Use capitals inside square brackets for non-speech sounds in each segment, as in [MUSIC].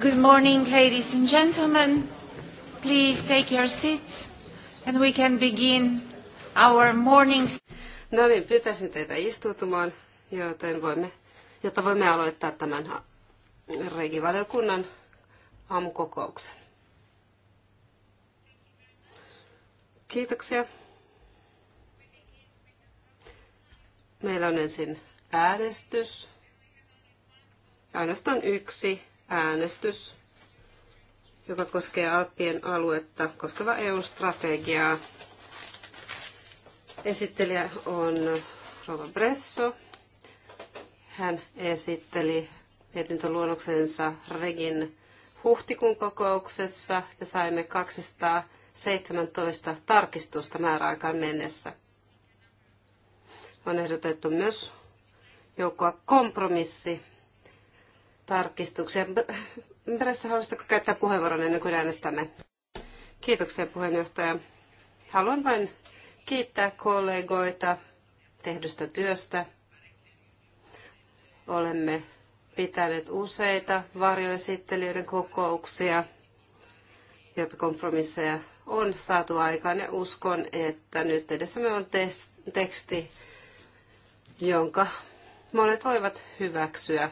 Good morning, ladies and gentlemen. Please take your seats and we can begin our morning. No niin, pyytäisin teitä istuutumaan, joten voimme, jotta voimme aloittaa tämän regivaliokunnan aamukokouksen. Kiitoksia. Meillä on ensin äänestys. Ainoastaan yksi äänestys, joka koskee Alppien aluetta koskeva EU-strategiaa. Esittelijä on Rova Bresso. Hän esitteli mietintöluonnoksensa Regin huhtikuun kokouksessa ja saimme 217 tarkistusta määräaikaan mennessä. On ehdotettu myös joukkoa kompromissi tarkistuksia. Perässä haluaisitko käyttää puheenvuoron ennen kuin äänestämme? Kiitoksia puheenjohtaja. Haluan vain kiittää kollegoita tehdystä työstä. Olemme pitäneet useita varjoesittelijöiden kokouksia, jotta kompromisseja on saatu aikaan ja uskon, että nyt edessämme on teksti, jonka monet voivat hyväksyä.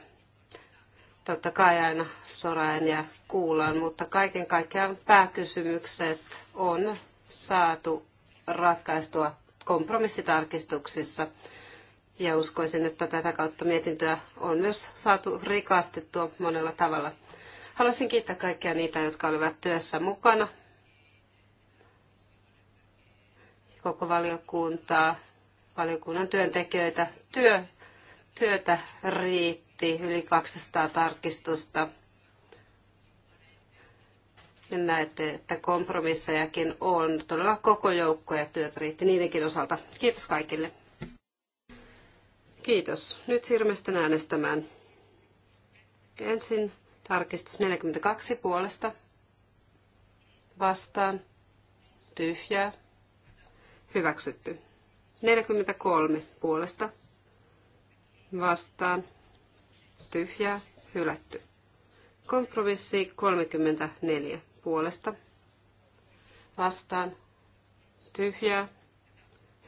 Totta kai aina soraen ja kuulan, mutta kaiken kaikkiaan pääkysymykset on saatu ratkaistua kompromissitarkistuksissa. Ja uskoisin, että tätä kautta mietintöä on myös saatu rikastettua monella tavalla. Haluaisin kiittää kaikkia niitä, jotka olivat työssä mukana. Koko valiokuntaa, valiokunnan työntekijöitä. Työ, työtä riittää tehtiin yli 200 tarkistusta. Ja näette, että kompromissejakin on todella koko joukko ja työt riitti niidenkin osalta. Kiitos kaikille. Kiitos. Nyt siirrymme sitten äänestämään. Ensin tarkistus 42 puolesta. Vastaan. Tyhjää. Hyväksytty. 43 puolesta vastaan tyhjää, hylätty. Kompromissi 34 puolesta vastaan tyhjää,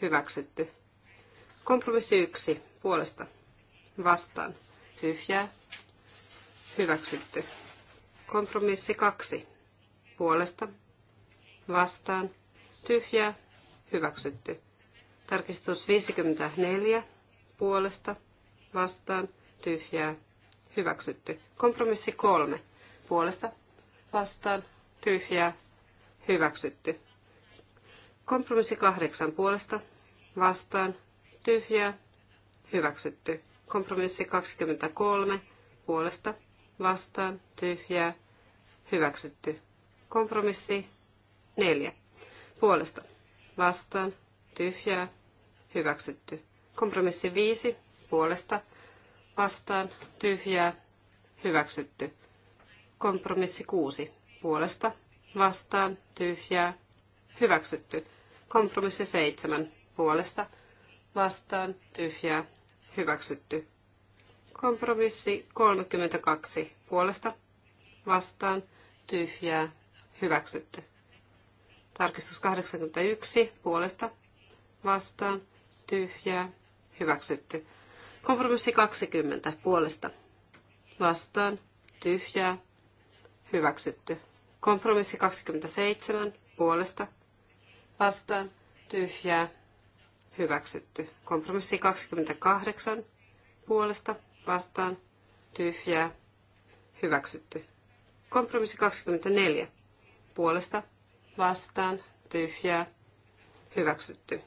hyväksytty. Kompromissi 1 puolesta vastaan tyhjää, hyväksytty. Kompromissi 2 puolesta vastaan tyhjää, hyväksytty. Tarkistus 54 puolesta vastaan tyhjää, hyväksytty. Kompromissi kolme puolesta vastaan tyhjää hyväksytty. Kompromissi kahdeksan puolesta vastaan tyhjää hyväksytty. Kompromissi 23 puolesta vastaan tyhjää hyväksytty. Kompromissi neljä puolesta vastaan tyhjää hyväksytty. Kompromissi viisi puolesta vastaan tyhjää hyväksytty. Kompromissi 6 puolesta vastaan tyhjää hyväksytty. Kompromissi 7 puolesta vastaan tyhjää hyväksytty. Kompromissi 32 puolesta vastaan tyhjää hyväksytty. Tarkistus 81 puolesta vastaan tyhjää hyväksytty. Kompromissi 20 puolesta vastaan tyhjää hyväksytty. Kompromissi 27 puolesta vastaan tyhjää hyväksytty. Kompromissi 28 puolesta vastaan tyhjää hyväksytty. Kompromissi 24 puolesta vastaan tyhjää hyväksytty.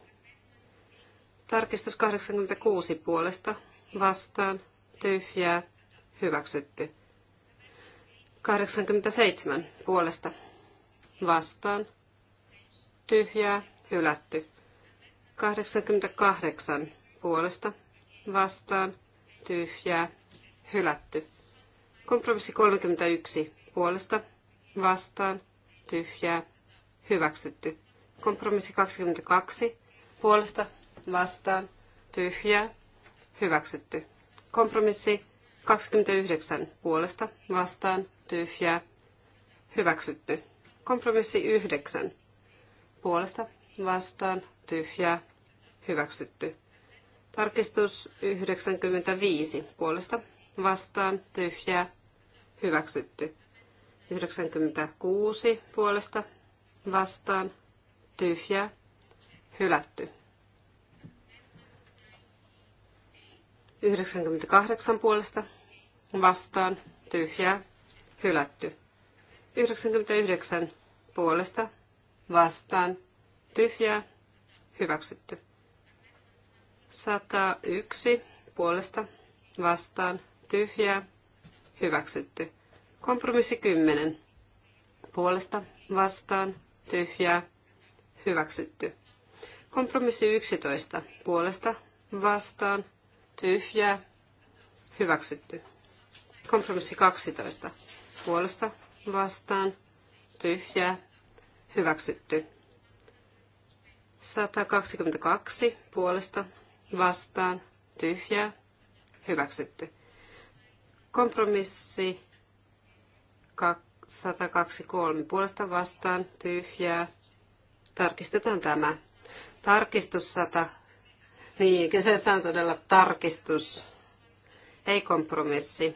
Tarkistus 86 puolesta vastaan tyhjää hyväksytty. 87 puolesta vastaan tyhjää hylätty. 88 puolesta vastaan tyhjää hylätty. Kompromissi 31 puolesta vastaan tyhjää hyväksytty. Kompromissi 22 puolesta vastaan, tyhjää, hyväksytty. Kompromissi 29 puolesta vastaan, tyhjää, hyväksytty. Kompromissi 9 puolesta vastaan, tyhjää, hyväksytty. Tarkistus 95 puolesta vastaan, tyhjää, hyväksytty. 96 puolesta vastaan, tyhjää, hylätty. 98 puolesta vastaan tyhjää hylätty. 99 puolesta vastaan tyhjää hyväksytty. 101 puolesta vastaan tyhjää hyväksytty. Kompromissi 10 puolesta vastaan tyhjää hyväksytty. Kompromissi 11 puolesta vastaan tyhjää, hyväksytty. Kompromissi 12, puolesta, vastaan, tyhjää, hyväksytty. 122, puolesta, vastaan, tyhjää, hyväksytty. Kompromissi 123, puolesta, vastaan, tyhjää, tarkistetaan tämä. Tarkistus 100 niin, kyseessä on todella tarkistus, ei kompromissi.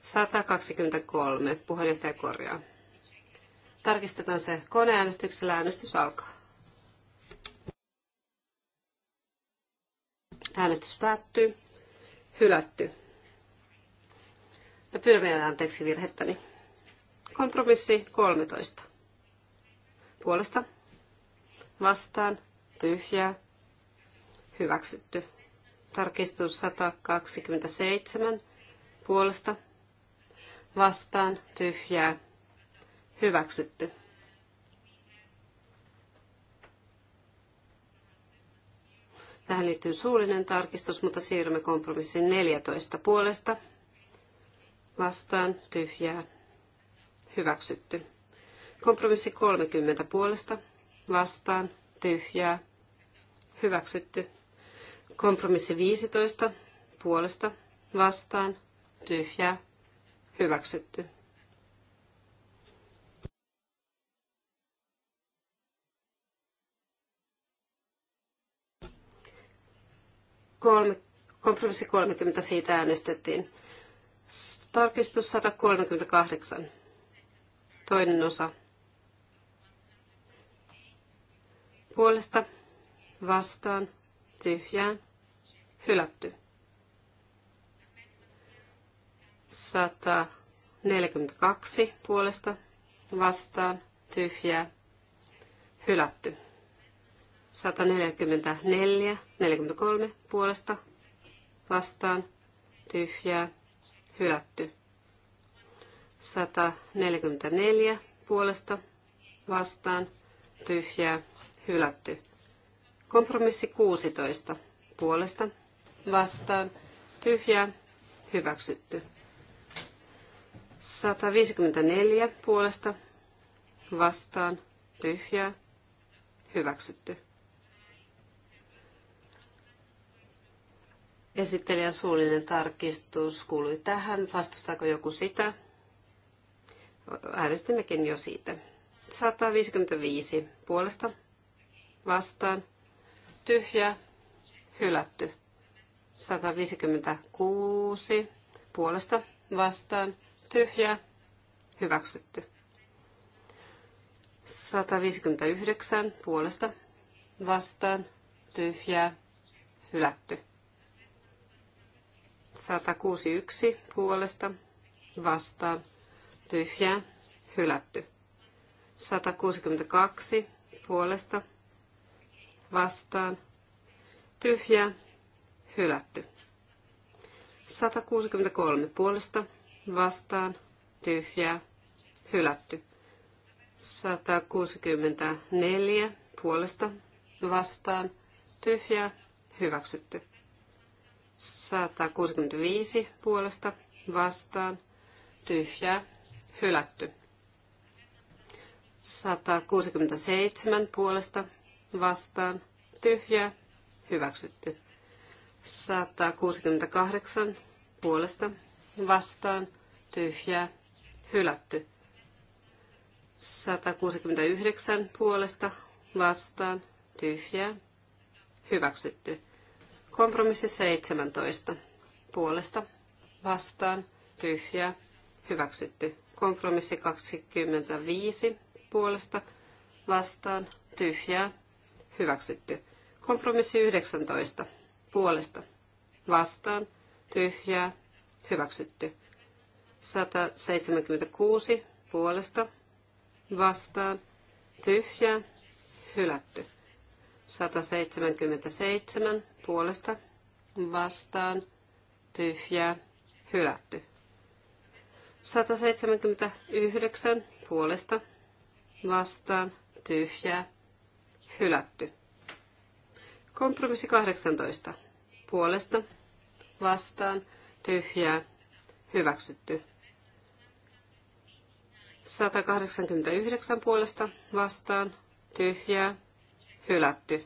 123, puheenjohtaja korjaa. Tarkistetaan se koneäänestyksellä, äänestys alkaa. Äänestys päättyy. Hylätty. Ja pyydän vielä anteeksi virhettäni. Kompromissi 13. Puolesta. Vastaan. Tyhjää hyväksytty. Tarkistus 127 puolesta vastaan tyhjää hyväksytty. Tähän liittyy suullinen tarkistus, mutta siirrymme kompromissin 14 puolesta. Vastaan tyhjää. Hyväksytty. Kompromissi 30 puolesta. Vastaan tyhjää. Hyväksytty. Kompromissi 15 puolesta vastaan tyhjää hyväksytty. Kolme, kompromissi 30 siitä äänestettiin. Tarkistus 138. Toinen osa. Puolesta vastaan tyhjään hylätty. 142 puolesta vastaan tyhjää hylätty. 144, 43 puolesta vastaan tyhjää hylätty. 144 puolesta vastaan tyhjää hylätty. Kompromissi 16 puolesta vastaan, tyhjää, hyväksytty. 154 puolesta vastaan, tyhjää, hyväksytty. Esittelijän suullinen tarkistus kuului tähän. Vastustaako joku sitä? Äänestimmekin jo siitä. 155 puolesta vastaan. Tyhjä, hylätty. 156 puolesta vastaan tyhjä hyväksytty. 159 puolesta vastaan tyhjä hylätty. 161 puolesta vastaan tyhjä hylätty. 162 puolesta vastaan tyhjä hylätty. 163 puolesta vastaan tyhjää hylätty. 164 puolesta vastaan tyhjää hyväksytty. 165 puolesta vastaan tyhjää hylätty. 167 puolesta vastaan tyhjää hyväksytty. 168 puolesta vastaan tyhjää hylätty. 169 puolesta vastaan tyhjää hyväksytty. Kompromissi 17 puolesta vastaan tyhjää hyväksytty. Kompromissi 25 puolesta vastaan tyhjää hyväksytty. Kompromissi 19 puolesta vastaan tyhjää hyväksytty. 176 puolesta vastaan tyhjää hylätty. 177 puolesta vastaan tyhjää hylätty. 179 puolesta vastaan tyhjää hylätty. Kompromissi 18 puolesta vastaan tyhjää hyväksytty. 189 puolesta vastaan tyhjää hylätty.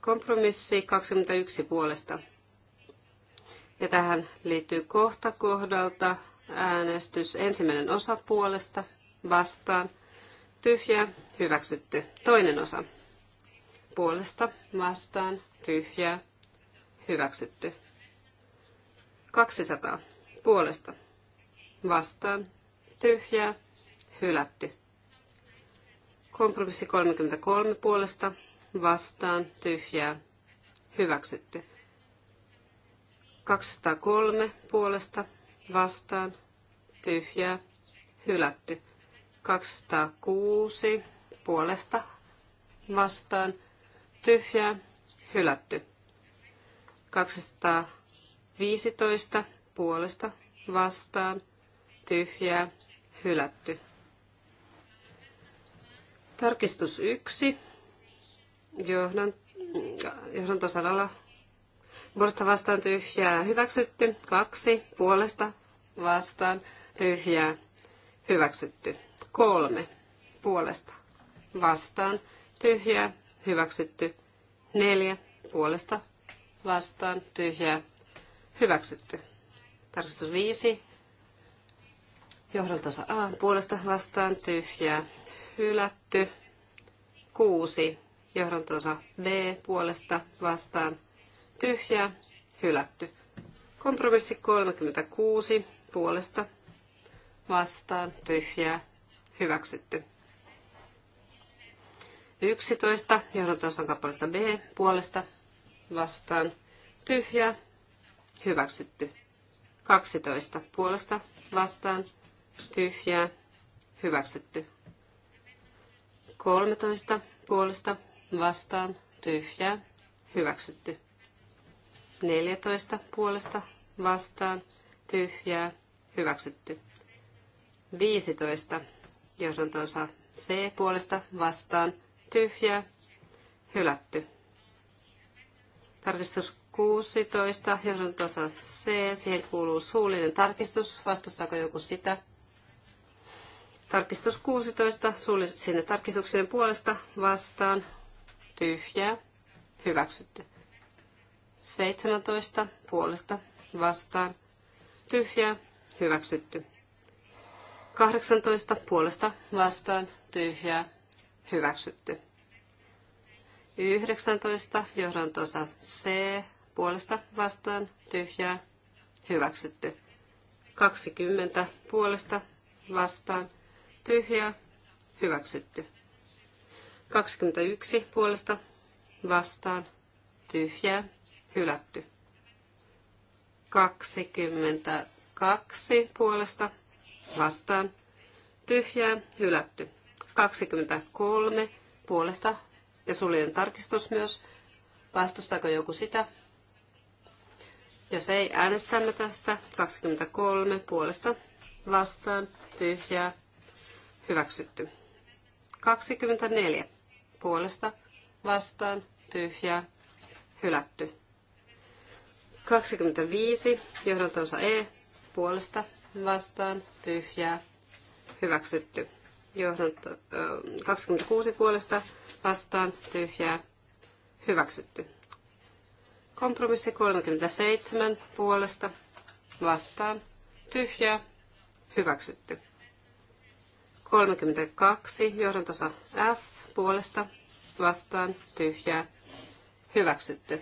Kompromissi 21 puolesta. Ja tähän liittyy kohta kohdalta äänestys ensimmäinen osa puolesta vastaan tyhjää hyväksytty. Toinen osa puolesta vastaan tyhjää hyväksytty. 200 puolesta vastaan tyhjää hylätty. Kompromissi 33 puolesta vastaan tyhjää hyväksytty. 203 puolesta vastaan tyhjää hylätty. 206 puolesta vastaan tyhjää, hylätty. 215 puolesta vastaan, tyhjää, hylätty. Tarkistus 1. Johdan, johdantosanalla puolesta vastaan tyhjää, hyväksytty. kaksi puolesta vastaan tyhjää, hyväksytty. kolme puolesta vastaan tyhjää, hyväksytty. Neljä puolesta vastaan tyhjää hyväksytty. Tarkistus viisi johdoltaosa A puolesta vastaan tyhjää hylätty. Kuusi johdoltaosa B puolesta vastaan tyhjää hylätty. Kompromissi 36 puolesta vastaan tyhjää hyväksytty. 11, johdantaoston kappaleesta B, puolesta vastaan tyhjä hyväksytty. 12, puolesta vastaan tyhjä hyväksytty. 13, puolesta vastaan tyhjä hyväksytty. 14, puolesta vastaan tyhjä hyväksytty. 15, johdanto C, puolesta vastaan tyhjä, hylätty. Tarkistus 16, johdantosa C, siihen kuuluu suullinen tarkistus. Vastustaako joku sitä? Tarkistus 16, suullisen tarkistuksen puolesta vastaan, tyhjää, hyväksytty. 17, puolesta vastaan, tyhjää, hyväksytty. 18, puolesta vastaan, tyhjää, hyväksytty. 19 johdantosa C puolesta vastaan tyhjää hyväksytty. 20 puolesta vastaan tyhjää hyväksytty. 21 puolesta vastaan tyhjää hylätty. 22 puolesta vastaan tyhjää hylätty. 23 puolesta ja suljen tarkistus myös. Vastustaako joku sitä? Jos ei, äänestämme tästä. 23 puolesta vastaan tyhjää hyväksytty. 24 puolesta vastaan tyhjää hylätty. 25 johdantonsa E puolesta vastaan tyhjää hyväksytty johdanto, 26 puolesta vastaan tyhjää hyväksytty. Kompromissi 37 puolesta vastaan tyhjää hyväksytty. 32 johdantosa F puolesta vastaan tyhjää hyväksytty.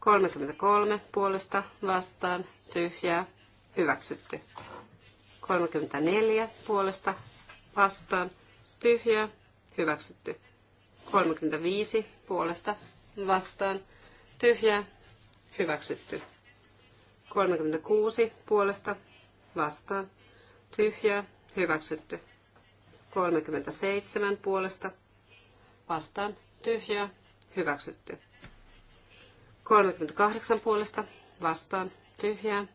33 puolesta vastaan tyhjää hyväksytty. 34 puolesta vastaan, tyhjää, hyväksytty. 35 puolesta vastaan, tyhjää, hyväksytty. 36 puolesta vastaan, tyhjää, hyväksytty. 37 puolesta vastaan, tyhjää, hyväksytty. 38 puolesta vastaan, tyhjää,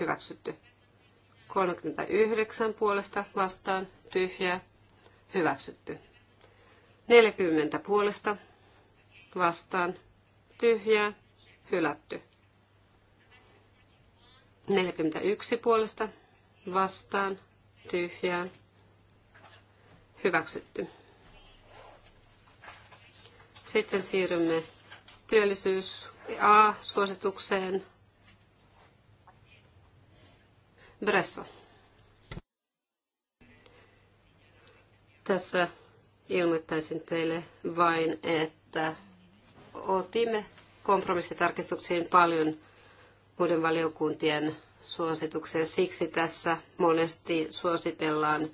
hyväksytty. 39 puolesta vastaan tyhjää hyväksytty. 40 puolesta vastaan tyhjää hylätty. 41 puolesta vastaan tyhjää hyväksytty. Sitten siirrymme työllisyys A-suositukseen Bresso. Tässä ilmoittaisin teille vain, että otimme kompromissitarkistuksiin paljon muiden valiokuntien suosituksia. Siksi tässä monesti suositellaan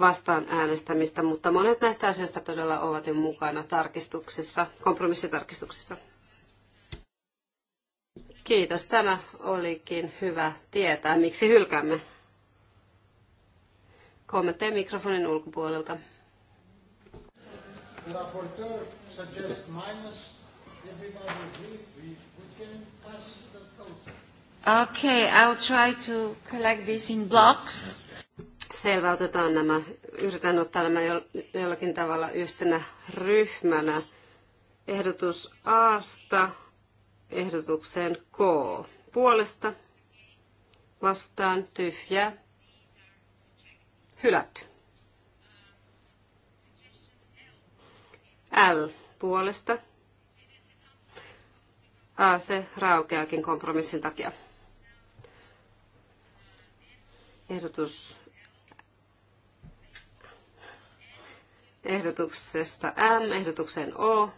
vastaan äänestämistä, mutta monet näistä asioista todella ovat jo mukana tarkistuksissa, kompromissitarkistuksissa. Kiitos, tämä olikin hyvä tietää, miksi hylkäämme. Kommentteja mikrofonin ulkopuolelta. Okay, I'll try to collect this in blocks. Selvä, otetaan nämä, yritän ottaa nämä jollakin tavalla yhtenä ryhmänä. Ehdotus Asta ehdotukseen K. Puolesta vastaan tyhjä, hylätty. L puolesta. A, se raukeakin kompromissin takia. Ehdotus ehdotuksesta M, ehdotukseen O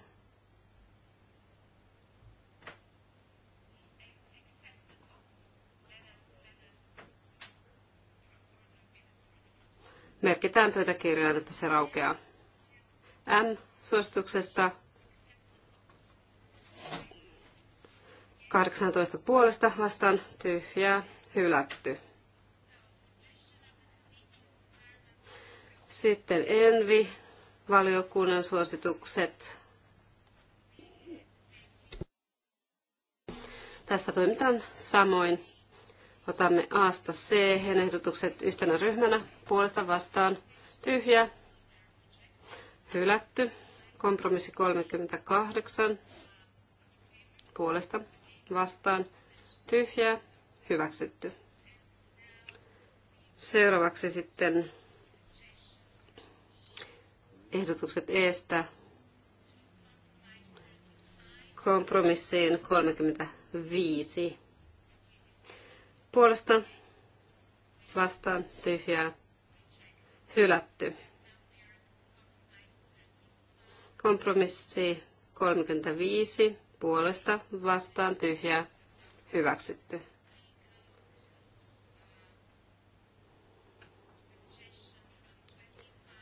merkitään pöytäkirjaan, että se raukeaa. M-suosituksesta 18 puolesta vastaan tyhjää hylätty. Sitten Envi, valiokunnan suositukset. Tässä toimitaan samoin Otamme Asta C ehdotukset yhtenä ryhmänä puolesta vastaan tyhjä, hylätty, kompromissi 38 puolesta vastaan tyhjä, hyväksytty. Seuraavaksi sitten ehdotukset Estä. kompromissiin 35 puolesta vastaan tyhjää hylätty. Kompromissi 35 puolesta vastaan tyhjää hyväksytty.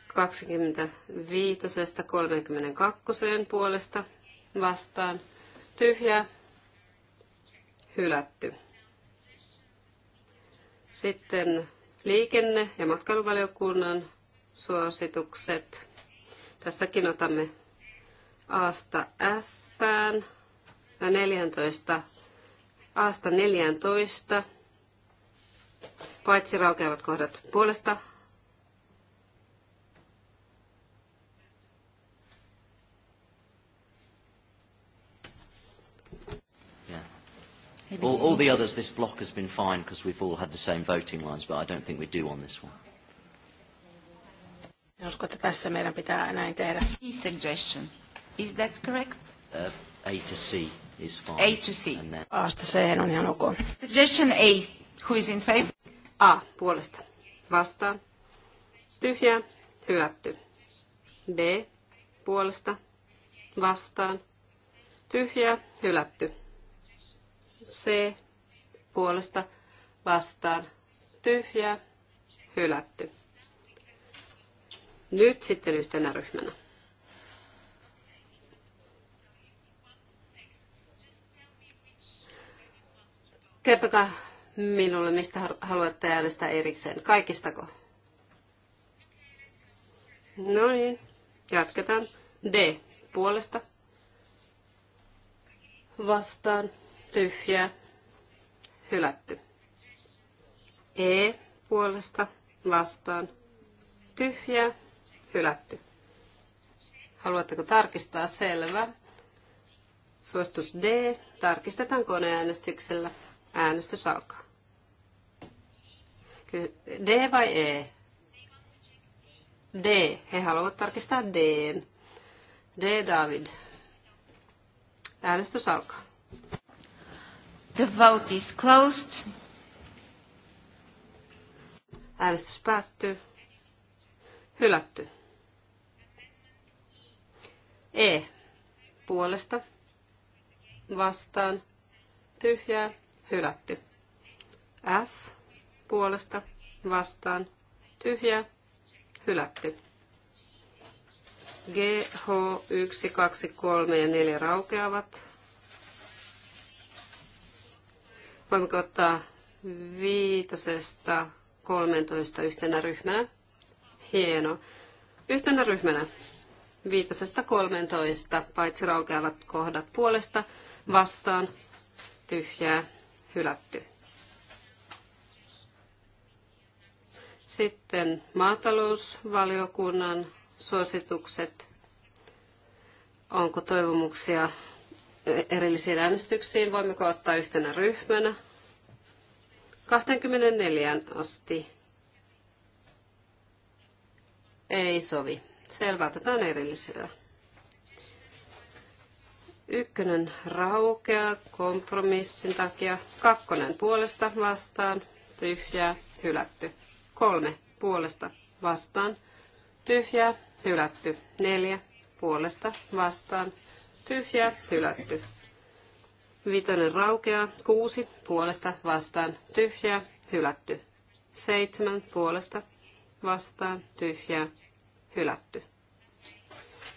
Kaksikymmentä viitosesta kakkoseen puolesta vastaan tyhjää hylätty. Sitten liikenne- ja matkailuvaliokunnan suositukset. Tässäkin otamme aasta F ja 14, Aasta 14, paitsi raukeavat kohdat puolesta all, all the others, this block has been fine because we've all had the same voting lines, but I don't think we do on this one. tässä C suggestion. Is that correct? Uh, A to C is fine. A to C. And then... A-sta C on ihan ok. Suggestion A. Who is in favor? A. Puolesta. Vastaan. Tyhjää. Hylätty. B. Puolesta. Vastaan. Tyhjää. Hylätty. C puolesta vastaan tyhjä, hylätty. Nyt sitten yhtenä ryhmänä. Kertokaa minulle, mistä haluatte äänestää erikseen. Kaikistako? No niin, jatketaan. D puolesta vastaan tyhjää, hylätty. E puolesta vastaan, tyhjää, hylätty. Haluatteko tarkistaa? Selvä. Suositus D. Tarkistetaan koneäänestyksellä. Äänestys alkaa. D vai E? D. He haluavat tarkistaa D. D, David. Äänestys alkaa. The vote is closed. Äänestys päättyy. Hylätty. E. Puolesta. Vastaan. Tyhjää. Hylätty. F. Puolesta. Vastaan. Tyhjää. Hylätty. G, H, 1, 2, 3 ja 4 raukeavat. Voimmeko ottaa viitosesta 13 yhtenä ryhmänä? Hieno. Yhtenä ryhmänä viitosesta 13, paitsi raukeavat kohdat puolesta, vastaan, tyhjää, hylätty. Sitten maatalousvaliokunnan suositukset. Onko toivomuksia erillisiin äänestyksiin. Voimmeko ottaa yhtenä ryhmänä? 24 asti. Ei sovi. Selvä, otetaan erillisellä. Ykkönen raukeaa kompromissin takia. Kakkonen puolesta vastaan. Tyhjää, hylätty. Kolme puolesta vastaan. Tyhjää, hylätty. Neljä puolesta vastaan tyhjä, hylätty. Vitonen raukeaa, kuusi puolesta vastaan, tyhjä, hylätty. Seitsemän puolesta vastaan, tyhjä, hylätty.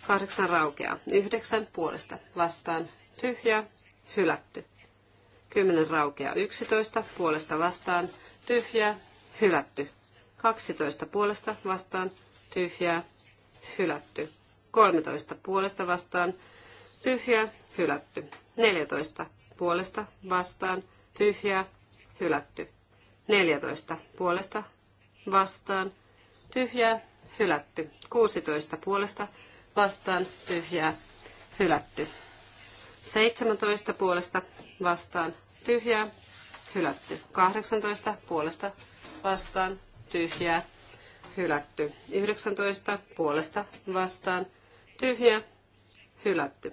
Kahdeksan raukeaa, yhdeksän puolesta vastaan, tyhjä, hylätty. Kymmenen raukeaa, yksitoista puolesta vastaan, tyhjä, hylätty. Kaksitoista, puolesta vastaan, tyhjää, hylätty. Kolmetoista, puolesta vastaan, tyhjä, hylätty. 14 puolesta vastaan, tyhjä, hylätty. 14 puolesta vastaan, tyhjä, hylätty. 16 puolesta vastaan, tyhjä, hylätty. 17 puolesta vastaan, tyhjä, hylätty. 18 puolesta vastaan, tyhjä, hylätty. 19 puolesta vastaan, tyhjä, hylätty.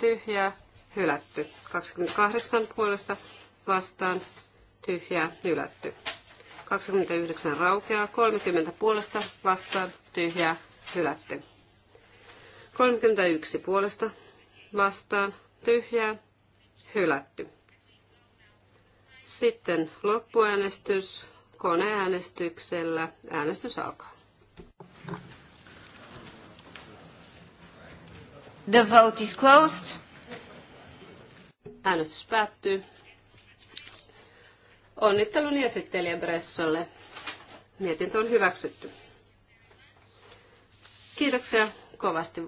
tyhjää, hylätty. 28 puolesta vastaan, tyhjää, hylätty. 29 raukeaa, 30 puolesta vastaan, tyhjää, hylätty. 31 puolesta vastaan, tyhjää, hylätty. Sitten loppuäänestys koneäänestyksellä. Äänestys alkaa. The vote is closed. Äänestys päättyy. Onnittelun esittelijä Bressolle. Mietintö on hyväksytty. Kiitoksia kovasti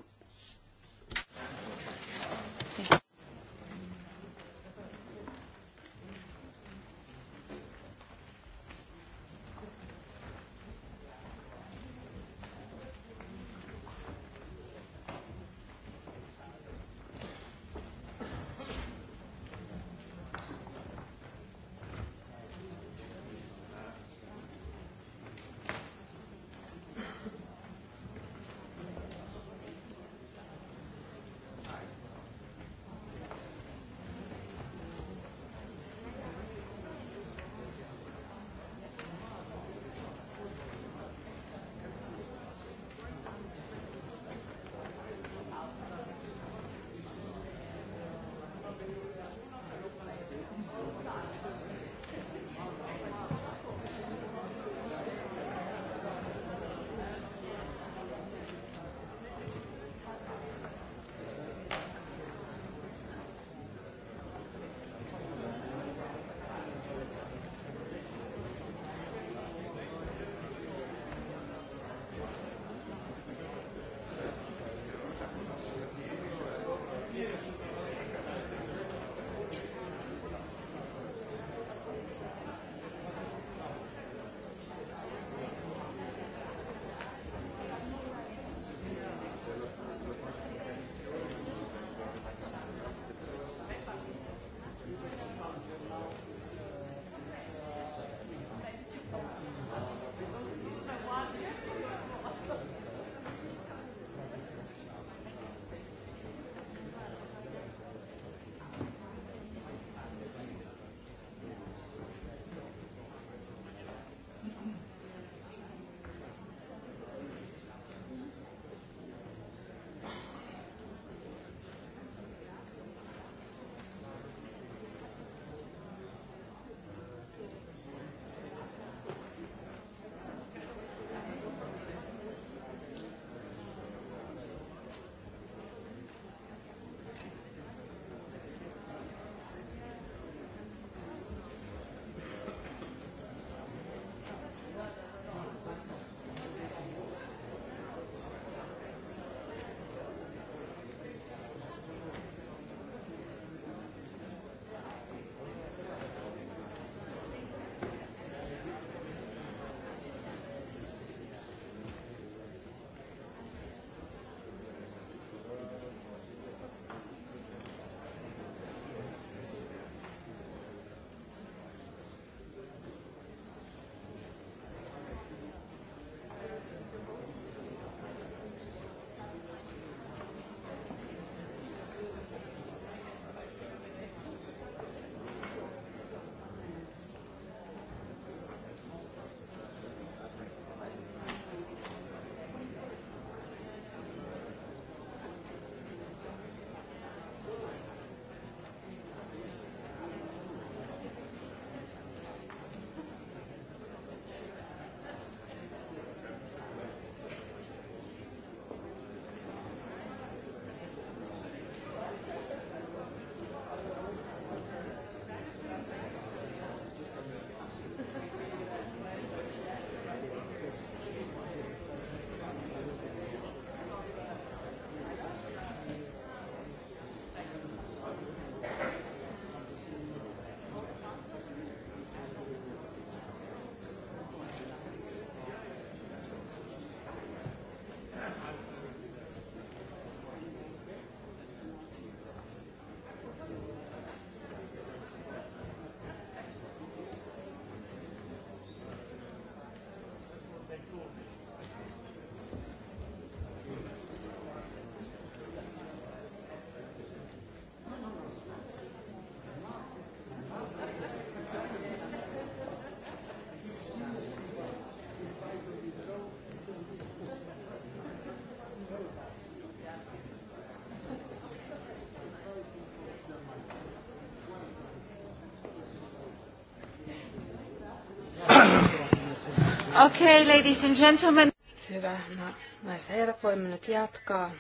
Okay, ladies and gentlemen. Hyvä. No, naiset ja herrat, voimme nyt jatkaa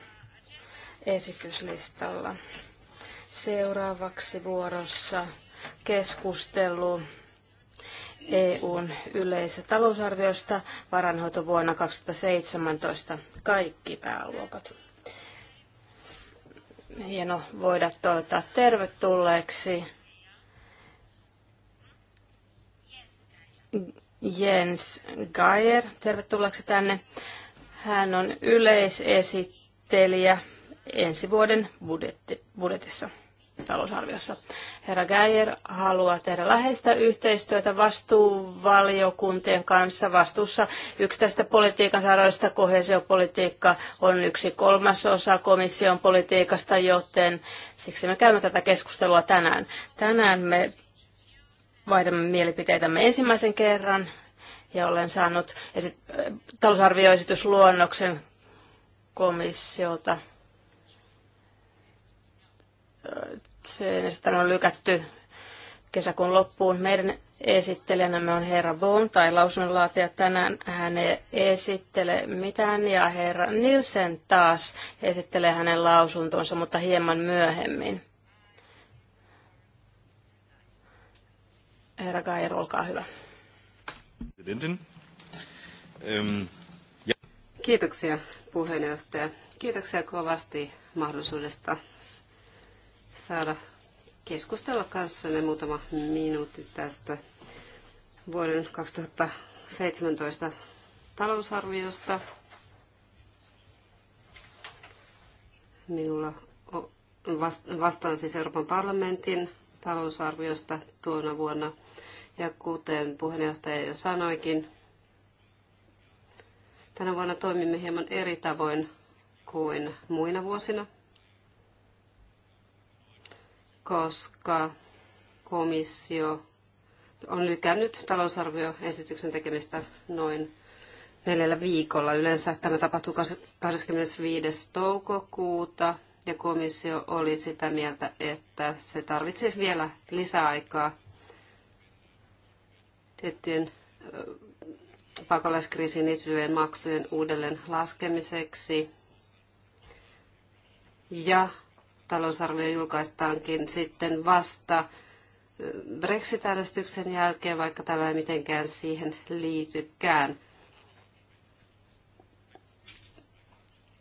esityslistalla. Seuraavaksi vuorossa keskustelu EUn yleisestä talousarviosta varanhoito vuonna 2017 kaikki pääluokat. Hieno voida toivottaa tervetulleeksi Jens Geier. Tervetulleeksi tänne. Hän on yleisesittelijä ensi vuoden budjetti, budjetissa talousarviossa. Herra Geier haluaa tehdä läheistä yhteistyötä vastuuvaliokuntien kanssa vastuussa tästä politiikan saroista. Kohesiopolitiikka on yksi kolmasosa komission politiikasta, joten siksi me käymme tätä keskustelua tänään. Tänään me vaihdamme mielipiteitämme ensimmäisen kerran ja olen saanut esit- talousarvioesitysluonnoksen komissiolta. Sen on lykätty kesäkuun loppuun. Meidän esittelijänämme on herra Boon tai lausunnonlaatija. Tänään hän ei esittele mitään ja herra Nilsen taas esittelee hänen lausuntonsa, mutta hieman myöhemmin. Herra Kair, olkaa hyvä. Ähm, Kiitoksia puheenjohtaja. Kiitoksia kovasti mahdollisuudesta saada keskustella kanssanne muutama minuutti tästä vuoden 2017 talousarviosta. Minulla vastaan siis Euroopan parlamentin talousarviosta tuona vuonna ja kuten puheenjohtaja jo sanoikin, tänä vuonna toimimme hieman eri tavoin kuin muina vuosina, koska komissio on lykännyt talousarvioesityksen tekemistä noin neljällä viikolla. Yleensä tämä tapahtuu 25. toukokuuta ja komissio oli sitä mieltä, että se tarvitsee vielä lisäaikaa tiettyjen pakolaiskriisiin liittyvien maksujen uudelleen laskemiseksi. Ja talousarvio julkaistaankin sitten vasta Brexit-äänestyksen jälkeen, vaikka tämä ei mitenkään siihen liitykään.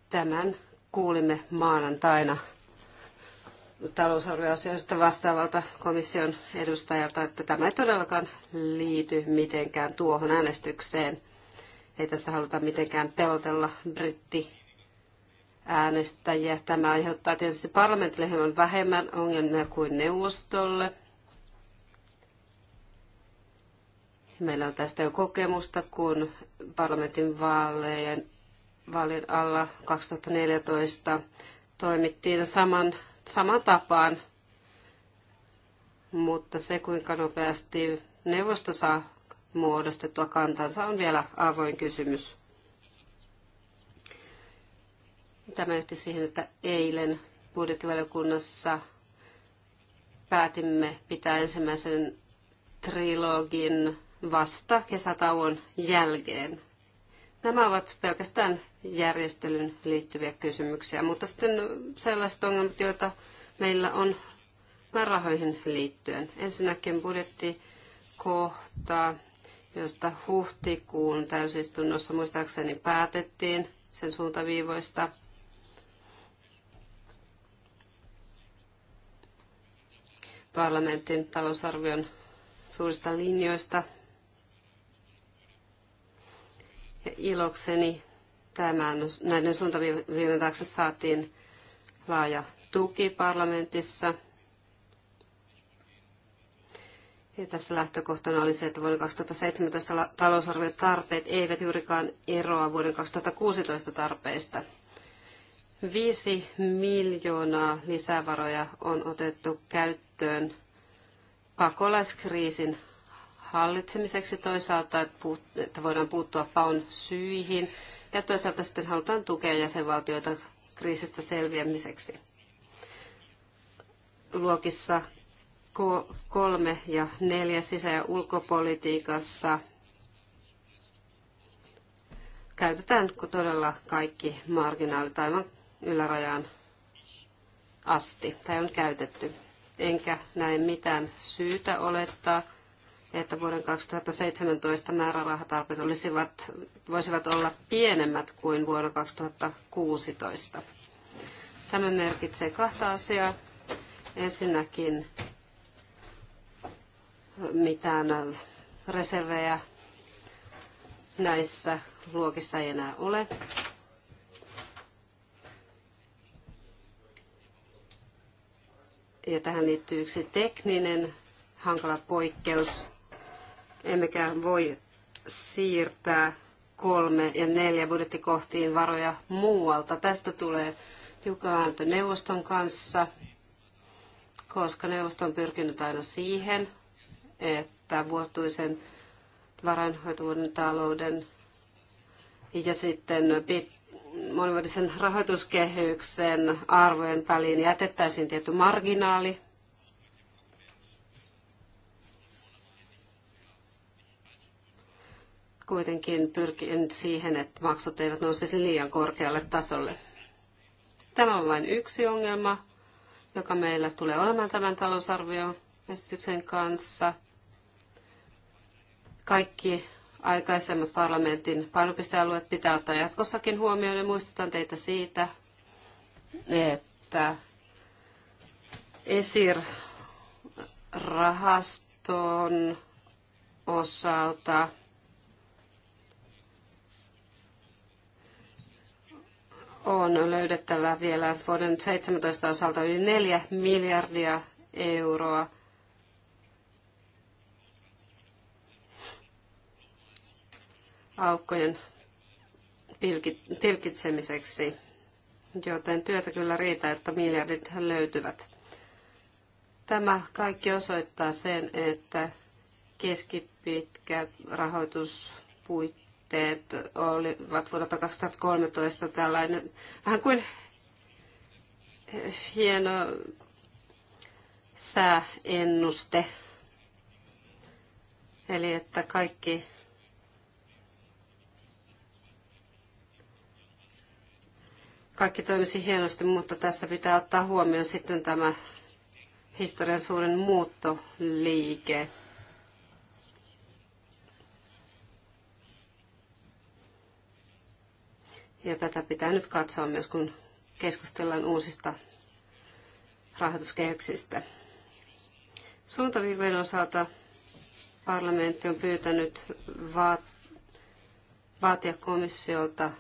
Tämän kuulimme maanantaina talousarvioasioista vastaavalta komission edustajalta, että tämä ei todellakaan liity mitenkään tuohon äänestykseen. Ei tässä haluta mitenkään pelotella britti äänestäjiä. Tämä aiheuttaa tietysti parlamentille hieman vähemmän ongelmia kuin neuvostolle. Meillä on tästä jo kokemusta, kun parlamentin vaalejen, vaalien alla 2014 toimittiin saman saman tapaan, mutta se kuinka nopeasti neuvosto saa muodostettua kantansa on vielä avoin kysymys. Tämä johti siihen, että eilen budjettivaliokunnassa päätimme pitää ensimmäisen trilogin vasta kesätauon jälkeen. Nämä ovat pelkästään järjestelyyn liittyviä kysymyksiä, mutta sitten sellaiset ongelmat, joita meillä on määrärahoihin liittyen. Ensinnäkin budjettikohta, josta huhtikuun täysistunnossa muistaakseni päätettiin sen suuntaviivoista. Parlamentin talousarvion suurista linjoista ja ilokseni tämän, näiden suuntaviivien taakse saatiin laaja tuki parlamentissa. Ja tässä lähtökohtana oli se, että vuoden 2017 talousarvion tarpeet eivät juurikaan eroa vuoden 2016 tarpeista. 5 miljoonaa lisävaroja on otettu käyttöön pakolaiskriisin hallitsemiseksi, toisaalta, että voidaan puuttua paon syihin ja toisaalta sitten halutaan tukea jäsenvaltioita kriisistä selviämiseksi. Luokissa kolme ja neljä sisä- ja ulkopolitiikassa käytetään todella kaikki marginaalit aivan ylärajaan asti. Tai on käytetty. Enkä näe mitään syytä olettaa, että vuoden 2017 määrärahatarpeet olisivat, voisivat olla pienemmät kuin vuonna 2016. Tämä merkitsee kahta asiaa. Ensinnäkin mitään reservejä näissä luokissa ei enää ole. Ja tähän liittyy yksi tekninen hankala poikkeus, Emmekä voi siirtää kolme ja neljä budjettikohtiin varoja muualta. Tästä tulee tiukka neuvoston kanssa, koska neuvosto on pyrkinyt aina siihen, että vuotuisen varainhoitavuuden talouden ja sitten monivuotisen rahoituskehyksen arvojen väliin jätettäisiin tietty marginaali, kuitenkin pyrkien siihen, että maksut eivät nousisi liian korkealle tasolle. Tämä on vain yksi ongelma, joka meillä tulee olemaan tämän talousarvioesityksen kanssa. Kaikki aikaisemmat parlamentin painopistealueet pitää ottaa jatkossakin huomioon ja muistutan teitä siitä, että ESIR-rahaston osalta on löydettävä vielä vuoden 17 osalta yli 4 miljardia euroa. aukkojen tilkitsemiseksi, joten työtä kyllä riittää, että miljardit löytyvät. Tämä kaikki osoittaa sen, että keskipitkä rahoituspuitteet tavoitteet olivat vuodelta 2013 tällainen vähän kuin hieno sääennuste. Eli että kaikki kaikki toimisi hienosti, mutta tässä pitää ottaa huomioon sitten tämä historian suuren muuttoliike. Ja tätä pitää nyt katsoa myös, kun keskustellaan uusista rahoituskehyksistä. Suuntaviivojen osalta parlamentti on pyytänyt vaatia komissiolta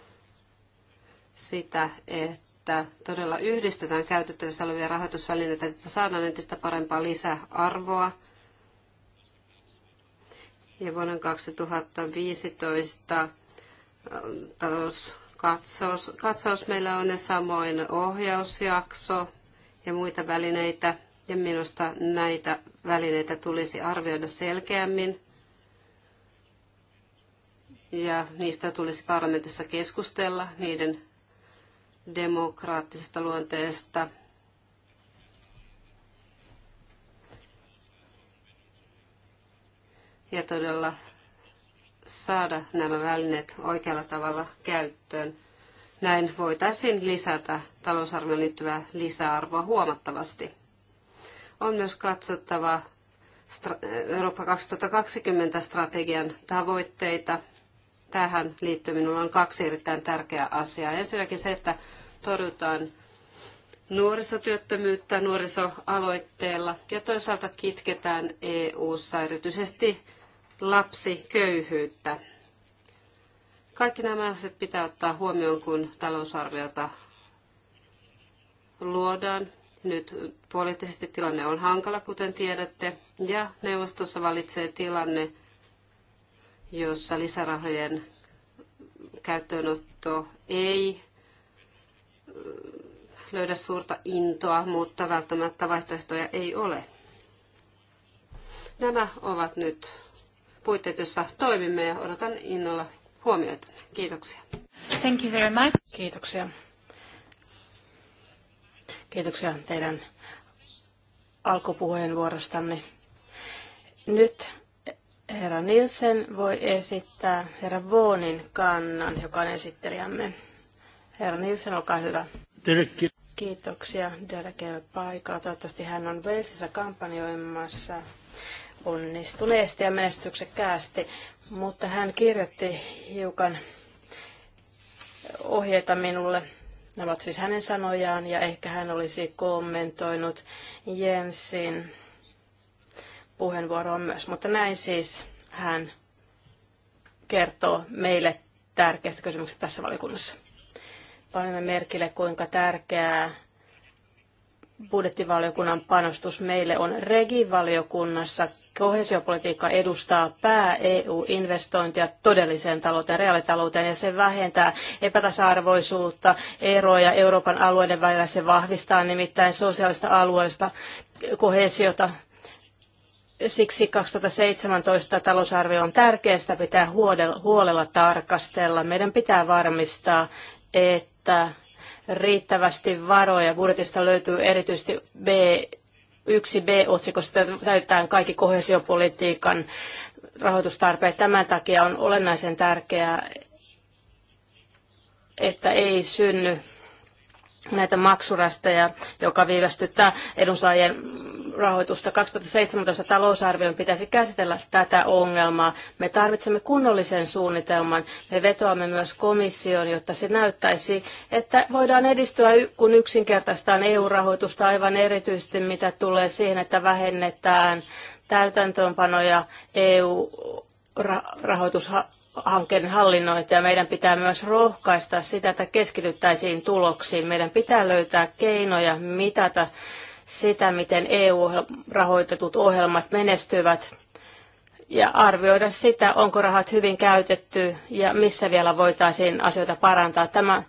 sitä, että todella yhdistetään käytettävissä olevia rahoitusvälineitä, että saadaan entistä parempaa lisäarvoa. Ja vuonna 2015 äh, talous katsaus, katsaus meillä on ja samoin ohjausjakso ja muita välineitä. Ja minusta näitä välineitä tulisi arvioida selkeämmin. Ja niistä tulisi parlamentissa keskustella niiden demokraattisesta luonteesta. Ja todella saada nämä välineet oikealla tavalla käyttöön. Näin voitaisiin lisätä talousarvioon liittyvää lisäarvoa huomattavasti. On myös katsottava Eurooppa 2020 strategian tavoitteita. Tähän liittyy minulla on kaksi erittäin tärkeää asiaa. Ensinnäkin se, että torjutaan nuorisotyöttömyyttä nuorisoaloitteella ja toisaalta kitketään EU-ssa erityisesti lapsiköyhyyttä. Kaikki nämä asiat pitää ottaa huomioon, kun talousarviota luodaan. Nyt poliittisesti tilanne on hankala, kuten tiedätte, ja neuvostossa valitsee tilanne, jossa lisärahojen käyttöönotto ei äh, löydä suurta intoa, mutta välttämättä vaihtoehtoja ei ole. Nämä ovat nyt puitteet, joissa toimimme ja odotan innolla huomioita. Kiitoksia. Thank you very much. Kiitoksia. Kiitoksia teidän alkupuheenvuorostanne. Nyt herra Nielsen voi esittää herra Voonin kannan, joka on esittelijämme. Herra Nielsen, olkaa hyvä. Terkki. Kiitoksia Derek paikalla. Toivottavasti hän on Velsissä kampanjoimassa onnistuneesti ja menestyksekkäästi, mutta hän kirjoitti hiukan ohjeita minulle. Ne ovat siis hänen sanojaan ja ehkä hän olisi kommentoinut Jensin puheenvuoroon myös. Mutta näin siis hän kertoo meille tärkeästä kysymyksestä tässä valiokunnassa. Panemme merkille, kuinka tärkeää budjettivaliokunnan panostus meille on regivaliokunnassa. Kohesiopolitiikka edustaa pää-EU-investointia todelliseen talouteen, reaalitalouteen, ja se vähentää epätasa-arvoisuutta, eroja Euroopan alueiden välillä. Se vahvistaa nimittäin sosiaalista alueellista kohesiota. Siksi 2017 talousarvio on tärkeä, sitä pitää huolella tarkastella. Meidän pitää varmistaa, että riittävästi varoja. Budjetista löytyy erityisesti B, yksi b otsikosta täytetään kaikki kohesiopolitiikan rahoitustarpeet. Tämän takia on olennaisen tärkeää, että ei synny näitä maksurasteja, joka viivästyttää edunsaajien rahoitusta. 2017 talousarvion pitäisi käsitellä tätä ongelmaa. Me tarvitsemme kunnollisen suunnitelman. Me vetoamme myös komissioon, jotta se näyttäisi, että voidaan edistyä, kun yksinkertaistaan EU-rahoitusta aivan erityisesti, mitä tulee siihen, että vähennetään täytäntöönpanoja EU-rahoitushankkeen hallinnointia. Meidän pitää myös rohkaista sitä, että keskityttäisiin tuloksiin. Meidän pitää löytää keinoja mitata sitä, miten EU-rahoitetut ohjelmat menestyvät ja arvioida sitä, onko rahat hyvin käytetty ja missä vielä voitaisiin asioita parantaa. Tämä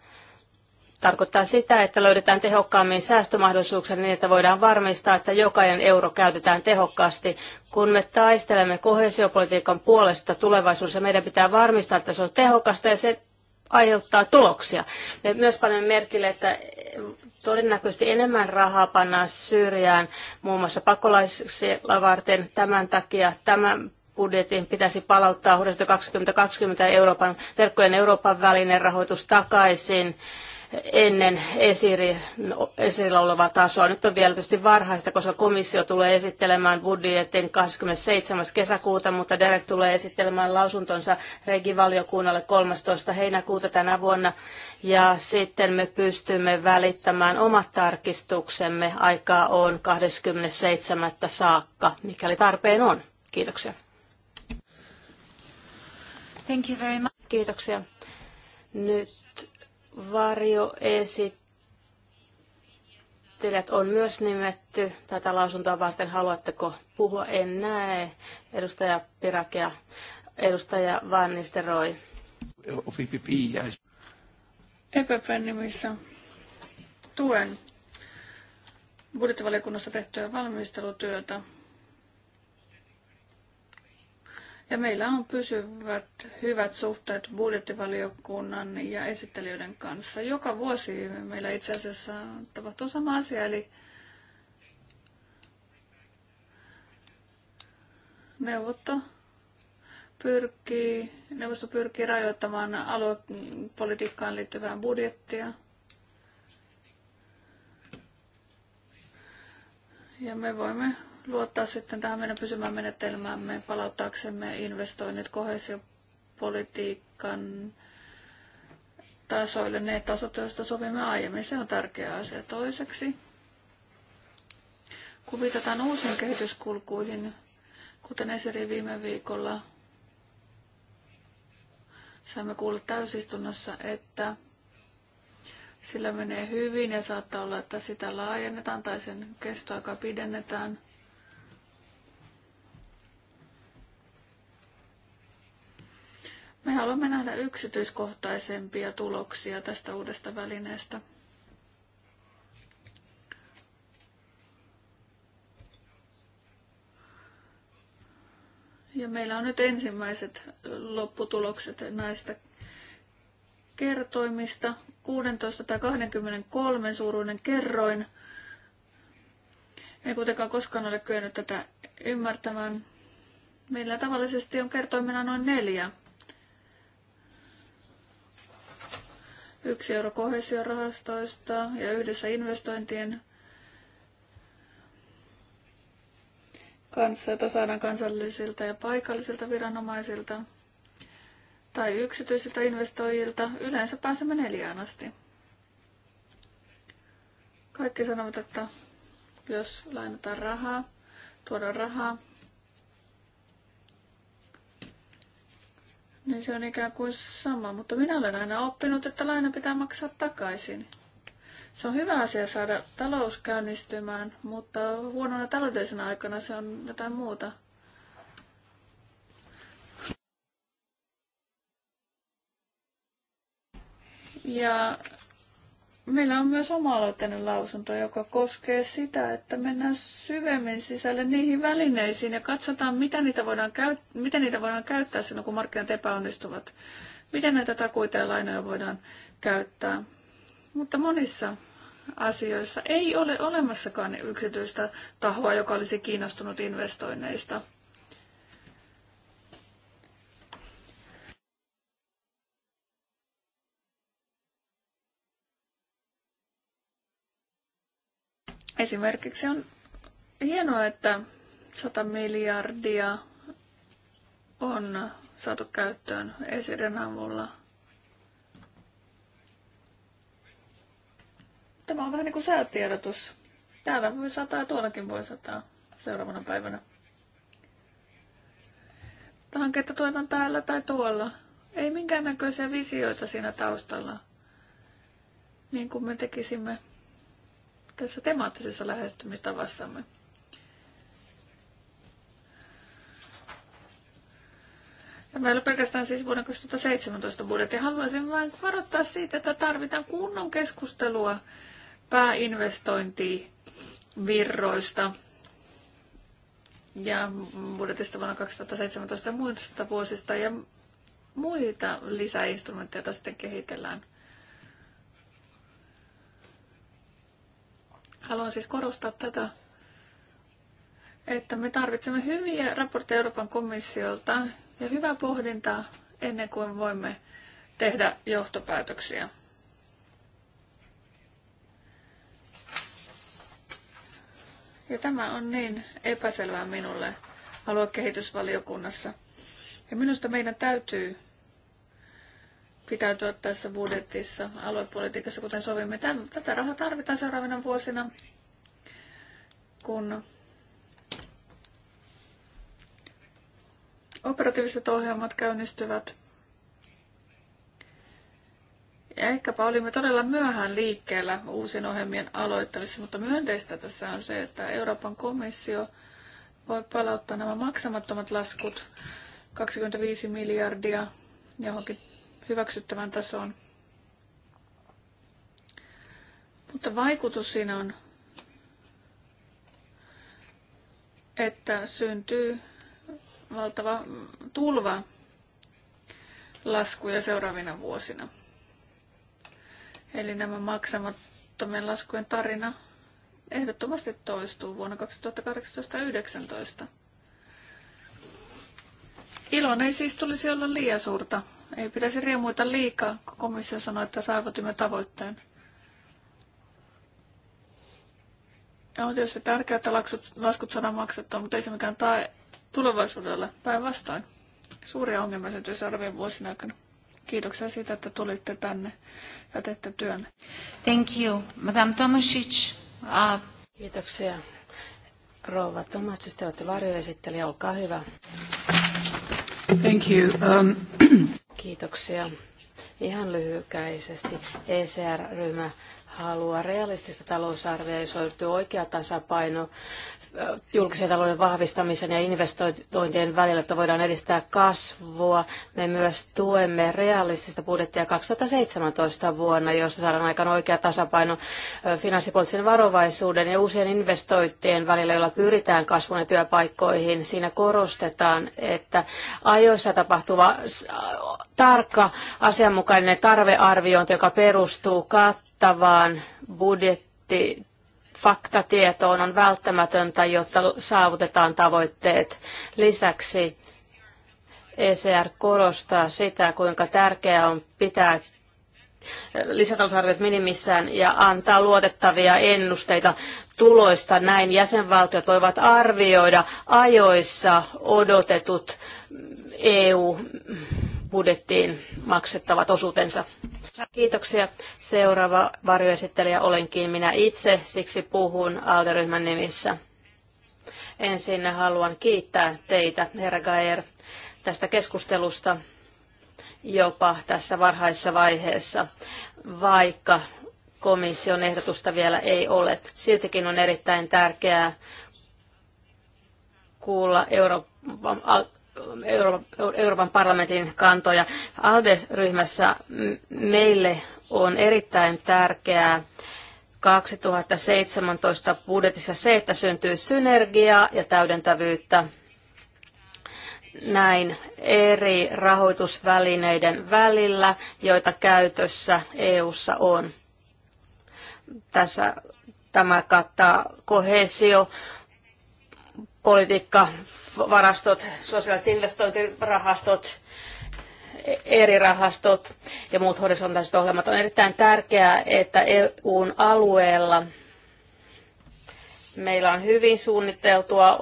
tarkoittaa sitä, että löydetään tehokkaammin säästömahdollisuuksia niin, että voidaan varmistaa, että jokainen euro käytetään tehokkaasti. Kun me taistelemme kohesiopolitiikan puolesta tulevaisuudessa, meidän pitää varmistaa, että se on tehokasta ja se aiheuttaa tuloksia. Me myös panemme merkille, että todennäköisesti enemmän rahaa pannaan syrjään muun muassa pakolaisilla varten. Tämän takia tämän budjetin pitäisi palauttaa Horisontti 2020 Euroopan, verkkojen Euroopan välinen rahoitus takaisin ennen esillä olevaa tasoa. Nyt on vielä tietysti varhaista, koska komissio tulee esittelemään budjetin 27. kesäkuuta, mutta Derek tulee esittelemään lausuntonsa regivaliokunnalle 13. heinäkuuta tänä vuonna. Ja sitten me pystymme välittämään omat tarkistuksemme. Aikaa on 27. saakka, mikäli tarpeen on. Kiitoksia. Thank you very much. Kiitoksia. Nyt Varjoesittelijät on myös nimetty tätä lausuntoa varten. Haluatteko puhua? En näe. Edustaja Pirak ja edustaja Vannisteroi. Nisteroi. EPPn e nimissä tuen budjettivaliokunnassa tehtyä valmistelutyötä Ja meillä on pysyvät hyvät suhteet budjettivaliokunnan ja esittelijöiden kanssa. Joka vuosi meillä itse asiassa tapahtuu sama asia, eli neuvotto pyrkii, neuvosto pyrkii rajoittamaan aluepolitiikkaan liittyvää budjettia. Ja me voimme luottaa sitten tähän meidän pysymään menetelmäämme palauttaaksemme investoinnit kohesiopolitiikan tasoille ne tasot, joista sovimme aiemmin. Se on tärkeä asia. Toiseksi, kun uusiin kehityskulkuihin, kuten esiri viime viikolla, saimme kuulla täysistunnossa, että sillä menee hyvin ja saattaa olla, että sitä laajennetaan tai sen kestoaika pidennetään – Me haluamme nähdä yksityiskohtaisempia tuloksia tästä uudesta välineestä. Ja meillä on nyt ensimmäiset lopputulokset näistä kertoimista. 16 tai 23 suuruinen kerroin. Ei kuitenkaan koskaan ole kyennyt tätä ymmärtämään. Meillä tavallisesti on kertoimena noin neljä yksi euro kohesiorahastoista ja yhdessä investointien kanssa, jota saadaan kansallisilta ja paikallisilta viranomaisilta tai yksityisiltä investoijilta, yleensä pääsemme neljään asti. Kaikki sanovat, että jos lainataan rahaa, tuodaan rahaa niin se on ikään kuin sama. Mutta minä olen aina oppinut, että laina pitää maksaa takaisin. Se on hyvä asia saada talous käynnistymään, mutta huonona taloudellisena aikana se on jotain muuta. Ja Meillä on myös oma-aloitteinen lausunto, joka koskee sitä, että mennään syvemmin sisälle niihin välineisiin ja katsotaan, mitä niitä voidaan, käyt- miten niitä voidaan käyttää silloin, kun markkinat epäonnistuvat. Miten näitä takuita ja lainoja voidaan käyttää. Mutta monissa asioissa ei ole olemassakaan yksityistä tahoa, joka olisi kiinnostunut investoinneista – Esimerkiksi on hienoa, että 100 miljardia on saatu käyttöön esiden avulla. Tämä on vähän niin kuin säätiedotus. Täällä voi sataa ja tuollakin voi sataa seuraavana päivänä. Hanketta tuetaan täällä tai tuolla. Ei minkäännäköisiä visioita siinä taustalla. Niin kuin me tekisimme tässä temaattisessa lähestymistavassamme. Ja meillä pelkästään siis vuoden 2017 budjetti. Haluaisin vain varoittaa siitä, että tarvitaan kunnon keskustelua pääinvestointivirroista ja budjetista vuonna 2017 ja muista vuosista ja muita lisäinstrumentteja, joita sitten kehitellään. Haluan siis korostaa tätä, että me tarvitsemme hyviä raportteja Euroopan komissiolta ja hyvää pohdintaa ennen kuin voimme tehdä johtopäätöksiä. Ja tämä on niin epäselvää minulle aluekehitysvaliokunnassa. Ja minusta meidän täytyy pitäytyä tässä budjetissa, aluepolitiikassa, kuten sovimme. Tätä rahaa tarvitaan seuraavina vuosina, kun operatiiviset ohjelmat käynnistyvät. Ja ehkäpä olimme todella myöhään liikkeellä uusien ohjelmien aloittavissa, mutta myönteistä tässä on se, että Euroopan komissio voi palauttaa nämä maksamattomat laskut 25 miljardia johonkin hyväksyttävän tasoon. Mutta vaikutus siinä on, että syntyy valtava tulva laskuja seuraavina vuosina. Eli nämä maksamattomien laskujen tarina ehdottomasti toistuu vuonna 2018-2019. Ilon ei siis tulisi olla liian suurta ei pitäisi riemuita liikaa, kun komissio sanoi, että saavutimme tavoitteen. Ja on tietysti tärkeää, että laskut, laskut saadaan maksettua, mutta ei se mikään tae tulevaisuudelle päinvastoin. Suuria ongelmia syntyy seuraavien vuosina aikana. Kiitoksia siitä, että tulitte tänne ja teette työn. Thank you, Madame Tomasic. Uh... Kiitoksia. Rouva Tomasic, te olette varjoesittelijä, olkaa hyvä. Thank you. Um... Kiitoksia. Ihan lyhykäisesti. ECR-ryhmä haluaa realistista talousarvioa, jos löytyy oikea tasapaino julkisen talouden vahvistamisen ja investointien välillä, että voidaan edistää kasvua. Me myös tuemme realistista budjettia 2017 vuonna, jossa saadaan aikaan oikea tasapaino finanssipoliittisen varovaisuuden ja uusien investointien välillä, joilla pyritään kasvun ja työpaikkoihin. Siinä korostetaan, että ajoissa tapahtuva tarkka asianmukainen tarvearviointi, joka perustuu kattavaan budjettiin, faktatietoon on välttämätöntä, jotta saavutetaan tavoitteet. Lisäksi ECR korostaa sitä, kuinka tärkeää on pitää lisätalousarviot minimissään ja antaa luotettavia ennusteita tuloista. Näin jäsenvaltiot voivat arvioida ajoissa odotetut EU budjettiin maksettavat osuutensa. Kiitoksia. Seuraava varjoesittelijä olenkin minä itse, siksi puhun ALDE-ryhmän nimissä. Ensin haluan kiittää teitä, herra Gaer, tästä keskustelusta jopa tässä varhaisessa vaiheessa, vaikka komission ehdotusta vielä ei ole. Siltikin on erittäin tärkeää kuulla Euroopan Euroopan parlamentin kantoja. ALDE-ryhmässä meille on erittäin tärkeää 2017 budjetissa se, että syntyy synergiaa ja täydentävyyttä näin eri rahoitusvälineiden välillä, joita käytössä EU:ssa on. Tässä tämä kattaa kohesio, politiikka, varastot, sosiaaliset investointirahastot, eri rahastot ja muut horisontaaliset ohjelmat. On erittäin tärkeää, että EUn alueella meillä on hyvin suunniteltua,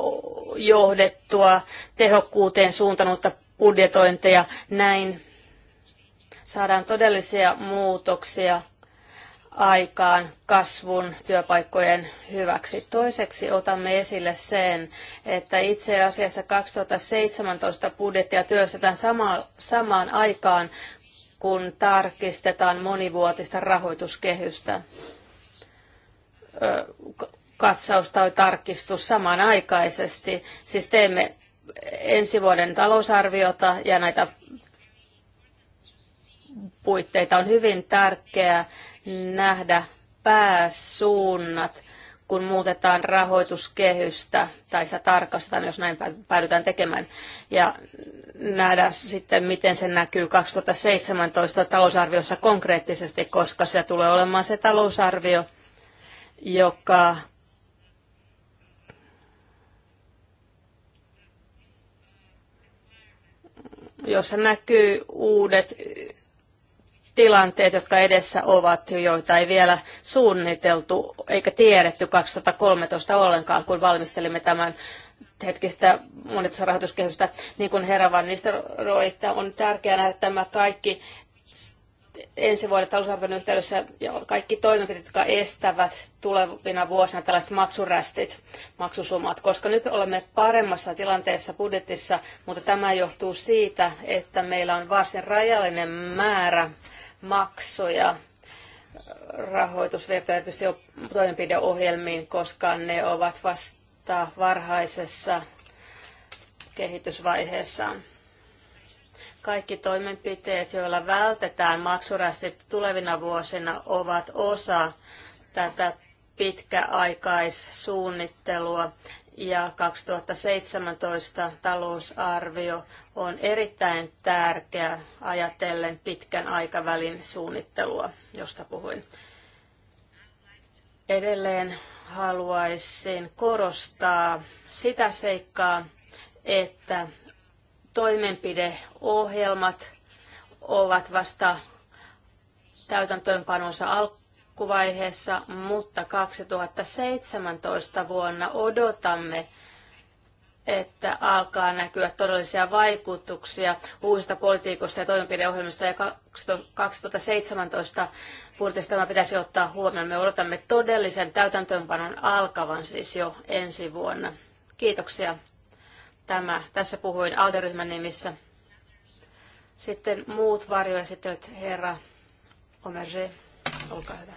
johdettua, tehokkuuteen suuntanutta budjetointeja. Näin saadaan todellisia muutoksia aikaan kasvun työpaikkojen hyväksi. Toiseksi otamme esille sen, että itse asiassa 2017 budjettia työstetään sama, samaan aikaan, kun tarkistetaan monivuotista rahoituskehystä. Katsaus tai tarkistus samanaikaisesti. Siis teemme ensi vuoden talousarviota ja näitä puitteita on hyvin tärkeää nähdä pääsuunnat, kun muutetaan rahoituskehystä tai sitä tarkastetaan, jos näin päädytään tekemään, ja nähdä sitten, miten se näkyy 2017 talousarviossa konkreettisesti, koska se tulee olemaan se talousarvio, joka jossa näkyy uudet tilanteet, jotka edessä ovat, joita ei vielä suunniteltu eikä tiedetty 2013 ollenkaan, kun valmistelimme tämän hetkistä monitoista rahoituskehystä, niin kuin herra Van Nistelrooy, on tärkeää nähdä tämä kaikki ensi vuoden talousarvion yhteydessä ja kaikki toimenpiteet, jotka estävät tulevina vuosina tällaiset maksurästit, maksusumat, koska nyt olemme paremmassa tilanteessa budjetissa, mutta tämä johtuu siitä, että meillä on varsin rajallinen määrä maksoja rahoitusvirtoja erityisesti toimenpideohjelmiin, koska ne ovat vasta varhaisessa kehitysvaiheessa. Kaikki toimenpiteet, joilla vältetään maksurästit tulevina vuosina, ovat osa tätä pitkäaikaissuunnittelua ja 2017 talousarvio on erittäin tärkeä ajatellen pitkän aikavälin suunnittelua, josta puhuin. Edelleen haluaisin korostaa sitä seikkaa, että toimenpideohjelmat ovat vasta täytäntöönpanonsa al- alkuvaiheessa, mutta 2017 vuonna odotamme, että alkaa näkyä todellisia vaikutuksia uusista politiikoista ja toimenpideohjelmista ja 2017 budjetista tämä pitäisi ottaa huomioon. Me odotamme todellisen täytäntöönpanon alkavan siis jo ensi vuonna. Kiitoksia. Tämä. Tässä puhuin Alderyhmän nimissä. Sitten muut varjoesittelyt, herra Omerje, olkaa hyvä.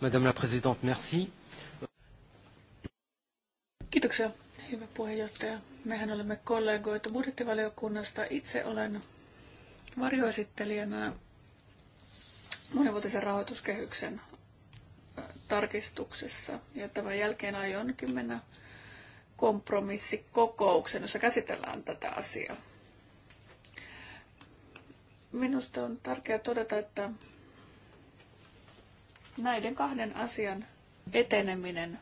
Madame la présidente, merci. Kiitoksia, hyvä puheenjohtaja. Mehän olemme kollegoita budjettivaliokunnasta. Itse olen varjoesittelijänä monivuotisen rahoituskehyksen tarkistuksessa. Ja tämän jälkeen aionkin mennä kompromissikokouksen, jossa käsitellään tätä asiaa. Minusta on tärkeää todeta, että Näiden kahden asian eteneminen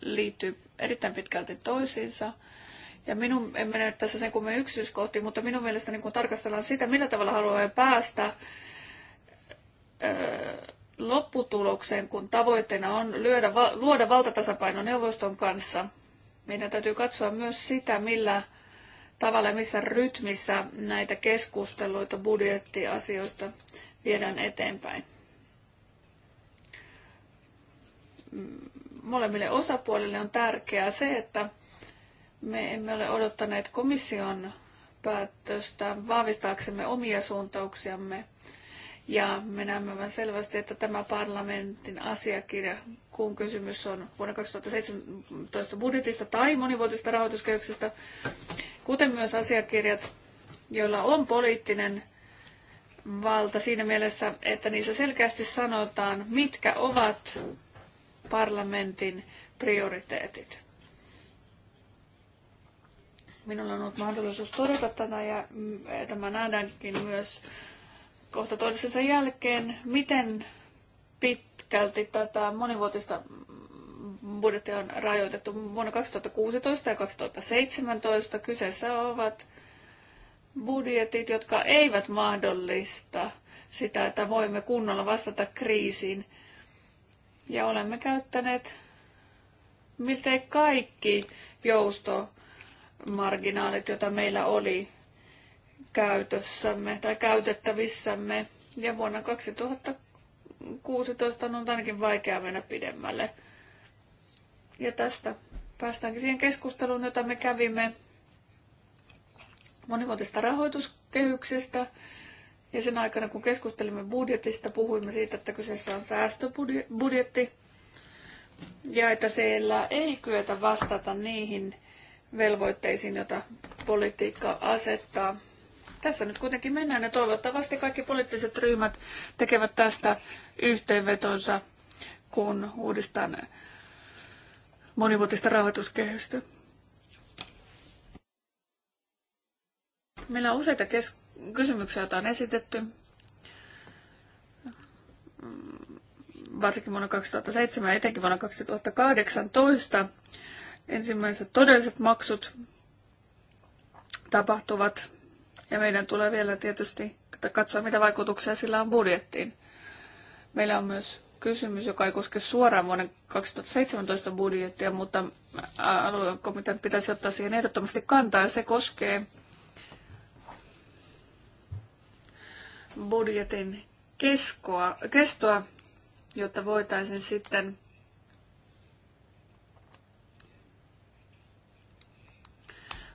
liittyy erittäin pitkälti toisiinsa. Ja minun, en mene tässä sen kummin yksityiskohtiin, mutta minun mielestäni kun tarkastellaan sitä, millä tavalla haluamme päästä öö, lopputulokseen, kun tavoitteena on lyödä, luoda valtatasapaino neuvoston kanssa, meidän täytyy katsoa myös sitä, millä tavalla ja missä rytmissä näitä keskusteluita budjettiasioista viedään eteenpäin. molemmille osapuolille on tärkeää se, että me emme ole odottaneet komission päätöstä vahvistaaksemme omia suuntauksiamme. Ja me näemme vain selvästi, että tämä parlamentin asiakirja, kun kysymys on vuonna 2017 budjetista tai monivuotisesta rahoituskehyksestä, kuten myös asiakirjat, joilla on poliittinen valta siinä mielessä, että niissä selkeästi sanotaan, mitkä ovat parlamentin prioriteetit. Minulla on ollut mahdollisuus todeta tätä ja mm, tämä nähdäänkin myös kohta toisensa jälkeen, miten pitkälti tätä monivuotista budjettia on rajoitettu vuonna 2016 ja 2017. Kyseessä ovat budjetit, jotka eivät mahdollista sitä, että voimme kunnolla vastata kriisiin. Ja olemme käyttäneet miltei kaikki joustomarginaalit, joita meillä oli käytössämme tai käytettävissämme. Ja vuonna 2016 on ainakin vaikea mennä pidemmälle. Ja tästä päästäänkin siihen keskusteluun, jota me kävimme monivuotisesta rahoituskehyksestä ja sen aikana, kun keskustelimme budjetista, puhuimme siitä, että kyseessä on säästöbudjetti ja että siellä ei kyetä vastata niihin velvoitteisiin, joita politiikka asettaa. Tässä nyt kuitenkin mennään ja toivottavasti kaikki poliittiset ryhmät tekevät tästä yhteenvetonsa, kun uudistan monivuotista rahoituskehystä. Meillä on useita kes- kysymyksiä, joita on esitetty. Varsinkin vuonna 2007 ja etenkin vuonna 2018 ensimmäiset todelliset maksut tapahtuvat. Ja meidän tulee vielä tietysti katsoa, mitä vaikutuksia sillä on budjettiin. Meillä on myös kysymys, joka ei koske suoraan vuoden 2017 budjettia, mutta komitean pitäisi ottaa siihen ehdottomasti kantaa. se koskee budjetin keskoa, kestoa, jotta voitaisiin sitten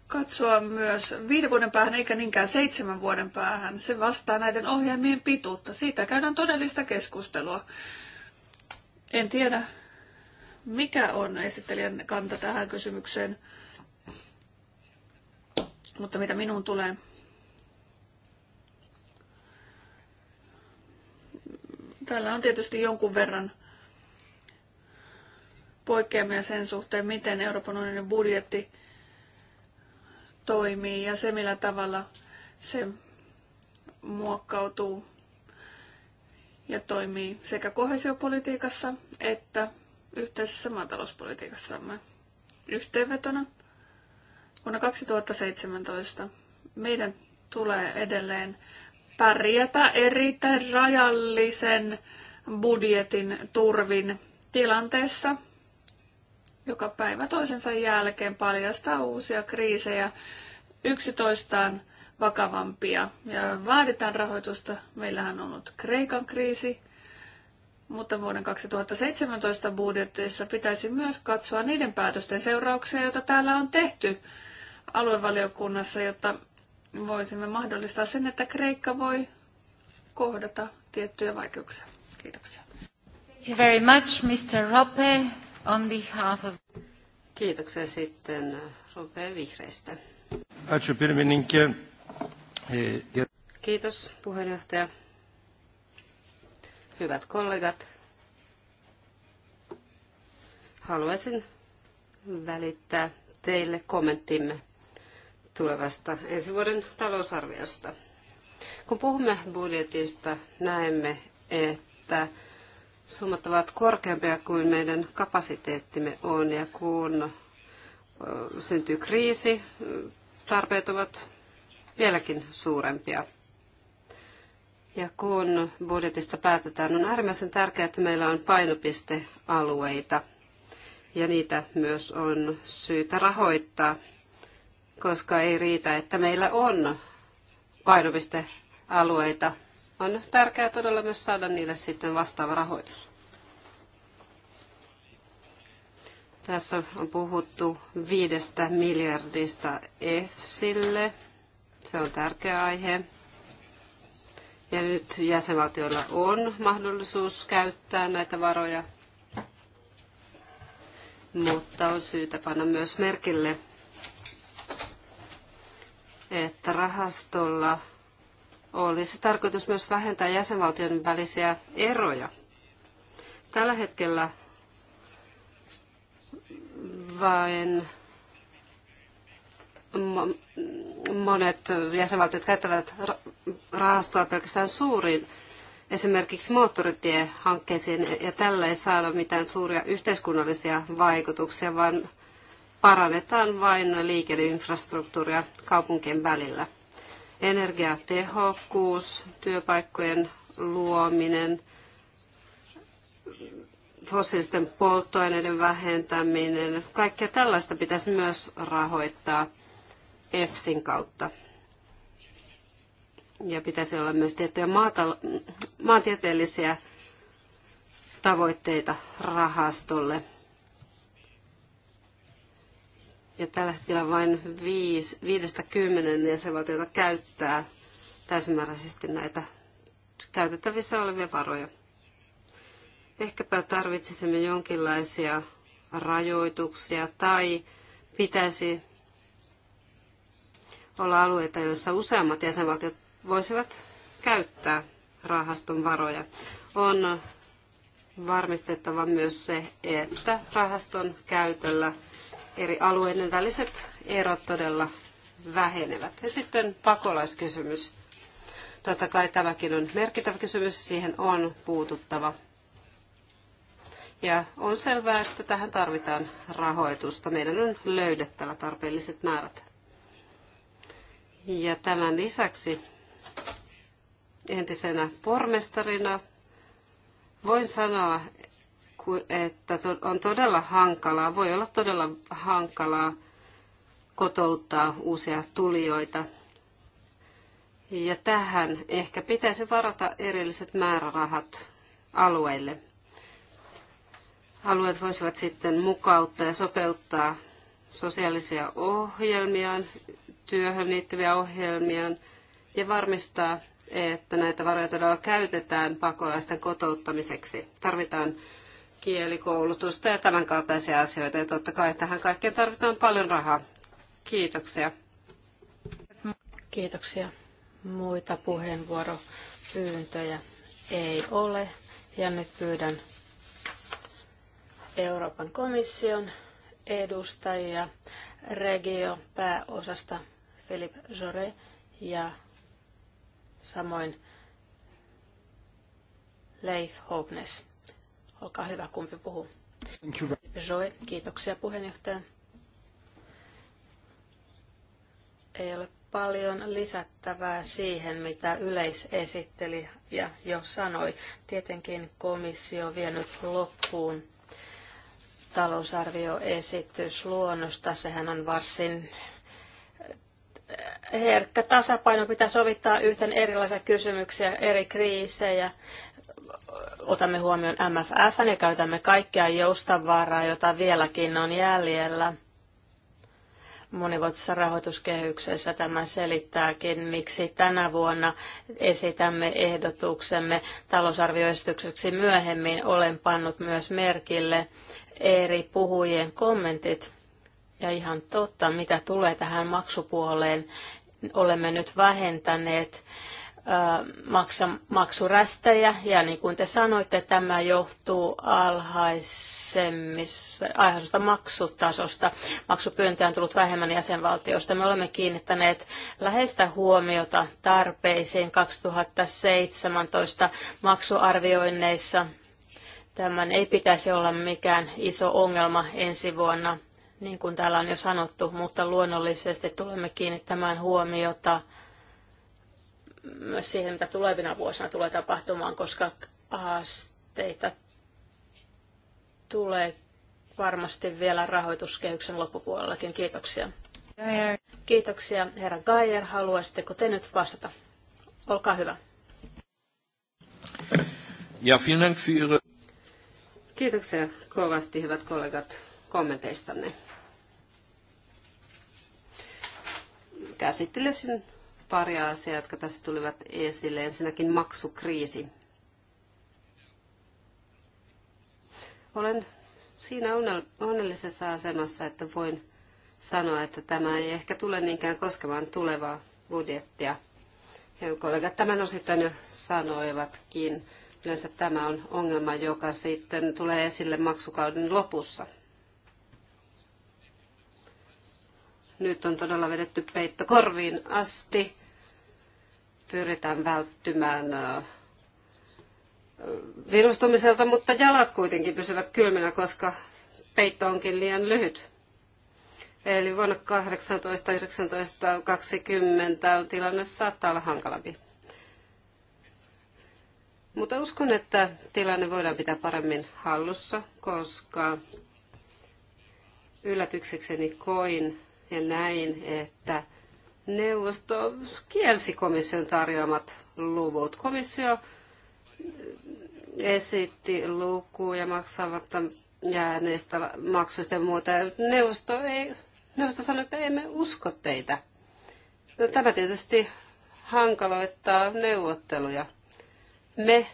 katsoa myös viiden vuoden päähän eikä niinkään seitsemän vuoden päähän. Se vastaa näiden ohjelmien pituutta. Siitä käydään todellista keskustelua. En tiedä, mikä on esittelijän kanta tähän kysymykseen, mutta mitä minun tulee, Täällä on tietysti jonkun verran poikkeamia sen suhteen, miten Euroopan unionin budjetti toimii ja se, millä tavalla se muokkautuu ja toimii sekä kohesiopolitiikassa että yhteisessä maatalouspolitiikassamme. Yhteenvetona vuonna 2017 meidän tulee edelleen pärjätä erittäin rajallisen budjetin turvin tilanteessa, joka päivä toisensa jälkeen paljastaa uusia kriisejä, yksitoistaan vakavampia. Ja vaaditaan rahoitusta. Meillähän on ollut Kreikan kriisi, mutta vuoden 2017 budjetissa pitäisi myös katsoa niiden päätösten seurauksia, joita täällä on tehty aluevaliokunnassa, jotta voisimme mahdollistaa sen, että Kreikka voi kohdata tiettyjä vaikeuksia. Kiitoksia. Thank you very much, Mr. Rope, on behalf of... Kiitoksia sitten Rope Vihreistä. E, Kiitos puheenjohtaja. Hyvät kollegat, haluaisin välittää teille kommenttimme tulevasta ensi vuoden talousarviosta. Kun puhumme budjetista, näemme, että summat ovat korkeampia kuin meidän kapasiteettimme on ja kun syntyy kriisi, tarpeet ovat vieläkin suurempia. Ja kun budjetista päätetään, on äärimmäisen tärkeää, että meillä on painopistealueita ja niitä myös on syytä rahoittaa koska ei riitä, että meillä on painopistealueita. On tärkeää todella myös saada niille sitten vastaava rahoitus. Tässä on puhuttu viidestä miljardista EFSille. Se on tärkeä aihe. Ja nyt jäsenvaltioilla on mahdollisuus käyttää näitä varoja, mutta on syytä panna myös merkille, että rahastolla olisi tarkoitus myös vähentää jäsenvaltioiden välisiä eroja. Tällä hetkellä vain monet jäsenvaltiot käyttävät rahastoa pelkästään suurin esimerkiksi moottoritiehankkeisiin, ja tällä ei saada mitään suuria yhteiskunnallisia vaikutuksia, vaan parannetaan vain liikenneinfrastruktuuria kaupunkien välillä. Energiatehokkuus, työpaikkojen luominen, fossiilisten polttoaineiden vähentäminen, kaikkea tällaista pitäisi myös rahoittaa EFSin kautta. Ja pitäisi olla myös tiettyjä maatieteellisiä tavoitteita rahastolle. Ja tällä hetkellä vain 5, 5-10 jäsenvaltiota käyttää täysimääräisesti näitä käytettävissä olevia varoja. Ehkäpä tarvitsisimme jonkinlaisia rajoituksia tai pitäisi olla alueita, joissa useammat jäsenvaltiot voisivat käyttää rahaston varoja. On varmistettava myös se, että rahaston käytöllä eri alueiden väliset erot todella vähenevät. Ja sitten pakolaiskysymys. Totta kai tämäkin on merkittävä kysymys, siihen on puututtava. Ja on selvää, että tähän tarvitaan rahoitusta. Meidän on löydettävä tarpeelliset määrät. Ja tämän lisäksi entisenä pormestarina voin sanoa, että on todella hankalaa, voi olla todella hankalaa kotouttaa uusia tulijoita. Ja tähän ehkä pitäisi varata erilliset määrärahat alueille. Alueet voisivat sitten mukauttaa ja sopeuttaa sosiaalisia ohjelmiaan, työhön liittyviä ohjelmiaan ja varmistaa, että näitä varoja todella käytetään pakolaisten kotouttamiseksi. Tarvitaan kielikoulutusta ja tämän kaltaisia asioita. Ja totta kai tähän kaikkeen tarvitaan paljon rahaa. Kiitoksia. Kiitoksia. Muita puheenvuoropyyntöjä ei ole. Ja nyt pyydän Euroopan komission edustajia regio pääosasta Philip Jore ja samoin Leif Hopnes. Olkaa hyvä, kumpi puhuu. Joe, kiitoksia puheenjohtaja. Ei ole paljon lisättävää siihen, mitä yleisesitteli ja jo sanoi. Tietenkin komissio on vienyt loppuun luonnosta. Sehän on varsin eh, herkkä tasapaino. Pitää sovittaa yhten erilaisia kysymyksiä, eri kriisejä, otamme huomioon MFF ja käytämme kaikkea joustavaaraa, jota vieläkin on jäljellä monivuotisessa rahoituskehyksessä. Tämä selittääkin, miksi tänä vuonna esitämme ehdotuksemme talousarvioesitykseksi myöhemmin. Olen pannut myös merkille eri puhujien kommentit. Ja ihan totta, mitä tulee tähän maksupuoleen, olemme nyt vähentäneet maksa, maksurästejä, ja niin kuin te sanoitte, tämä johtuu alhaisemmista maksutasosta. Maksupyyntöjä on tullut vähemmän jäsenvaltioista. Me olemme kiinnittäneet läheistä huomiota tarpeisiin 2017 maksuarvioinneissa. Tämän ei pitäisi olla mikään iso ongelma ensi vuonna, niin kuin täällä on jo sanottu, mutta luonnollisesti tulemme kiinnittämään huomiota – myös siihen, mitä tulevina vuosina tulee tapahtumaan, koska haasteita tulee varmasti vielä rahoituskehyksen loppupuolellakin. Kiitoksia. Kiitoksia. Herra Geier, haluaisitteko te nyt vastata? Olkaa hyvä. Ja Dank für Kiitoksia kovasti, hyvät kollegat, kommenteistanne. Käsittelisin pari asiaa, jotka tässä tulivat esille. Ensinnäkin maksukriisi. Olen siinä onnellisessa asemassa, että voin sanoa, että tämä ei ehkä tule niinkään koskemaan tulevaa budjettia. Ja kollegat tämän osittain jo sanoivatkin. Yleensä tämä on ongelma, joka sitten tulee esille maksukauden lopussa. Nyt on todella vedetty peitto korviin asti. Pyritään välttymään virustumiselta, mutta jalat kuitenkin pysyvät kylminä, koska peitto onkin liian lyhyt. Eli vuonna 18, 19, 20 tilanne saattaa olla hankalampi. Mutta uskon, että tilanne voidaan pitää paremmin hallussa, koska yllätyksekseni koin, ja näin, että neuvosto kielsi komission tarjoamat luvut. Komissio esitti lukuja maksavat jääneistä maksuista ja muuta. Neuvosto, ei, neuvosto sanoi, että emme usko teitä. No, tämä tietysti hankaloittaa neuvotteluja. Me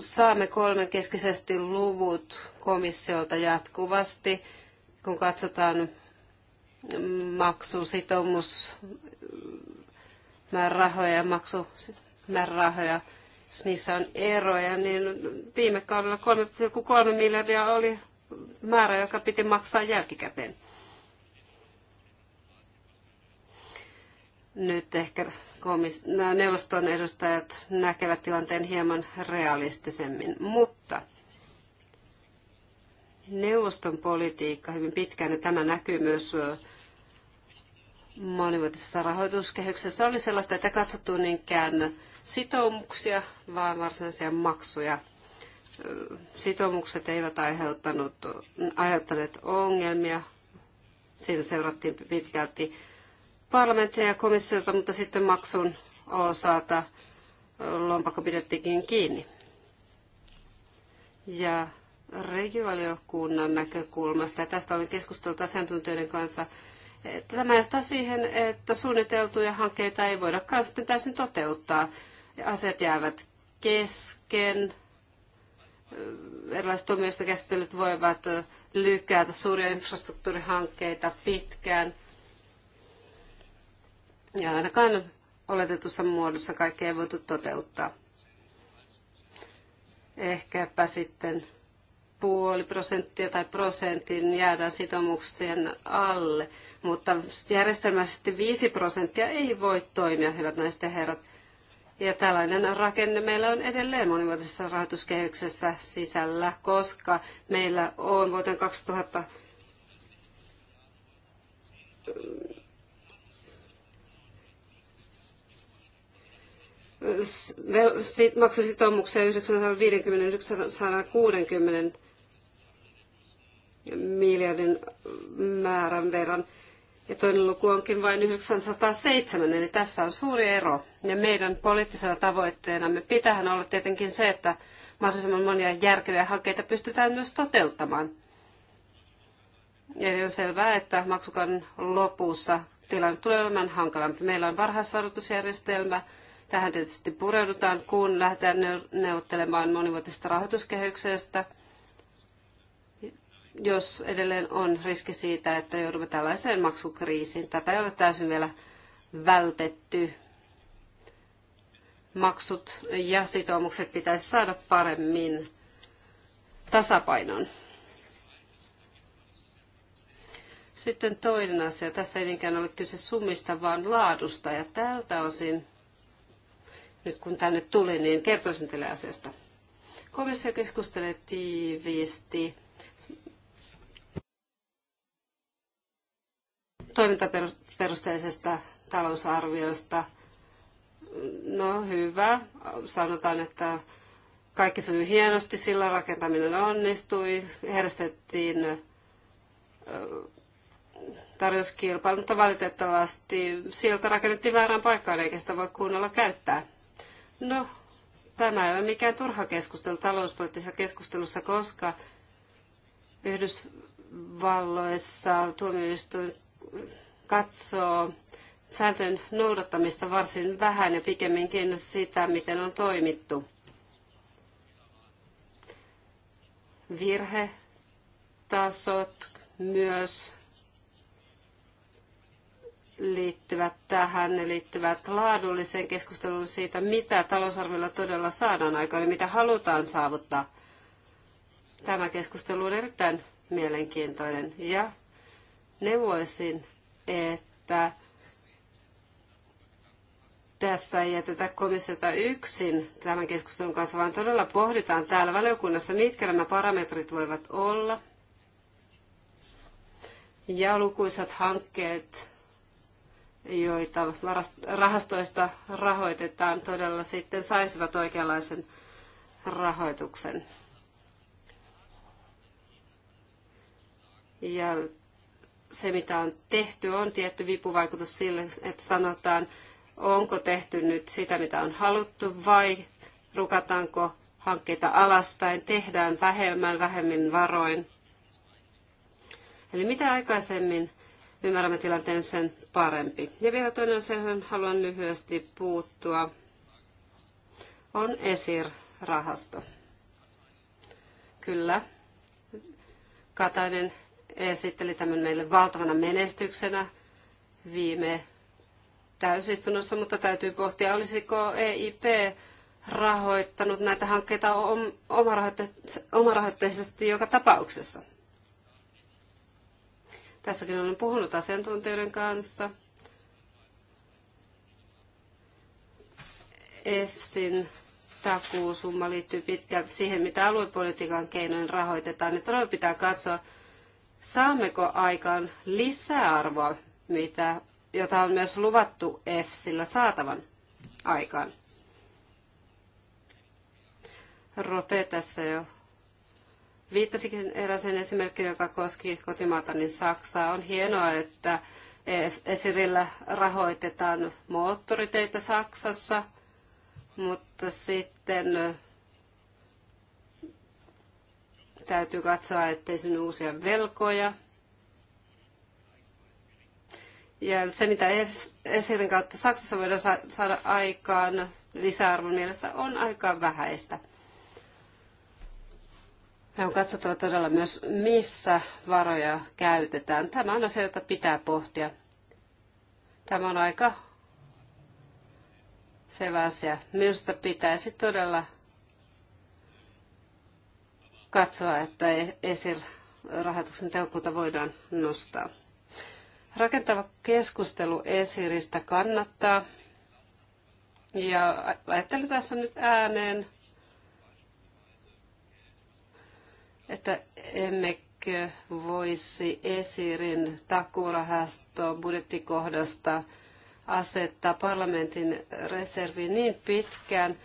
saamme kolmen keskisesti luvut komissiolta jatkuvasti kun katsotaan määrärahoja ja maksumäärärahoja, jos niissä on eroja, niin viime kaudella 3,3 miljardia oli määrä, joka piti maksaa jälkikäteen. Nyt ehkä komis- neuvoston edustajat näkevät tilanteen hieman realistisemmin, mutta – neuvoston politiikka hyvin pitkään, ja tämä näkyy myös monivuotisessa rahoituskehyksessä, oli sellaista, että katsottu niinkään sitoumuksia, vaan varsinaisia maksuja. Sitoumukset eivät aiheuttanut, aiheuttaneet ongelmia. Siitä seurattiin pitkälti parlamenttia ja komissiota, mutta sitten maksun osalta lompakko pidettiinkin kiinni. Ja regivaliokunnan näkökulmasta, ja tästä olen keskustellut asiantuntijoiden kanssa, tämä johtaa siihen, että suunniteltuja hankkeita ei voidakaan sitten täysin toteuttaa. Asiat jäävät kesken, erilaiset tuomioistokäsittelyt voivat lykätä suuria infrastruktuurihankkeita pitkään. Ja ainakaan oletetussa muodossa kaikkea ei voitu toteuttaa. Ehkäpä sitten puoli prosenttia tai prosentin jäädään sitoumuksien alle, mutta järjestelmällisesti 5 prosenttia ei voi toimia, hyvät naiset ja herrat. Ja tällainen rakenne meillä on edelleen monivuotisessa rahoituskehyksessä sisällä, koska meillä on vuoteen 2000 maksusitoumuksia 950-960 miljardin määrän verran. Ja toinen luku onkin vain 907, eli tässä on suuri ero. Ja meidän poliittisena tavoitteenamme pitähän olla tietenkin se, että mahdollisimman monia järkeviä hankkeita pystytään myös toteuttamaan. Eli on selvää, että maksukan lopussa tilanne tulee olemaan hankalampi. Meillä on varhaisvaroitusjärjestelmä. Tähän tietysti pureudutaan, kun lähdetään neuvottelemaan monivuotisesta rahoituskehyksestä – jos edelleen on riski siitä, että joudumme tällaiseen maksukriisiin. Tätä ei ole täysin vielä vältetty. Maksut ja sitoumukset pitäisi saada paremmin tasapainoon. Sitten toinen asia. Tässä ei niinkään ole kyse summista, vaan laadusta. Ja tältä osin, nyt kun tänne tuli, niin kertoisin teille asiasta. Komissio keskustelee tiiviisti toimintaperusteisesta talousarviosta. No hyvä, sanotaan, että kaikki sujui hienosti, sillä rakentaminen onnistui, järjestettiin tarjouskilpailu, mutta valitettavasti sieltä rakennettiin väärään paikkaan eikä sitä voi kunnolla käyttää. No, tämä ei ole mikään turha keskustelu talouspoliittisessa keskustelussa, koska Yhdysvalloissa tuomioistuin katsoo sääntöjen noudattamista varsin vähän ja pikemminkin sitä, miten on toimittu. Virhetasot myös liittyvät tähän, ne liittyvät laadulliseen keskusteluun siitä, mitä talousarvilla todella saadaan aikaan ja mitä halutaan saavuttaa. Tämä keskustelu on erittäin mielenkiintoinen ja neuvoisin, että tässä ei jätetä komissiota yksin tämän keskustelun kanssa, vaan todella pohditaan täällä valiokunnassa, mitkä nämä parametrit voivat olla. Ja lukuisat hankkeet, joita rahastoista rahoitetaan, todella sitten saisivat oikeanlaisen rahoituksen. Ja se, mitä on tehty, on tietty vipuvaikutus sille, että sanotaan, onko tehty nyt sitä, mitä on haluttu, vai rukataanko hankkeita alaspäin, tehdään vähemmän, vähemmin varoin. Eli mitä aikaisemmin ymmärrämme tilanteen, sen parempi. Ja vielä toinen asia, johon haluan lyhyesti puuttua, on ESIR-rahasto. Kyllä, Katainen esitteli tämän meille valtavana menestyksenä viime täysistunnossa, mutta täytyy pohtia, olisiko EIP rahoittanut näitä hankkeita omarahoitteisesti joka tapauksessa. Tässäkin olen puhunut asiantuntijoiden kanssa. EFSin takuusumma liittyy pitkälti siihen, mitä aluepolitiikan keinoin rahoitetaan. Niin todella pitää katsoa, saammeko aikaan lisäarvoa, mitä, jota on myös luvattu EFSillä saatavan aikaan. Rope tässä jo viittasikin eräseen esimerkkiin, joka koski kotimaata, niin Saksaa. On hienoa, että esirillä rahoitetaan moottoriteitä Saksassa, mutta sitten täytyy katsoa, ettei synny uusia velkoja. Ja se, mitä esirin kautta Saksassa voidaan saada aikaan lisäarvon mielessä, on aika vähäistä. Ja on katsottava todella myös, missä varoja käytetään. Tämä on asia, jota pitää pohtia. Tämä on aika selvä asia. Minusta pitäisi todella katsoa, että ESIR-rahoituksen tehokkuutta voidaan nostaa. Rakentava keskustelu ESIRistä kannattaa. Ja ajattelin tässä nyt ääneen, että emmekö voisi ESIRin takuurahasto budjettikohdasta asettaa parlamentin reserviin niin pitkään,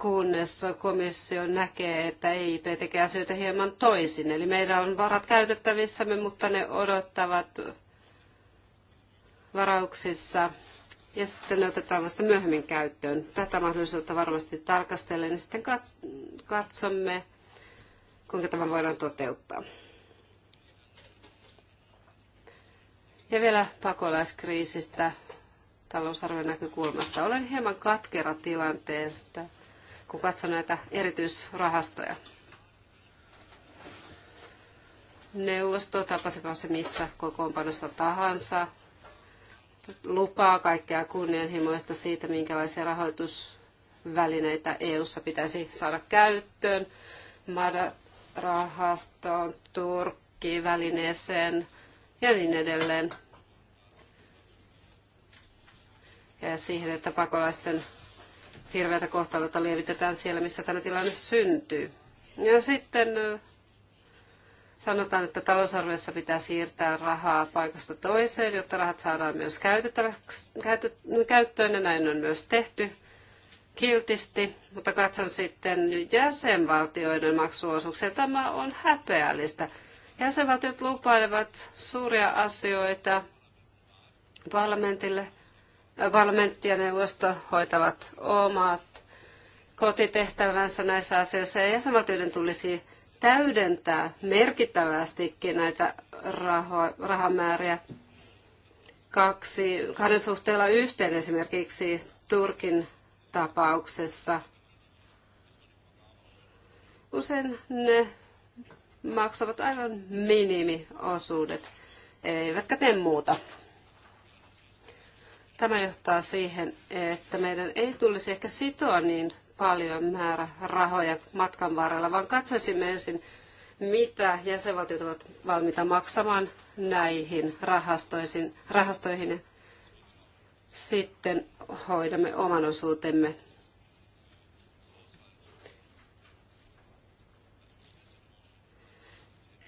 kunnes komissio näkee, että EIP tekee asioita hieman toisin. Eli meillä on varat käytettävissämme, mutta ne odottavat varauksissa ja sitten ne otetaan vasta myöhemmin käyttöön. Tätä mahdollisuutta varmasti tarkastellen ja niin sitten katsomme, kuinka tämä voidaan toteuttaa. Ja vielä pakolaiskriisistä talousarvion näkökulmasta. Olen hieman katkera tilanteesta kun katson näitä erityisrahastoja. Neuvosto tapasipa se missä kokoonpanossa tahansa, lupaa kaikkea kunnianhimoista siitä, minkälaisia rahoitusvälineitä EU:ssa pitäisi saada käyttöön. MADA-rahastoon, Turkki-välineeseen ja niin edelleen. Ja siihen, että pakolaisten hirveätä kohtalota lievitetään siellä, missä tämä tilanne syntyy. Ja sitten sanotaan, että talousarviossa pitää siirtää rahaa paikasta toiseen, jotta rahat saadaan myös käytettäväksi, käyttöön, ja näin on myös tehty kiltisti, mutta katson sitten jäsenvaltioiden maksuosuuksia. Tämä on häpeällistä. Jäsenvaltiot lupailevat suuria asioita parlamentille – Parlamentti ja neuvosto hoitavat omat kotitehtävänsä näissä asioissa ja jäsenvaltioiden tulisi täydentää merkittävästikin näitä raho, rahamääriä. Kaksi, kahden suhteella yhteen esimerkiksi Turkin tapauksessa. Usein ne maksavat aivan minimiosuudet, eivätkä tee muuta. Tämä johtaa siihen, että meidän ei tulisi ehkä sitoa niin paljon määrä rahoja matkan varrella, vaan katsoisimme ensin, mitä jäsenvaltiot ovat valmiita maksamaan näihin rahastoihin. Sitten hoidamme oman osuutemme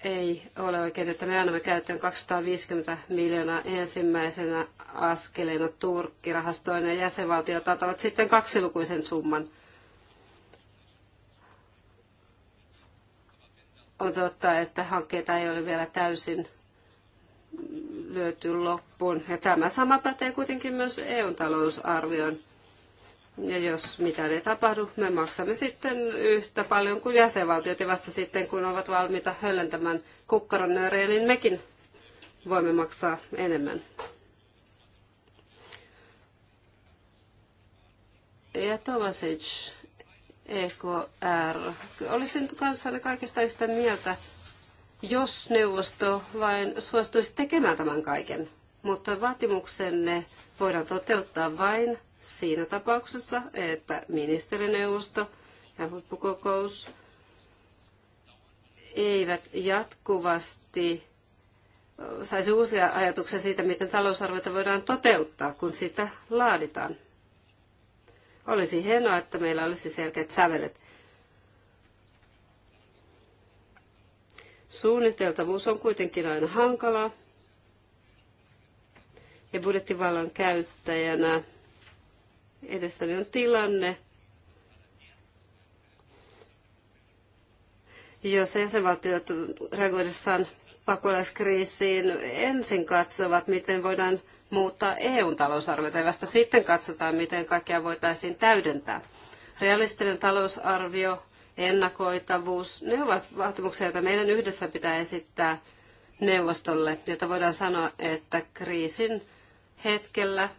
ei ole oikein, että me annamme käyttöön 250 miljoonaa ensimmäisenä askeleena Turkkirahastoon ja jäsenvaltiot antavat sitten kaksilukuisen summan. On totta, että hankkeita ei ole vielä täysin lyöty loppuun. Ja tämä sama pätee kuitenkin myös EU-talousarvioon. Ja jos mitään ei tapahdu, me maksamme sitten yhtä paljon kuin jäsenvaltiot. Ja vasta sitten, kun ovat valmiita höllentämään kukkaronöörejä, niin mekin voimme maksaa enemmän. Ja Tomasic, EKR. Olisin kanssanne kaikista yhtä mieltä, jos neuvosto vain suostuisi tekemään tämän kaiken. Mutta vaatimuksenne voidaan toteuttaa vain siinä tapauksessa, että ministerineuvosto ja huippukokous eivät jatkuvasti saisi uusia ajatuksia siitä, miten talousarvoita voidaan toteuttaa, kun sitä laaditaan. Olisi hienoa, että meillä olisi selkeät sävelet. Suunniteltavuus on kuitenkin aina hankalaa. Ja budjettivallan käyttäjänä Edessäni on tilanne, jos jäsenvaltiot reagoidessaan pakolaiskriisiin ensin katsovat, miten voidaan muuttaa EUn talousarviota ja vasta sitten katsotaan, miten kaikkea voitaisiin täydentää. Realistinen talousarvio, ennakoitavuus, ne ovat vaatimuksia, joita meidän yhdessä pitää esittää neuvostolle, jota voidaan sanoa, että kriisin hetkellä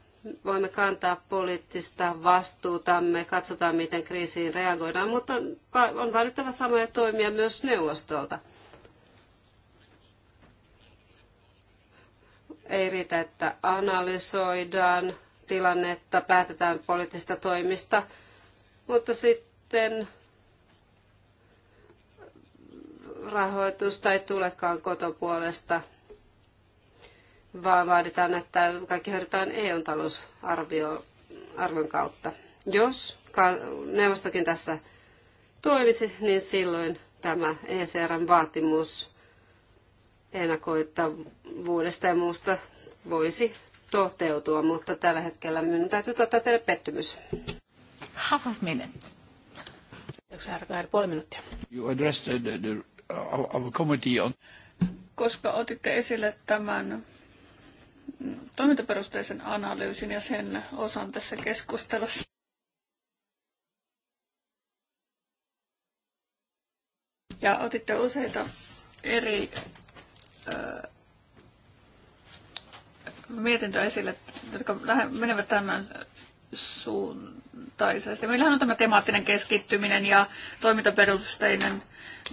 voimme kantaa poliittista vastuutamme, katsotaan miten kriisiin reagoidaan, mutta on, vaadittava samoja toimia myös neuvostolta. Ei riitä, että analysoidaan tilannetta, päätetään poliittisista toimista, mutta sitten rahoitusta ei tulekaan kotopuolesta – vaan vaaditaan, että kaikki hoidetaan eu talousarvion kautta. Jos neuvostokin tässä toimisi, niin silloin tämä ECRn vaatimus ennakoittavuudesta ja muusta voisi toteutua, mutta tällä hetkellä minun täytyy tuottaa teille pettymys. Half of minute. Puoli minuuttia. You addressed the, the, our, our committee on... Koska otitte esille tämän toimintaperusteisen analyysin ja sen osan tässä keskustelussa. Ja otitte useita eri ö, mietintöä esille, jotka menevät tämän suuntaisesti. Meillähän on tämä temaattinen keskittyminen ja toimintaperusteinen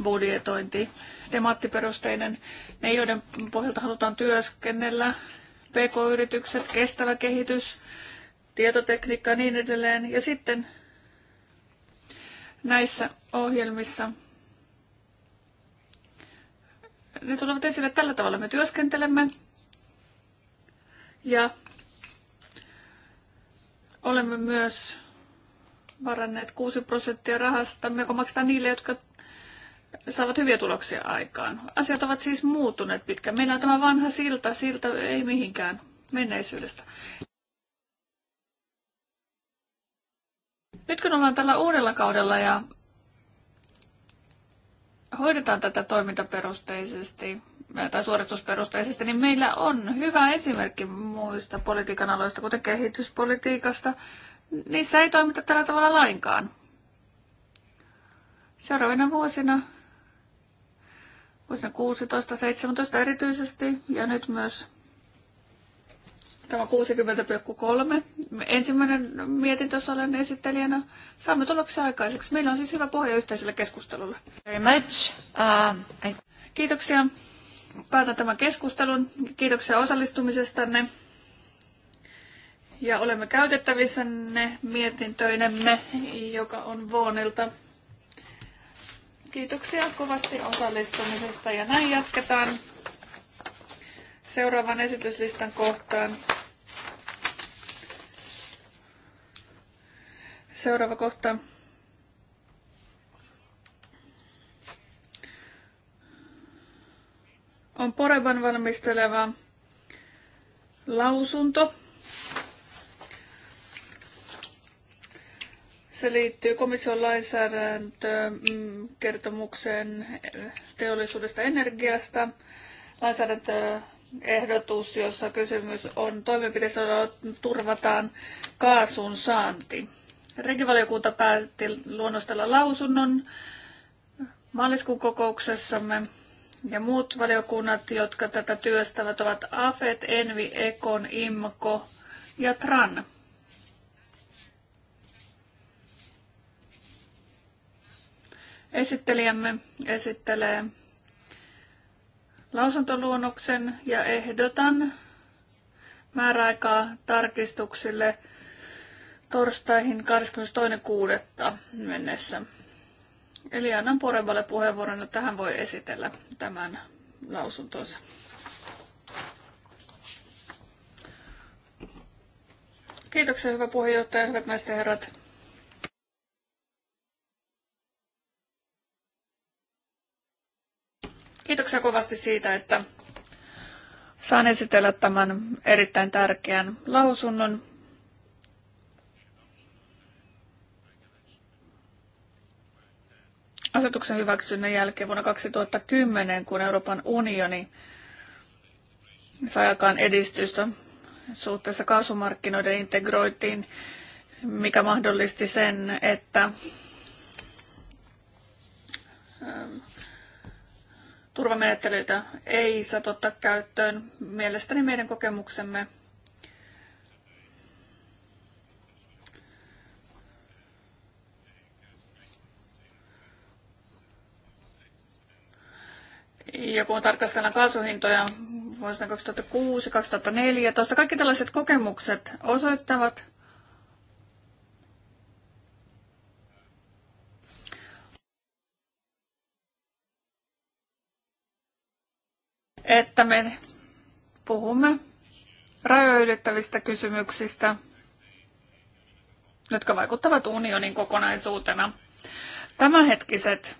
budjetointi, temaattiperusteinen, ne joiden pohjalta halutaan työskennellä PK-yritykset, kestävä kehitys, tietotekniikka ja niin edelleen. Ja sitten näissä ohjelmissa ne tulevat esille tällä tavalla. Me työskentelemme ja olemme myös varanneet 6 prosenttia rahasta, joka maksetaan niille, jotka saavat hyviä tuloksia aikaan. Asiat ovat siis muuttuneet pitkään. Meillä on tämä vanha silta, silta ei mihinkään menneisyydestä. Nyt kun ollaan tällä uudella kaudella ja hoidetaan tätä toimintaperusteisesti tai suoritusperusteisesti, niin meillä on hyvä esimerkki muista politiikan aloista, kuten kehityspolitiikasta. Niissä ei toimita tällä tavalla lainkaan. Seuraavina vuosina vuosina 16, 17 erityisesti ja nyt myös tämä 60,3. Ensimmäinen mietintö, jossa olen esittelijänä, saamme tuloksia aikaiseksi. Meillä on siis hyvä pohja yhteiselle keskustelulle. Very much. Uh, I... Kiitoksia. Päätän tämän keskustelun. Kiitoksia osallistumisestanne. Ja olemme käytettävissä ne mietintöinemme, joka on Voonilta. Kiitoksia kovasti osallistumisesta ja näin jatketaan seuraavan esityslistan kohtaan. Seuraava kohta. On Poreban valmisteleva lausunto Se liittyy komission lainsäädäntökertomukseen teollisuudesta energiasta. Lainsäädäntöehdotus, jossa kysymys on toimenpiteistä, joilla turvataan kaasun saanti. Regivaliokunta päätti luonnostella lausunnon maaliskuun kokouksessamme. Ja muut valiokunnat, jotka tätä työstävät, ovat AFET, ENVI, EKON, IMKO ja TRAN. Esittelijämme esittelee lausuntoluonnoksen ja ehdotan määräaikaa tarkistuksille torstaihin 22.6. mennessä. Eli annan Porevalle puheenvuoron, että hän voi esitellä tämän lausuntonsa. Kiitoksia, hyvä puheenjohtaja, hyvät naiset ja herrat. Kiitoksia kovasti siitä, että saan esitellä tämän erittäin tärkeän lausunnon. Asetuksen hyväksynnän jälkeen vuonna 2010, kun Euroopan unioni sai aikaan edistystä suhteessa kaasumarkkinoiden integroitiin, mikä mahdollisti sen, että turvamenettelyitä ei saa ottaa käyttöön. Mielestäni meidän kokemuksemme ja kun tarkastellaan kaasuhintoja vuosina 2006-2014, kaikki tällaiset kokemukset osoittavat, että me puhumme rajoja ylittävistä kysymyksistä, jotka vaikuttavat unionin kokonaisuutena. Tämänhetkiset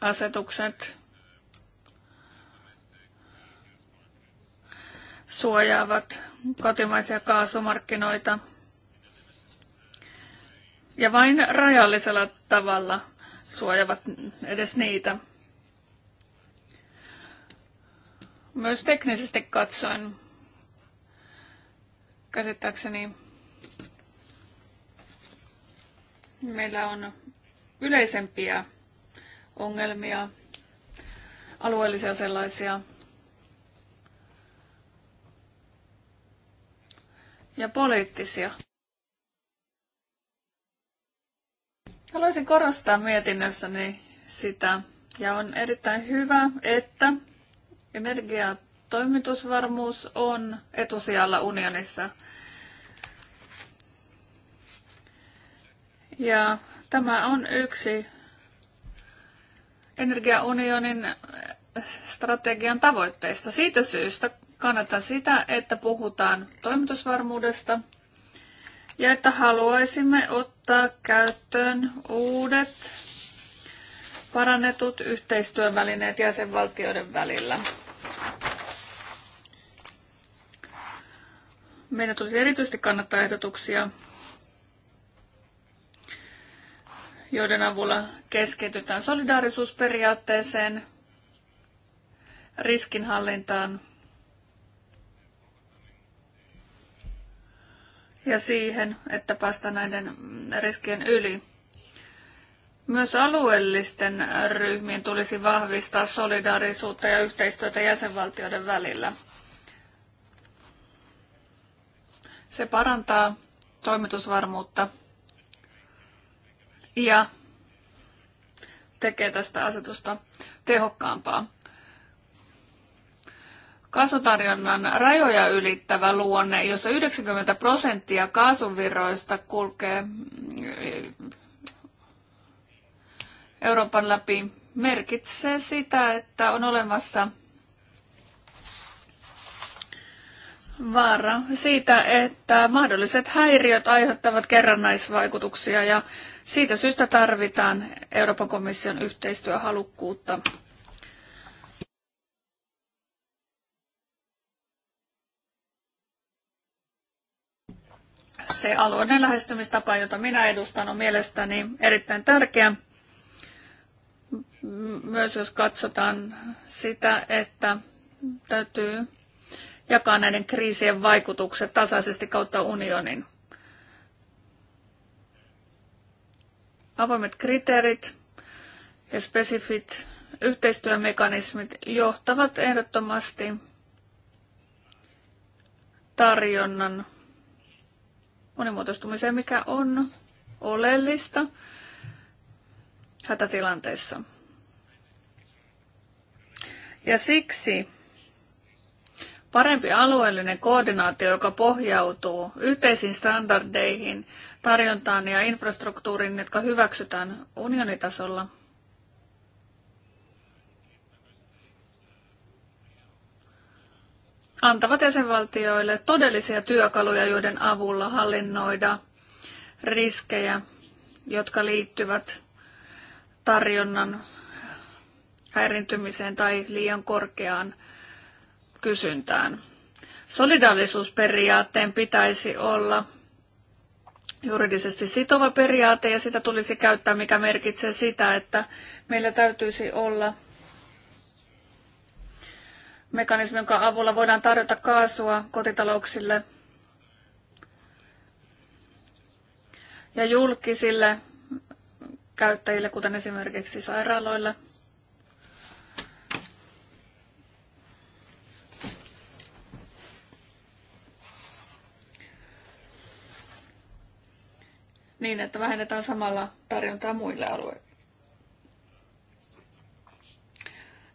asetukset suojaavat kotimaisia kaasumarkkinoita ja vain rajallisella tavalla suojaavat edes niitä. Myös teknisesti katsoen käsittääkseni meillä on yleisempiä ongelmia, alueellisia sellaisia. Ja poliittisia. Haluaisin korostaa mietinnössäni sitä, ja on erittäin hyvä, että Energiatoimitusvarmuus on etusijalla unionissa. Ja tämä on yksi energiaunionin strategian tavoitteista. Siitä syystä kannatan sitä, että puhutaan toimitusvarmuudesta ja että haluaisimme ottaa käyttöön uudet parannetut yhteistyövälineet jäsenvaltioiden välillä. Meidän tulisi erityisesti kannattaa ehdotuksia, joiden avulla keskitytään solidaarisuusperiaatteeseen, riskinhallintaan ja siihen, että päästään näiden riskien yli. Myös alueellisten ryhmien tulisi vahvistaa solidaarisuutta ja yhteistyötä jäsenvaltioiden välillä. Se parantaa toimitusvarmuutta ja tekee tästä asetusta tehokkaampaa. Kaasutarjonnan rajoja ylittävä luonne, jossa 90 prosenttia kaasuvirroista kulkee mm, Euroopan läpi, merkitsee sitä, että on olemassa vaara siitä, että mahdolliset häiriöt aiheuttavat kerrannaisvaikutuksia ja siitä syystä tarvitaan Euroopan komission yhteistyöhalukkuutta. Se alueellinen lähestymistapa, jota minä edustan, on mielestäni erittäin tärkeä. Myös jos katsotaan sitä, että täytyy jakaa näiden kriisien vaikutukset tasaisesti kautta unionin. Avoimet kriteerit ja spesifit yhteistyömekanismit johtavat ehdottomasti tarjonnan monimuotoistumiseen, mikä on oleellista hätätilanteissa. Ja siksi Parempi alueellinen koordinaatio, joka pohjautuu yhteisiin standardeihin, tarjontaan ja infrastruktuuriin, jotka hyväksytään unionitasolla, antavat jäsenvaltioille todellisia työkaluja, joiden avulla hallinnoida riskejä, jotka liittyvät tarjonnan häirintymiseen tai liian korkeaan kysyntään. Solidaarisuusperiaatteen pitäisi olla juridisesti sitova periaate ja sitä tulisi käyttää, mikä merkitsee sitä, että meillä täytyisi olla mekanismi, jonka avulla voidaan tarjota kaasua kotitalouksille ja julkisille käyttäjille, kuten esimerkiksi sairaaloille – niin, että vähennetään samalla tarjontaa muille alueille.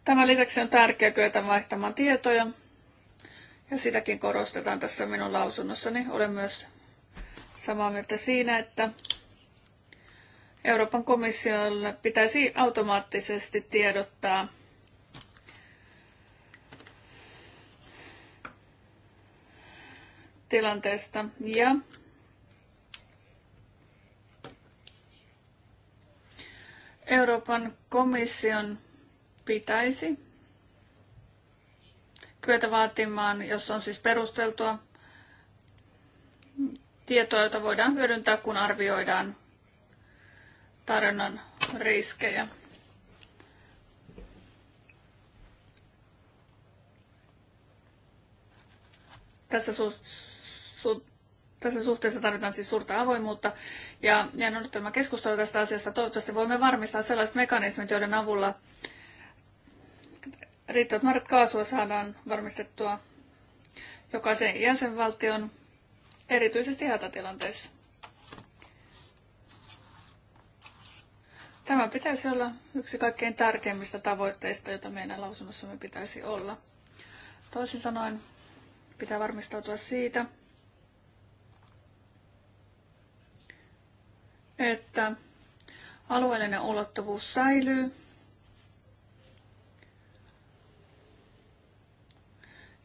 Tämän lisäksi on tärkeää kyetä vaihtamaan tietoja, ja sitäkin korostetaan tässä minun lausunnossani. Olen myös samaa mieltä siinä, että Euroopan komissiolle pitäisi automaattisesti tiedottaa tilanteesta ja Euroopan komission pitäisi kyetä vaatimaan, jos on siis perusteltua tietoa, jota voidaan hyödyntää, kun arvioidaan tarjonnan riskejä. Tässä tässä suhteessa tarvitaan siis suurta avoimuutta ja jään odottelemaan keskustelua tästä asiasta. Toivottavasti voimme varmistaa sellaiset mekanismit, joiden avulla riittävät määrät kaasua saadaan varmistettua jokaisen jäsenvaltion, erityisesti hätätilanteissa. Tämä pitäisi olla yksi kaikkein tärkeimmistä tavoitteista, jota meidän lausunnossamme pitäisi olla. Toisin sanoen pitää varmistautua siitä, että alueellinen ulottuvuus säilyy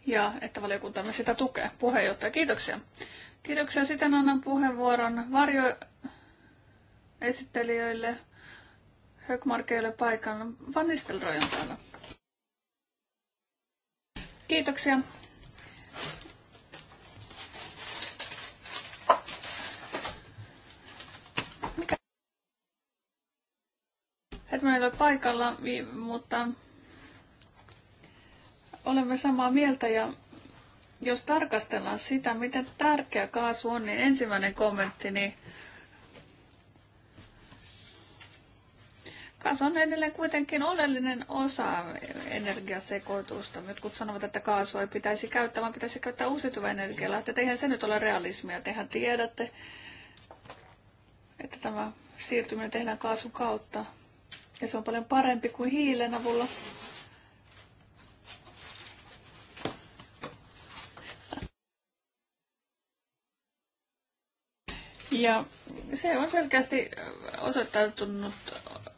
ja että valiokuntamme sitä tukee. Puheenjohtaja, kiitoksia. Kiitoksia. Sitten annan puheenvuoron varjoesittelijöille. Högmarkeille paikan Van Nistelrooy on täällä. Kiitoksia. Bergman ei paikalla, mutta olemme samaa mieltä ja jos tarkastellaan sitä, miten tärkeä kaasu on, niin ensimmäinen kommentti, niin Kaasu on edelleen kuitenkin oleellinen osa energiasekoitusta. Jotkut sanovat, että kaasu ei pitäisi käyttää, vaan pitäisi käyttää energialla. Että Eihän se nyt ole realismia. Tehän tiedätte, että tämä siirtyminen tehdään kaasun kautta. Ja se on paljon parempi kuin hiilen avulla. Ja se on selkeästi osoittautunut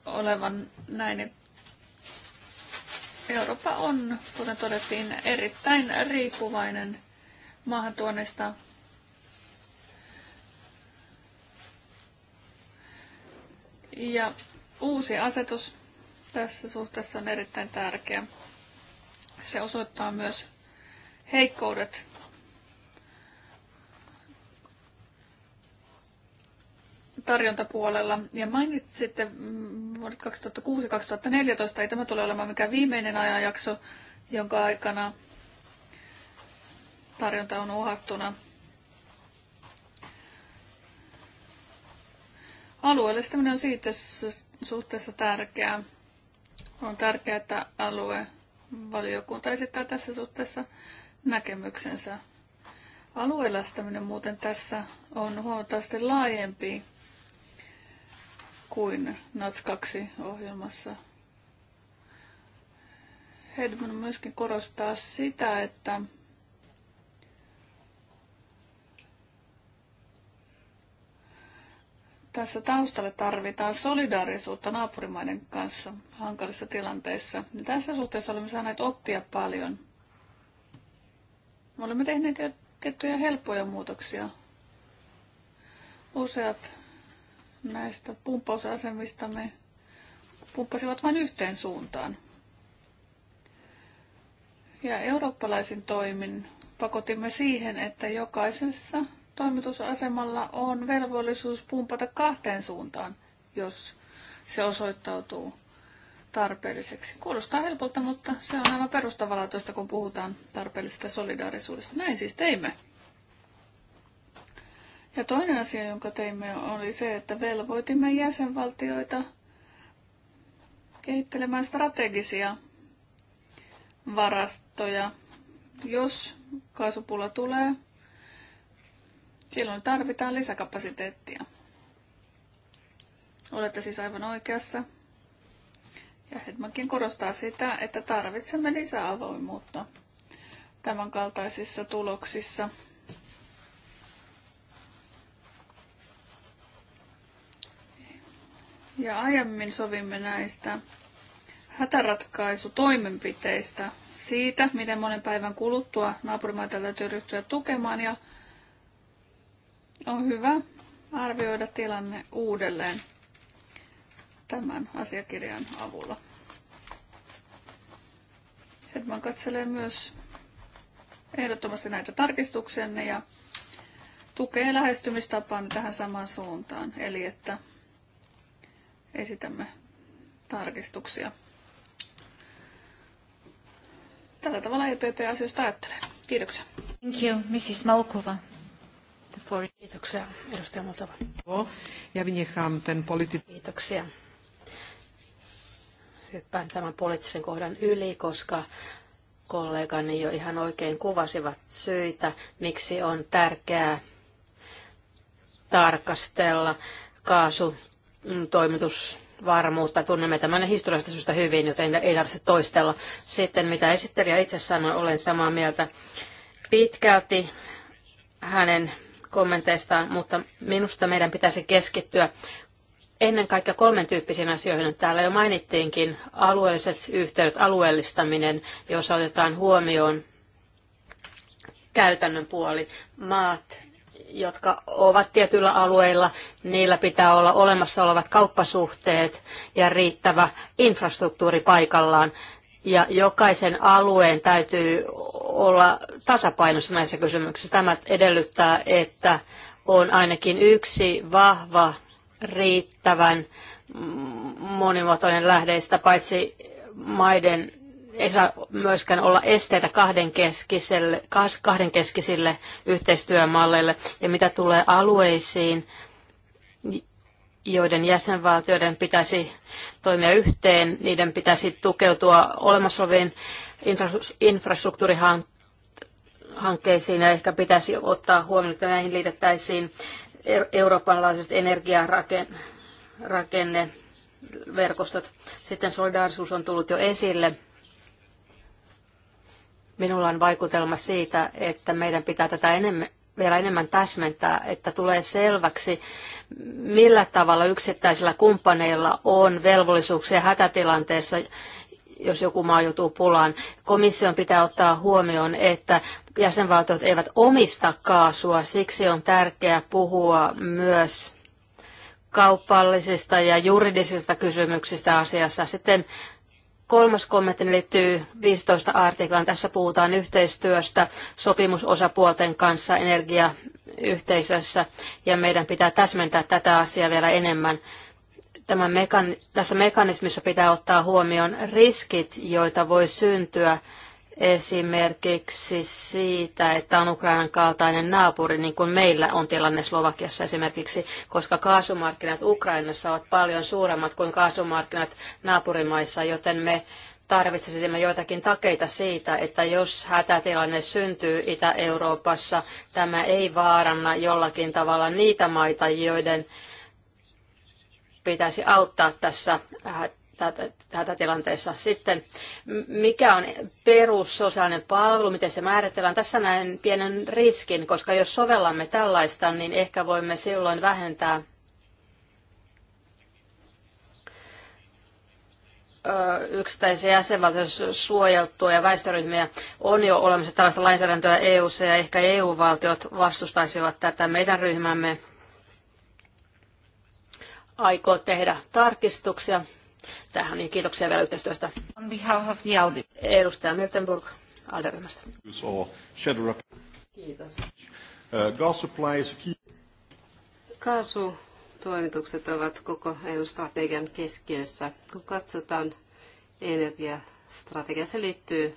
olevan näin, Eurooppa on, kuten todettiin, erittäin riippuvainen maahantuonnista. Ja uusi asetus tässä suhteessa on erittäin tärkeä. Se osoittaa myös heikkoudet tarjontapuolella. Ja mainitsitte mm, vuodet 2006-2014, ei tämä tule olemaan mikään viimeinen ajanjakso, jonka aikana tarjonta on uhattuna. Alueellistaminen on siitä suhteessa tärkeää. On tärkeää, että alue valiokunta esittää tässä suhteessa näkemyksensä. Alueellistaminen muuten tässä on huomattavasti laajempi kuin NATS 2 ohjelmassa. Hedman myöskin korostaa sitä, että Tässä taustalle tarvitaan solidaarisuutta naapurimaiden kanssa hankalissa tilanteissa. Ja tässä suhteessa olemme saaneet oppia paljon. Me olemme tehneet jo tiettyjä helppoja muutoksia. Useat näistä pumppausasemista pumppasivat vain yhteen suuntaan. Ja eurooppalaisin toimin pakotimme siihen, että jokaisessa toimitusasemalla on velvollisuus pumpata kahteen suuntaan, jos se osoittautuu tarpeelliseksi. Kuulostaa helpolta, mutta se on aivan perustavanlaatuista, kun puhutaan tarpeellisesta solidaarisuudesta. Näin siis teimme. Ja toinen asia, jonka teimme, oli se, että velvoitimme jäsenvaltioita kehittelemään strategisia varastoja, jos kaasupula tulee Silloin tarvitaan lisäkapasiteettia. Olette siis aivan oikeassa. Ja Hedmankin korostaa sitä, että tarvitsemme lisää avoimuutta tämän kaltaisissa tuloksissa. Ja aiemmin sovimme näistä hätäratkaisutoimenpiteistä siitä, miten monen päivän kuluttua naapurimaita täytyy ryhtyä tukemaan ja on hyvä arvioida tilanne uudelleen tämän asiakirjan avulla. Hedman katselee myös ehdottomasti näitä tarkistuksenne ja tukee lähestymistapaan tähän samaan suuntaan, eli että esitämme tarkistuksia. Tällä tavalla EPP-asioista ajattelee. Kiitoksia. Thank you, Mrs. Malkova. Kiitoksia, edustaja Moltova. Ja vniecham ten politi- Kiitoksia. Hyppään tämän poliittisen kohdan yli, koska kollegani jo ihan oikein kuvasivat syitä, miksi on tärkeää tarkastella kaasutoimitusvarmuutta. Tunnemme tämän historiallisesta syystä hyvin, joten ei tarvitse toistella. Sitten mitä esittelijä itse sanoi, olen samaa mieltä pitkälti hänen kommenteistaan, mutta minusta meidän pitäisi keskittyä ennen kaikkea kolmen tyyppisiin asioihin. Täällä jo mainittiinkin alueelliset yhteydet, alueellistaminen, jossa otetaan huomioon käytännön puoli, maat, jotka ovat tietyillä alueilla, niillä pitää olla olemassa olevat kauppasuhteet ja riittävä infrastruktuuri paikallaan. Ja jokaisen alueen täytyy olla tasapainossa näissä kysymyksissä. Tämä edellyttää, että on ainakin yksi vahva, riittävän monimuotoinen lähdeistä, paitsi maiden ei saa myöskään olla esteitä kahdenkeskisille, kahdenkeskisille yhteistyömalleille. Ja mitä tulee alueisiin, joiden jäsenvaltioiden pitäisi toimia yhteen, niiden pitäisi tukeutua olemassa oleviin infrastruktuurihankkeisiin ja ehkä pitäisi ottaa huomioon, että näihin liitettäisiin Euroopan laajuiset energiarakenneverkostot. Sitten solidaarisuus on tullut jo esille. Minulla on vaikutelma siitä, että meidän pitää tätä enemmän, vielä enemmän täsmentää, että tulee selväksi, millä tavalla yksittäisillä kumppaneilla on velvollisuuksia hätätilanteessa, jos joku maa joutuu pulaan. Komission pitää ottaa huomioon, että jäsenvaltiot eivät omista kaasua, siksi on tärkeää puhua myös kaupallisista ja juridisista kysymyksistä asiassa. Sitten Kolmas kommentti liittyy 15 artiklaan. Tässä puhutaan yhteistyöstä sopimusosapuolten kanssa energiayhteisössä ja meidän pitää täsmentää tätä asiaa vielä enemmän. Tämän mekan, tässä mekanismissa pitää ottaa huomioon riskit, joita voi syntyä esimerkiksi siitä, että on Ukrainan kaltainen naapuri, niin kuin meillä on tilanne Slovakiassa esimerkiksi, koska kaasumarkkinat Ukrainassa ovat paljon suuremmat kuin kaasumarkkinat naapurimaissa, joten me tarvitsisimme joitakin takeita siitä, että jos hätätilanne syntyy Itä-Euroopassa, tämä ei vaaranna jollakin tavalla niitä maita, joiden pitäisi auttaa tässä hätätilanteessa. Sitten mikä on perussosiaalinen palvelu, miten se määritellään. Tässä näen pienen riskin, koska jos sovellamme tällaista, niin ehkä voimme silloin vähentää yksittäisiä jäsenvaltioissa suojeltuja väestöryhmiä on jo olemassa tällaista lainsäädäntöä eu ja ehkä EU-valtiot vastustaisivat tätä meidän ryhmämme aikoo tehdä tarkistuksia tähän. Niin kiitoksia vielä yhteistyöstä. On behalf of the Audi. Edustaja Miltenburg Alderyhmästä. Kiitos. Uh, Kaasutoimitukset ovat koko EU-strategian keskiössä. Kun katsotaan energiastrategia, se liittyy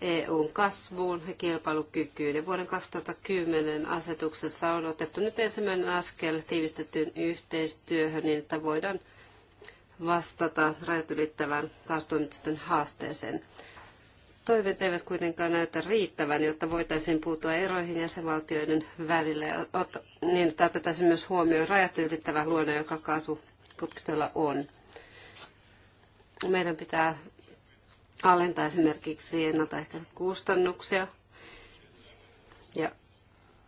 EUn kasvuun ja kilpailukykyyn. Ja vuoden 2010 asetuksessa on otettu nyt ensimmäinen askel tiivistettyyn yhteistyöhön niin, että voidaan vastata rajat ylittävään taas haasteeseen. Toiveet eivät kuitenkaan näytä riittävän, jotta voitaisiin puuttua eroihin jäsenvaltioiden välillä ja niin, että otettaisiin myös huomioon rajat ylittävä luonne, joka kaasuputkistoilla on. Meidän pitää alentaa esimerkiksi ennaltaehkäistä kustannuksia ja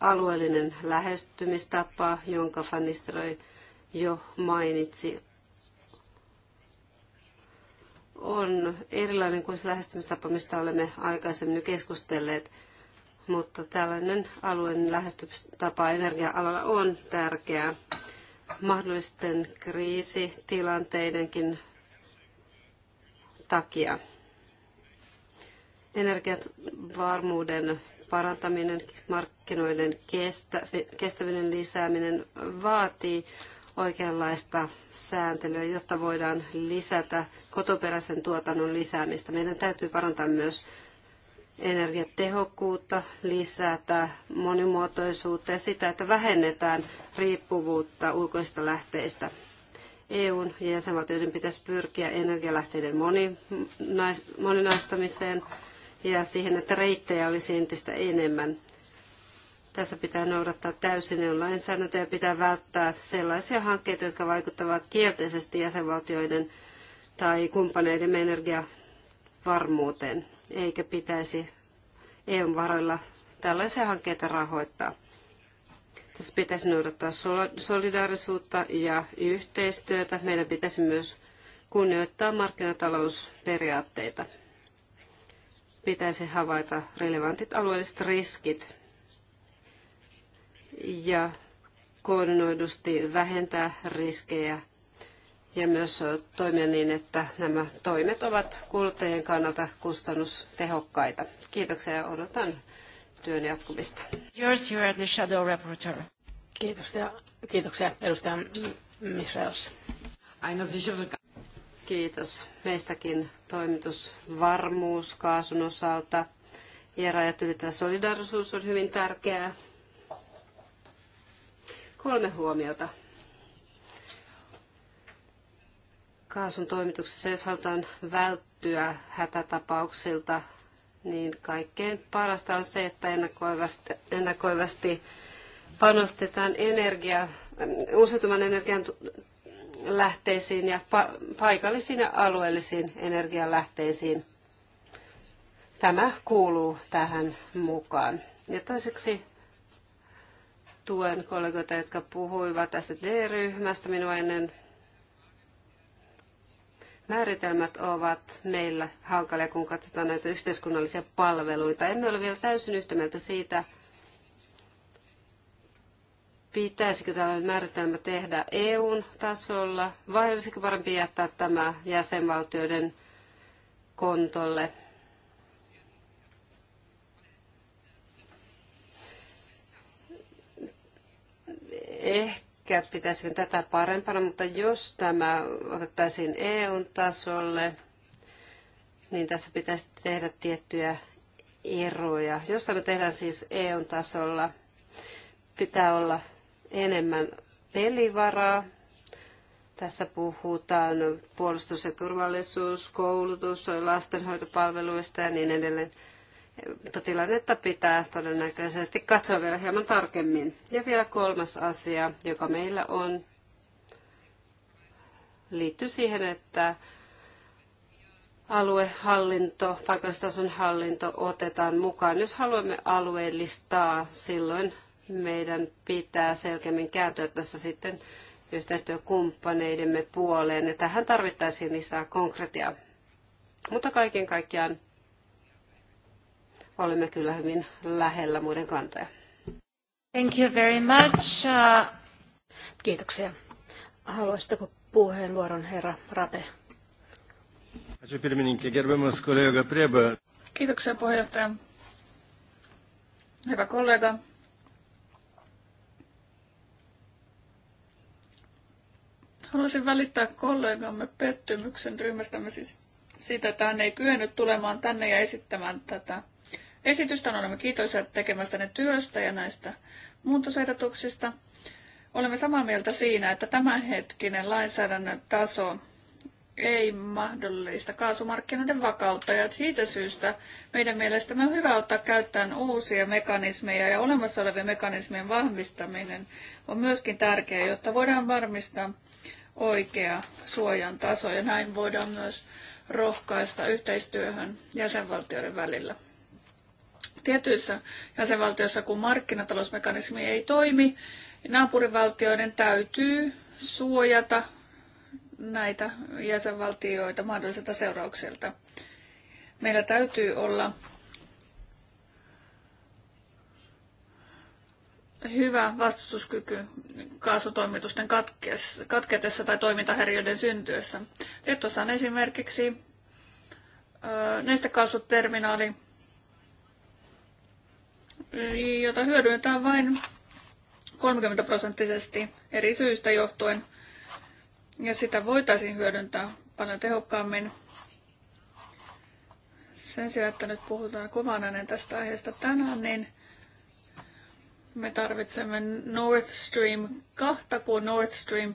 alueellinen lähestymistapa, jonka Fanisteroi jo mainitsi, on erilainen kuin se lähestymistapa, mistä olemme aikaisemmin keskustelleet, mutta tällainen alueen lähestymistapa energia-alalla on tärkeää. Mahdollisten kriisitilanteidenkin takia. Energiavarmuuden parantaminen, markkinoiden kestä, kestävyyden lisääminen vaatii oikeanlaista sääntelyä, jotta voidaan lisätä kotoperäisen tuotannon lisäämistä. Meidän täytyy parantaa myös energiatehokkuutta, lisätä monimuotoisuutta ja sitä, että vähennetään riippuvuutta ulkoisista lähteistä. EUn ja jäsenvaltioiden pitäisi pyrkiä energialähteiden moninaistamiseen ja siihen, että reittejä olisi entistä enemmän. Tässä pitää noudattaa täysin eu lainsäädäntöä ja pitää välttää sellaisia hankkeita, jotka vaikuttavat kielteisesti jäsenvaltioiden tai kumppaneiden energiavarmuuteen, eikä pitäisi EUn varoilla tällaisia hankkeita rahoittaa. Tässä pitäisi noudattaa solidaarisuutta ja yhteistyötä. Meidän pitäisi myös kunnioittaa markkinatalousperiaatteita. Pitäisi havaita relevantit alueelliset riskit ja koordinoidusti vähentää riskejä ja myös toimia niin, että nämä toimet ovat kuluttajien kannalta kustannustehokkaita. Kiitoksia ja odotan työn jatkumista. Yours, you are the shadow rapporteur. Kiitoksia, kiitoksia edustaja Michels. Aina Kiitos. Meistäkin toimitusvarmuus kaasun osalta ja rajat ylittävä solidarisuus on hyvin tärkeää. Kolme huomiota. Kaasun toimituksessa, jos halutaan välttyä hätätapauksilta, niin kaikkein parasta on se, että ennakoivasti, ennakoivasti panostetaan energia, uusiutuvan energian lähteisiin ja pa- paikallisiin ja alueellisiin energialähteisiin. Tämä kuuluu tähän mukaan. Ja toiseksi tuen kollegoita, jotka puhuivat SD-ryhmästä minua ennen. Määritelmät ovat meillä hankalia, kun katsotaan näitä yhteiskunnallisia palveluita. Emme ole vielä täysin yhtä mieltä siitä, pitäisikö tällainen määritelmä tehdä EUn tasolla vai olisiko parempi jättää tämä jäsenvaltioiden kontolle. Ehkä pitäisin tätä parempana, mutta jos tämä otettaisiin eu tasolle, niin tässä pitäisi tehdä tiettyjä eroja. Jos tämä tehdään siis eu tasolla, pitää olla enemmän pelivaraa. Tässä puhutaan puolustus ja turvallisuus, koulutus, lastenhoitopalveluista ja niin edelleen. Mutta tilannetta pitää todennäköisesti katsoa vielä hieman tarkemmin. Ja vielä kolmas asia, joka meillä on, liittyy siihen, että aluehallinto, paikallistason hallinto otetaan mukaan. Jos haluamme alueellistaa, silloin meidän pitää selkeämmin kääntyä tässä sitten yhteistyökumppaneidemme puoleen. Ja tähän tarvittaisiin lisää konkretiaa. Mutta kaiken kaikkiaan olemme kyllä hyvin lähellä muiden kantoja. Thank you very much. Uh, Kiitoksia. Haluaisitko puheenvuoron, herra Rape? kollega Kiitoksia puheenjohtaja. Hyvä kollega. Haluaisin välittää kollegamme pettymyksen ryhmästämme siis siitä, että hän ei kyennyt tulemaan tänne ja esittämään tätä esitystä. Olemme kiitollisia tekemästänne työstä ja näistä muutosehdotuksista. Olemme samaa mieltä siinä, että tämänhetkinen lainsäädännön taso ei mahdollista kaasumarkkinoiden vakautta ja siitä syystä meidän mielestämme on hyvä ottaa käyttöön uusia mekanismeja ja olemassa olevien mekanismien vahvistaminen on myöskin tärkeää, jotta voidaan varmistaa oikea suojan taso ja näin voidaan myös rohkaista yhteistyöhön jäsenvaltioiden välillä. Tietyissä jäsenvaltioissa, kun markkinatalousmekanismi ei toimi, naapurivaltioiden täytyy suojata näitä jäsenvaltioita mahdollisilta seurauksilta. Meillä täytyy olla hyvä vastustuskyky kaasutoimitusten katketessa tai toimintahäiriöiden syntyessä. Liettuassa on esimerkiksi nestekaasuterminaali, jota hyödynnetään vain 30 prosenttisesti eri syistä johtuen. Ja sitä voitaisiin hyödyntää paljon tehokkaammin. Sen sijaan, että nyt puhutaan kuvan tästä aiheesta tänään, niin me tarvitsemme North Stream 2, kun North Stream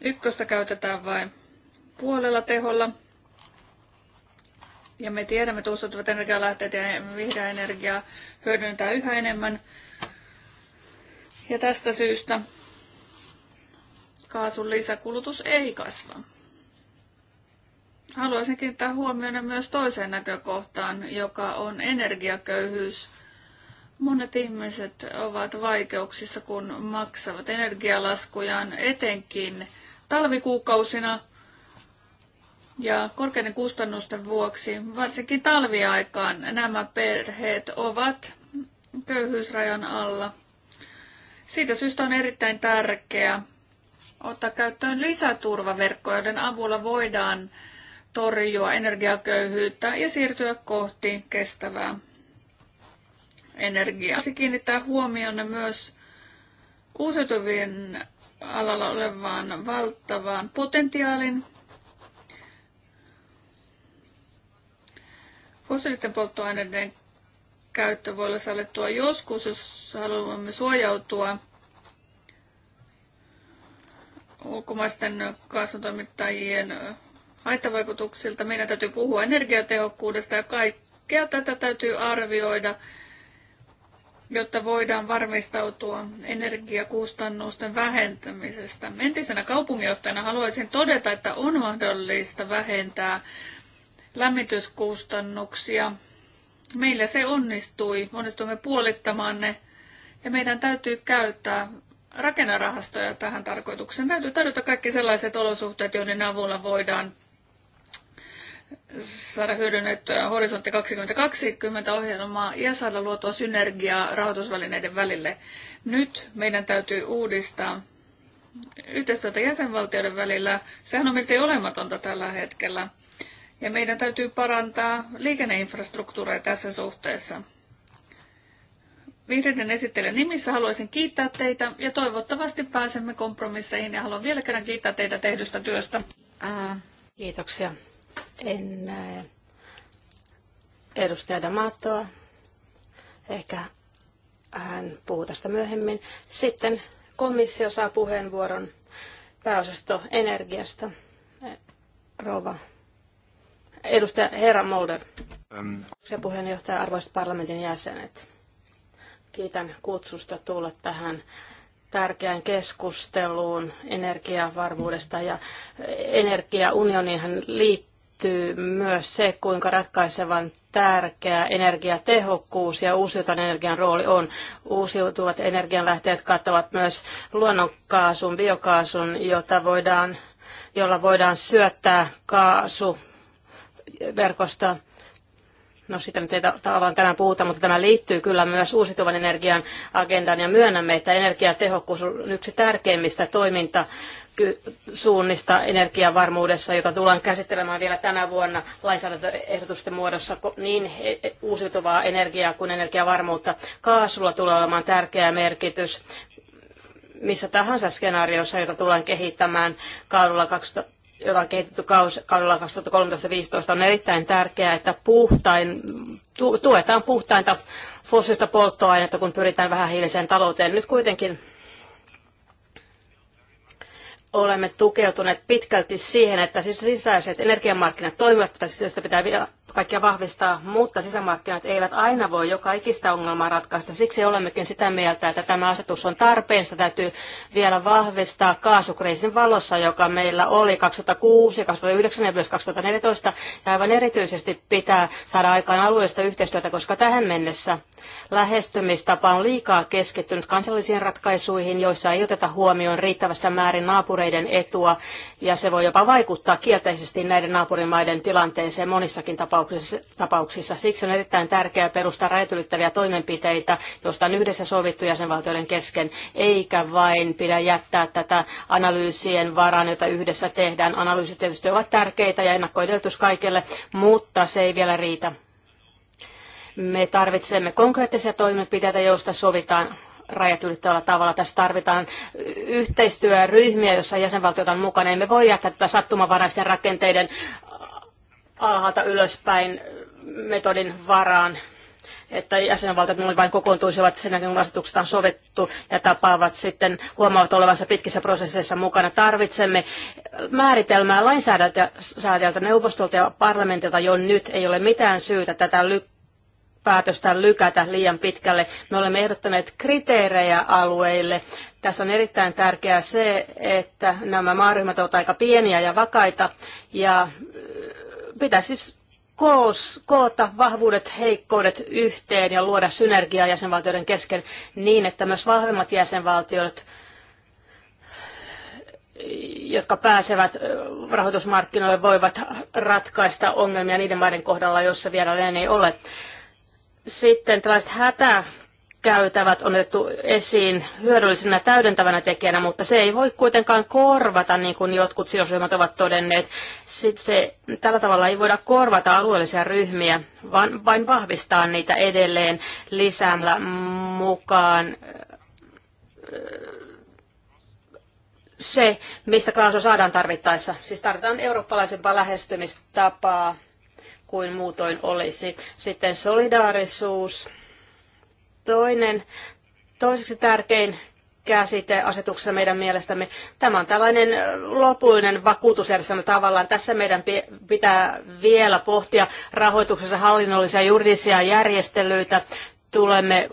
1 käytetään vain puolella teholla. Ja me tiedämme, että uusiutuvat energialähteet ja vihreä energia hyödyntää yhä enemmän. Ja tästä syystä kaasun lisäkulutus ei kasva. Haluaisin kiinnittää huomioon myös toiseen näkökohtaan, joka on energiaköyhyys. Monet ihmiset ovat vaikeuksissa, kun maksavat energialaskujaan etenkin talvikuukausina – ja korkeiden kustannusten vuoksi, varsinkin talviaikaan, nämä perheet ovat köyhyysrajan alla. Siitä syystä on erittäin tärkeää ottaa käyttöön lisäturvaverkkoja, joiden avulla voidaan torjua energiaköyhyyttä ja siirtyä kohti kestävää energiaa. Se kiinnittää huomioon myös uusiutuvien alalla olevaan valtavaan potentiaalin Fossiilisten polttoaineiden käyttö voi olla sallittua joskus, jos haluamme suojautua ulkomaisten kaasutoimittajien haittavaikutuksilta. Meidän täytyy puhua energiatehokkuudesta ja kaikkea tätä täytyy arvioida, jotta voidaan varmistautua energiakustannusten vähentämisestä. Entisenä kaupunginjohtajana haluaisin todeta, että on mahdollista vähentää lämmityskustannuksia. Meillä se onnistui, onnistuimme puolittamaan ne ja meidän täytyy käyttää rakennarahastoja tähän tarkoitukseen. Täytyy tarjota kaikki sellaiset olosuhteet, joiden avulla voidaan saada hyödynnettyä Horisontti 2020 ohjelmaa ja saada luotua synergiaa rahoitusvälineiden välille. Nyt meidän täytyy uudistaa yhteistyötä jäsenvaltioiden välillä. Sehän on miltei olematonta tällä hetkellä. Ja meidän täytyy parantaa liikenneinfrastruktuuria tässä suhteessa. Vihreiden esittelijän nimissä haluaisin kiittää teitä ja toivottavasti pääsemme kompromisseihin ja haluan vielä kerran kiittää teitä tehdystä työstä. Ää, kiitoksia. En näe edustaja Damatoa. Ehkä hän puhuu tästä myöhemmin. Sitten komissio saa puheenvuoron pääosasto energiasta. Rova Edustaja Herra Molder, ähm. se puheenjohtaja, arvoisat parlamentin jäsenet. Kiitän kutsusta tulla tähän tärkeään keskusteluun energiavarmuudesta ja energiaunioniinhan liittyy myös se, kuinka ratkaisevan tärkeä energiatehokkuus ja uusiutuvan energian rooli on. Uusiutuvat energianlähteet kattavat myös luonnonkaasun, biokaasun, jota voidaan, jolla voidaan syöttää kaasu verkosta. No sitä nyt ei tavallaan tänään puhuta, mutta tämä liittyy kyllä myös uusiutuvan energian agendaan ja myönnämme, että energiatehokkuus on yksi tärkeimmistä toiminta suunnista energiavarmuudessa, jota tullaan käsittelemään vielä tänä vuonna lainsäädäntöehdotusten muodossa niin e- uusiutuvaa energiaa kuin energiavarmuutta. Kaasulla tulee olemaan tärkeä merkitys missä tahansa skenaariossa, jota tullaan kehittämään kaudella 2000 jota on kehitetty kaudella 2013-2015, on erittäin tärkeää, että puhtain, tu, tuetaan puhtainta fossiista polttoainetta, kun pyritään vähän hiiliseen talouteen. Nyt kuitenkin olemme tukeutuneet pitkälti siihen, että siis sisäiset energiamarkkinat toimivat, mutta siis sitä pitää vielä kaikkia vahvistaa, mutta sisämarkkinat eivät aina voi joka ikistä ongelmaa ratkaista. Siksi olemmekin sitä mieltä, että tämä asetus on tarpeen. Sitä täytyy vielä vahvistaa kaasukriisin valossa, joka meillä oli 2006, 2009 ja myös 2014. Ja aivan erityisesti pitää saada aikaan alueellista yhteistyötä, koska tähän mennessä lähestymistapa on liikaa keskittynyt kansallisiin ratkaisuihin, joissa ei oteta huomioon riittävässä määrin naapureiden etua, ja se voi jopa vaikuttaa kielteisesti näiden naapurimaiden tilanteeseen monissakin tapauksissa tapauksissa, Siksi on erittäin tärkeää perustaa rajatylittäviä toimenpiteitä, joista on yhdessä sovittu jäsenvaltioiden kesken, eikä vain pidä jättää tätä analyysien varaan, jota yhdessä tehdään. Analyysit tietysti ovat tärkeitä ja ennakkoedellytys kaikille, mutta se ei vielä riitä. Me tarvitsemme konkreettisia toimenpiteitä, joista sovitaan rajat ylittävällä tavalla. Tässä tarvitaan yhteistyöryhmiä, jossa jäsenvaltiot on mukana. Emme voi jättää tätä sattumanvaraisten rakenteiden alhaalta ylöspäin metodin varaan että jäsenvaltiot vain kokoontuisivat sen jälkeen, kun asetukset on sovittu ja tapaavat sitten huomaavat olevansa pitkissä prosesseissa mukana. Tarvitsemme määritelmää lainsäädäntöä neuvostolta ja parlamentilta jo nyt. Ei ole mitään syytä tätä ly- päätöstä lykätä liian pitkälle. Me olemme ehdottaneet kriteerejä alueille. Tässä on erittäin tärkeää se, että nämä maaryhmät ovat aika pieniä ja vakaita ja Pitäisi siis koos, koota vahvuudet, heikkoudet yhteen ja luoda synergiaa jäsenvaltioiden kesken niin, että myös vahvemmat jäsenvaltiot, jotka pääsevät rahoitusmarkkinoille, voivat ratkaista ongelmia niiden maiden kohdalla, joissa vielä ei ole. Sitten tällaiset hätä käytävät on otettu esiin hyödyllisenä täydentävänä tekijänä, mutta se ei voi kuitenkaan korvata, niin kuin jotkut sidosryhmät ovat todenneet. Sitten se, tällä tavalla ei voida korvata alueellisia ryhmiä, vaan vain vahvistaa niitä edelleen lisäämällä mukaan äh, se, mistä kaasua saadaan tarvittaessa. Siis tarvitaan eurooppalaisempaa lähestymistapaa kuin muutoin olisi. Sitten solidaarisuus Toinen, toiseksi tärkein käsite asetuksessa meidän mielestämme. Tämä on tällainen lopullinen vakuutusjärjestelmä tavallaan. Tässä meidän pitää vielä pohtia rahoituksessa hallinnollisia juridisia järjestelyitä. Tulemme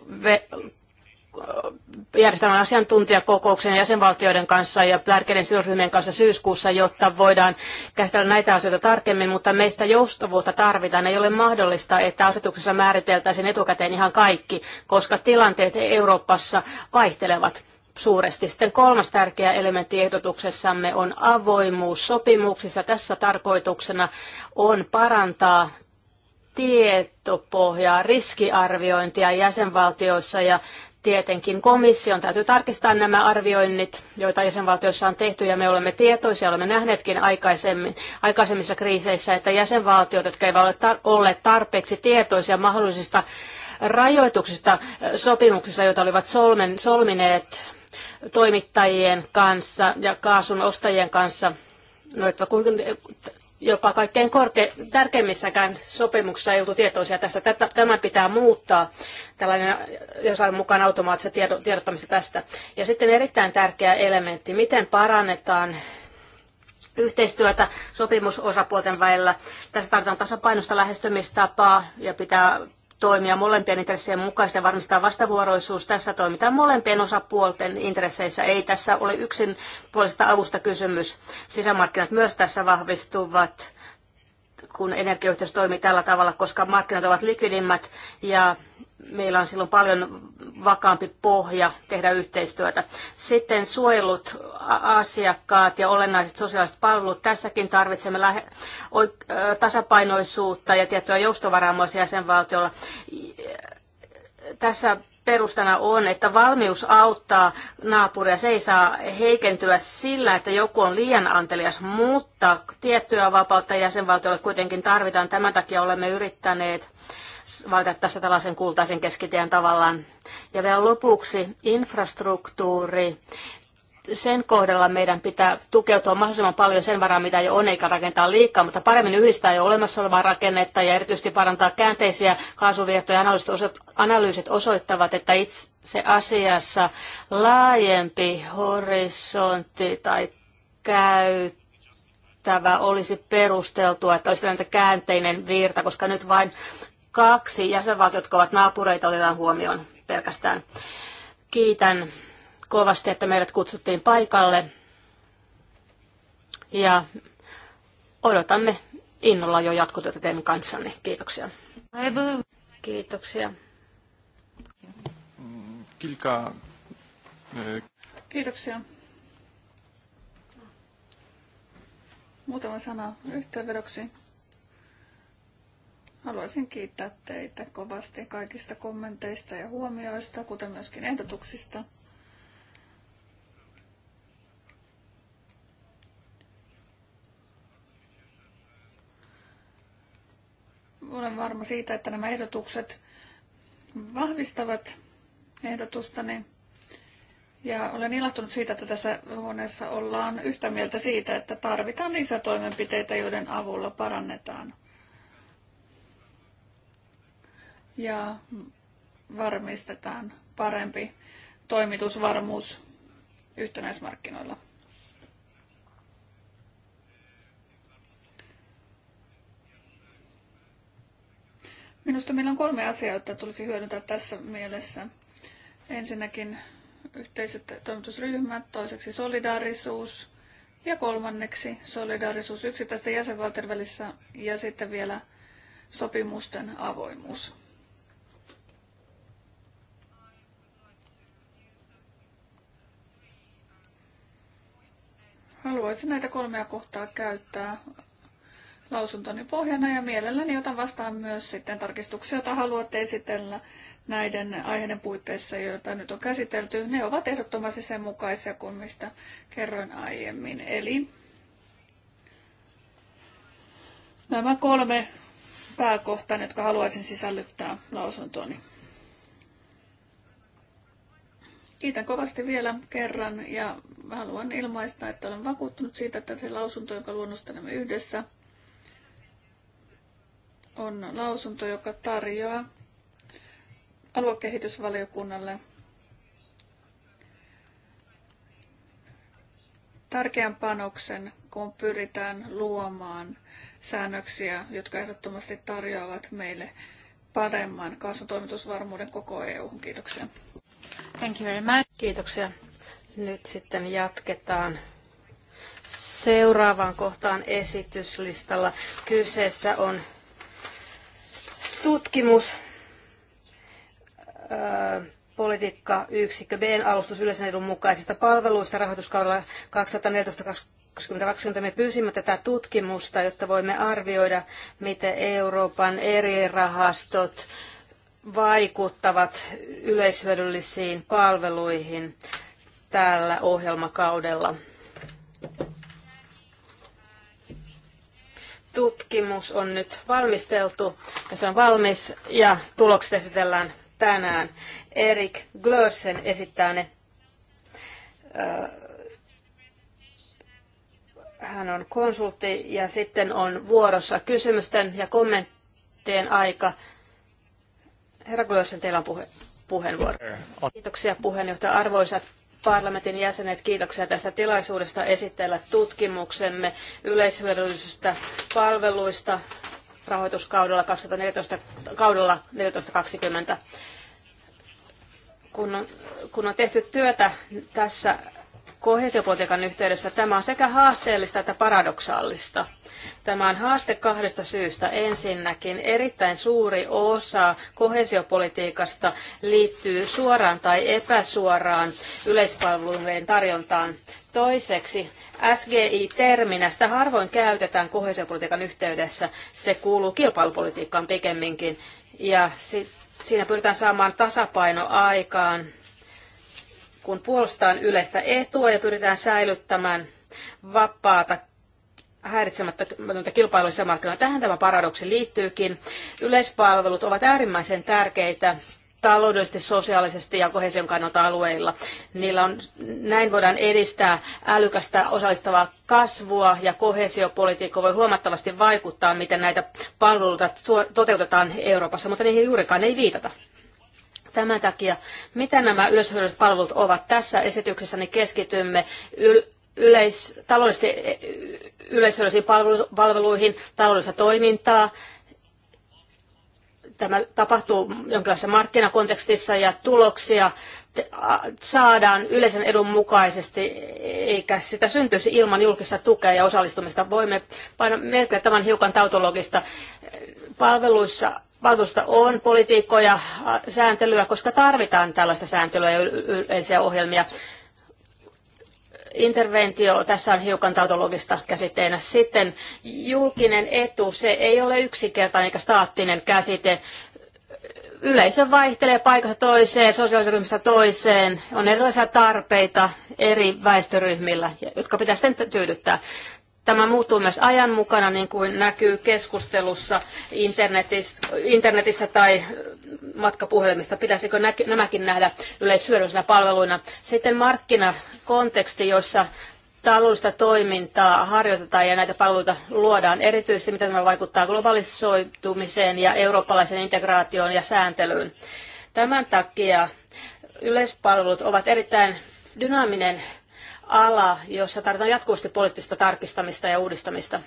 järjestämään asiantuntijakokouksen jäsenvaltioiden kanssa ja tärkeiden sidosryhmien kanssa syyskuussa, jotta voidaan käsitellä näitä asioita tarkemmin, mutta meistä joustavuutta tarvitaan. Ei ole mahdollista, että asetuksessa määriteltäisiin etukäteen ihan kaikki, koska tilanteet Euroopassa vaihtelevat suuresti. Sitten kolmas tärkeä elementti ehdotuksessamme on avoimuus sopimuksissa. Tässä tarkoituksena on parantaa tietopohjaa, riskiarviointia jäsenvaltioissa ja Tietenkin komission täytyy tarkistaa nämä arvioinnit, joita jäsenvaltioissa on tehty, ja me olemme tietoisia, olemme nähneetkin aikaisemmin, aikaisemmissa kriiseissä, että jäsenvaltiot, jotka eivät ole tar- olleet tarpeeksi tietoisia mahdollisista rajoituksista sopimuksissa, joita olivat solmen, solmineet toimittajien kanssa ja kaasun ostajien kanssa, no, että kun jopa kaikkein korke- tärkeimmissäkään sopimuksissa ei oltu tietoisia tästä. Tätä, tämä pitää muuttaa, tällainen jossain mukaan automaattisen tiedo- tiedottamista tästä. Ja sitten erittäin tärkeä elementti, miten parannetaan yhteistyötä sopimusosapuolten välillä. Tässä tarvitaan tasapainosta lähestymistapaa ja pitää toimia molempien intressien mukaisesti ja varmistaa vastavuoroisuus. Tässä toimitaan molempien osapuolten intresseissä. Ei tässä ole yksin puolesta avusta kysymys. Sisämarkkinat myös tässä vahvistuvat kun energiayhteys toimii tällä tavalla, koska markkinat ovat likvidimmät ja meillä on silloin paljon vakaampi pohja tehdä yhteistyötä. Sitten suojelut asiakkaat ja olennaiset sosiaaliset palvelut. Tässäkin tarvitsemme lähe, tasapainoisuutta ja tiettyä joustovaraa myös jäsenvaltiolla. Tässä perustana on, että valmius auttaa naapuria. Se ei saa heikentyä sillä, että joku on liian antelias, mutta tiettyä vapautta jäsenvaltiolle kuitenkin tarvitaan. Tämän takia olemme yrittäneet valita tässä tällaisen kultaisen keskitien tavallaan. Ja vielä lopuksi infrastruktuuri. Sen kohdalla meidän pitää tukeutua mahdollisimman paljon sen varaan, mitä jo on, eikä rakentaa liikaa, mutta paremmin yhdistää jo olemassa olevaa rakennetta ja erityisesti parantaa käänteisiä kaasuvirtoja. Analyysit osoittavat, että itse asiassa laajempi horisontti tai käyttö olisi perusteltua, että olisi tällainen käänteinen virta, koska nyt vain kaksi jäsenvaltiota, jotka ovat naapureita, otetaan huomioon pelkästään. Kiitän kovasti, että meidät kutsuttiin paikalle ja odotamme innolla jo jatkotyötä teidän kanssanne. Kiitoksia. Kiitoksia. Kilka. E, Kiitoksia. Muutama sana yhteenvedoksi. Haluaisin kiittää teitä kovasti kaikista kommenteista ja huomioista, kuten myöskin ehdotuksista. Olen varma siitä, että nämä ehdotukset vahvistavat ehdotustani. Ja olen ilahtunut siitä, että tässä huoneessa ollaan yhtä mieltä siitä, että tarvitaan lisätoimenpiteitä, joiden avulla parannetaan ja varmistetaan parempi toimitusvarmuus yhtenäismarkkinoilla. Minusta meillä on kolme asiaa, joita tulisi hyödyntää tässä mielessä. Ensinnäkin yhteiset toimitusryhmät, toiseksi solidaarisuus ja kolmanneksi solidaarisuus yksittäisten jäsenvaltioiden välissä ja sitten vielä sopimusten avoimuus. Haluaisin näitä kolmea kohtaa käyttää lausuntoni pohjana ja mielelläni otan vastaan myös sitten tarkistuksia, joita haluatte esitellä näiden aiheiden puitteissa, joita nyt on käsitelty. Ne ovat ehdottomasti sen mukaisia kuin mistä kerroin aiemmin. Eli nämä kolme pääkohtaa, jotka haluaisin sisällyttää lausuntoni. Kiitän kovasti vielä kerran ja haluan ilmaista, että olen vakuuttunut siitä, että se lausunto, jonka luonnostelemme yhdessä, on lausunto, joka tarjoaa aluekehitysvaliokunnalle tärkeän panoksen, kun pyritään luomaan säännöksiä, jotka ehdottomasti tarjoavat meille paremman kasvutoimitusvarmuuden koko EU. Kiitoksia. Thank you very much. Kiitoksia. Nyt sitten jatketaan seuraavaan kohtaan esityslistalla. Kyseessä on tutkimus politiikka yksikkö Bn alustus yleisen edun mukaisista palveluista rahoituskaudella 2014-2020. Me pyysimme tätä tutkimusta, jotta voimme arvioida, miten Euroopan eri rahastot vaikuttavat yleishyödyllisiin palveluihin tällä ohjelmakaudella. Tutkimus on nyt valmisteltu ja se on valmis ja tulokset esitellään tänään. Erik Glörsen esittää ne. Hän on konsultti ja sitten on vuorossa kysymysten ja kommenttien aika. Herra Kuljosen, teillä on puhe, puheenvuoro. Kiitoksia puheenjohtaja. Arvoisat parlamentin jäsenet, kiitoksia tästä tilaisuudesta esitellä tutkimuksemme yleishyödyllisistä palveluista rahoituskaudella 2014, kaudella 1420. Kun on, kun on tehty työtä tässä kohesiopolitiikan yhteydessä tämä on sekä haasteellista että paradoksaalista. Tämä on haaste kahdesta syystä. Ensinnäkin erittäin suuri osa kohesiopolitiikasta liittyy suoraan tai epäsuoraan yleispalvelujen tarjontaan. Toiseksi SGI-terminä, sitä harvoin käytetään kohesiopolitiikan yhteydessä. Se kuuluu kilpailupolitiikkaan pikemminkin ja sit, siinä pyritään saamaan tasapaino aikaan kun puolustetaan yleistä etua ja pyritään säilyttämään vapaata häiritsemättä kilpailuissa markkinoilla. Tähän tämä paradoksi liittyykin. Yleispalvelut ovat äärimmäisen tärkeitä taloudellisesti, sosiaalisesti ja kohesion kannalta alueilla. Niillä on, näin voidaan edistää älykästä osallistavaa kasvua ja kohesiopolitiikka voi huomattavasti vaikuttaa, miten näitä palveluita toteutetaan Euroopassa, mutta niihin juurikaan ei viitata. Tämän takia, mitä nämä yleishyödylliset palvelut ovat tässä esityksessä, niin keskitymme yl- yleis- taloudellisesti e, yleishyödyllisiin palveluihin, taloudellista toimintaa, tämä tapahtuu jonkinlaisessa markkinakontekstissa ja tuloksia saadaan yleisen edun mukaisesti, eikä sitä syntyisi ilman julkista tukea ja osallistumista. Voimme paina merkitä tämän hiukan tautologista. Palveluissa valtuusta on politiikkoja, sääntelyä, koska tarvitaan tällaista sääntelyä ja yleisiä ohjelmia. Interventio tässä on hiukan tautologista käsitteenä. Sitten julkinen etu, se ei ole yksinkertainen eikä staattinen käsite. Yleisö vaihtelee paikasta toiseen, sosiaalisryhmästä toiseen. On erilaisia tarpeita eri väestöryhmillä, jotka pitää sitten tyydyttää. Tämä muuttuu myös ajan mukana, niin kuin näkyy keskustelussa internetistä, internetistä tai matkapuhelimista. Pitäisikö nämäkin nähdä yleishyödyllisinä palveluina? Sitten markkinakonteksti, jossa taloudellista toimintaa harjoitetaan ja näitä palveluita luodaan, erityisesti miten tämä vaikuttaa globalisoitumiseen ja eurooppalaisen integraatioon ja sääntelyyn. Tämän takia yleispalvelut ovat erittäin dynaaminen ala, jossa tarvitaan jatkuvasti poliittista tarkistamista ja uudistamista.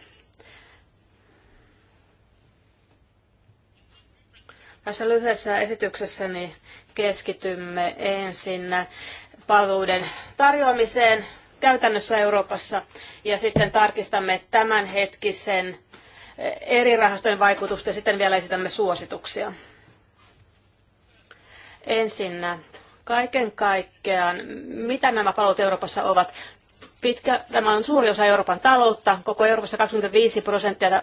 Tässä lyhyessä esityksessäni keskitymme ensin palveluiden tarjoamiseen käytännössä Euroopassa ja sitten tarkistamme tämänhetkisen eri rahastojen vaikutusta ja sitten vielä esitämme suosituksia. Ensinnä Kaiken kaikkiaan, mitä nämä palvelut Euroopassa ovat? Pitkä, tämä on suuri osa Euroopan taloutta. Koko Euroopassa 25 prosenttia